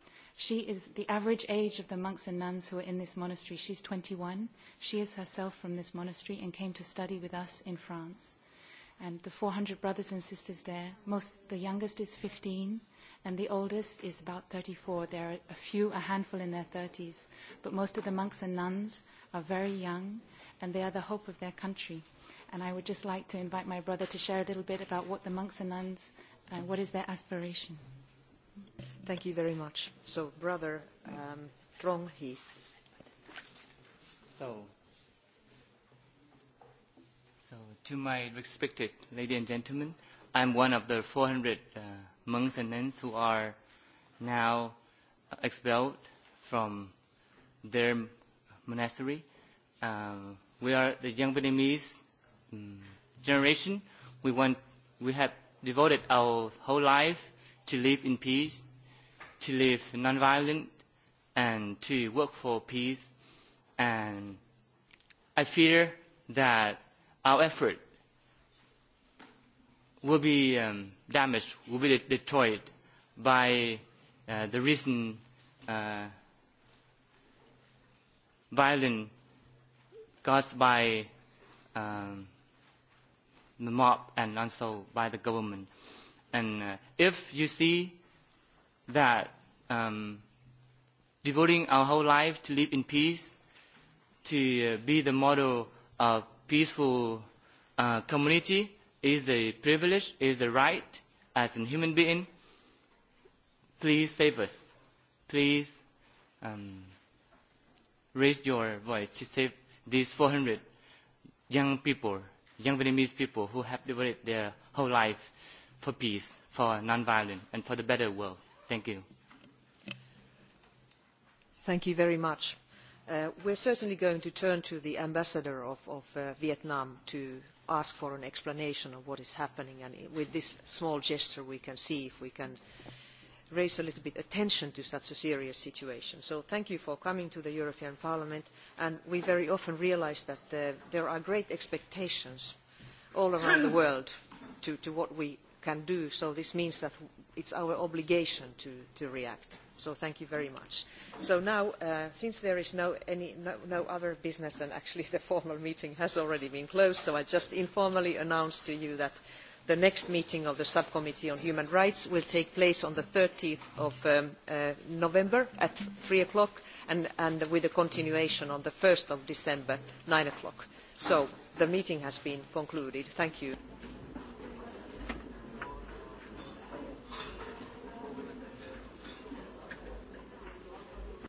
S7: She is the average age of the monks and nuns who are in this monastery. She's 21. She is herself from this monastery and came to study with us in France. And the 400 brothers and sisters there, most the youngest is 15 and the oldest is about 34. There are a few, a handful in their 30s, but most of the monks and nuns are very young and they are the hope of their country. And I would just like to invite my brother to share a little bit about what the monks and nuns, what is their aspiration. Thank you very much.
S1: So, Brother Trong Heath. So,
S8: to my respected ladies and gentlemen, I'm one of the 400 monks and nuns who are now expelled from their monastery. We are the young Vietnamese generation. We want, we have devoted our whole life to live in peace to live non-violent and to work for peace. And I fear that our effort will be damaged, will be destroyed by the recent violence caused by the mob and also by the government. And if you see that devoting our whole life to live in peace, to be the model of peaceful community is a privilege, is a right as a human being. Please save us. Please raise your voice to save these 400 young people, young Vietnamese people who have devoted their whole life for peace, for non-violence, and for the better world. Thank you.
S1: Thank you very much. We're certainly going to turn to the ambassador of Vietnam to ask for an explanation of what is happening. And with this small gesture, we can see if we can raise a little bit attention to such a serious situation. So thank you for coming to the European Parliament. And we very often realise that there are great expectations all around the world to what we can do so this means that it's our obligation to react so thank you very much. so now since there is no other business and actually the formal meeting has already been closed so i just informally announce to you that the next meeting of the subcommittee on human rights will take place on of november at three o'clock and with a continuation on of december at. nine o'clock so the meeting has been concluded. thank you.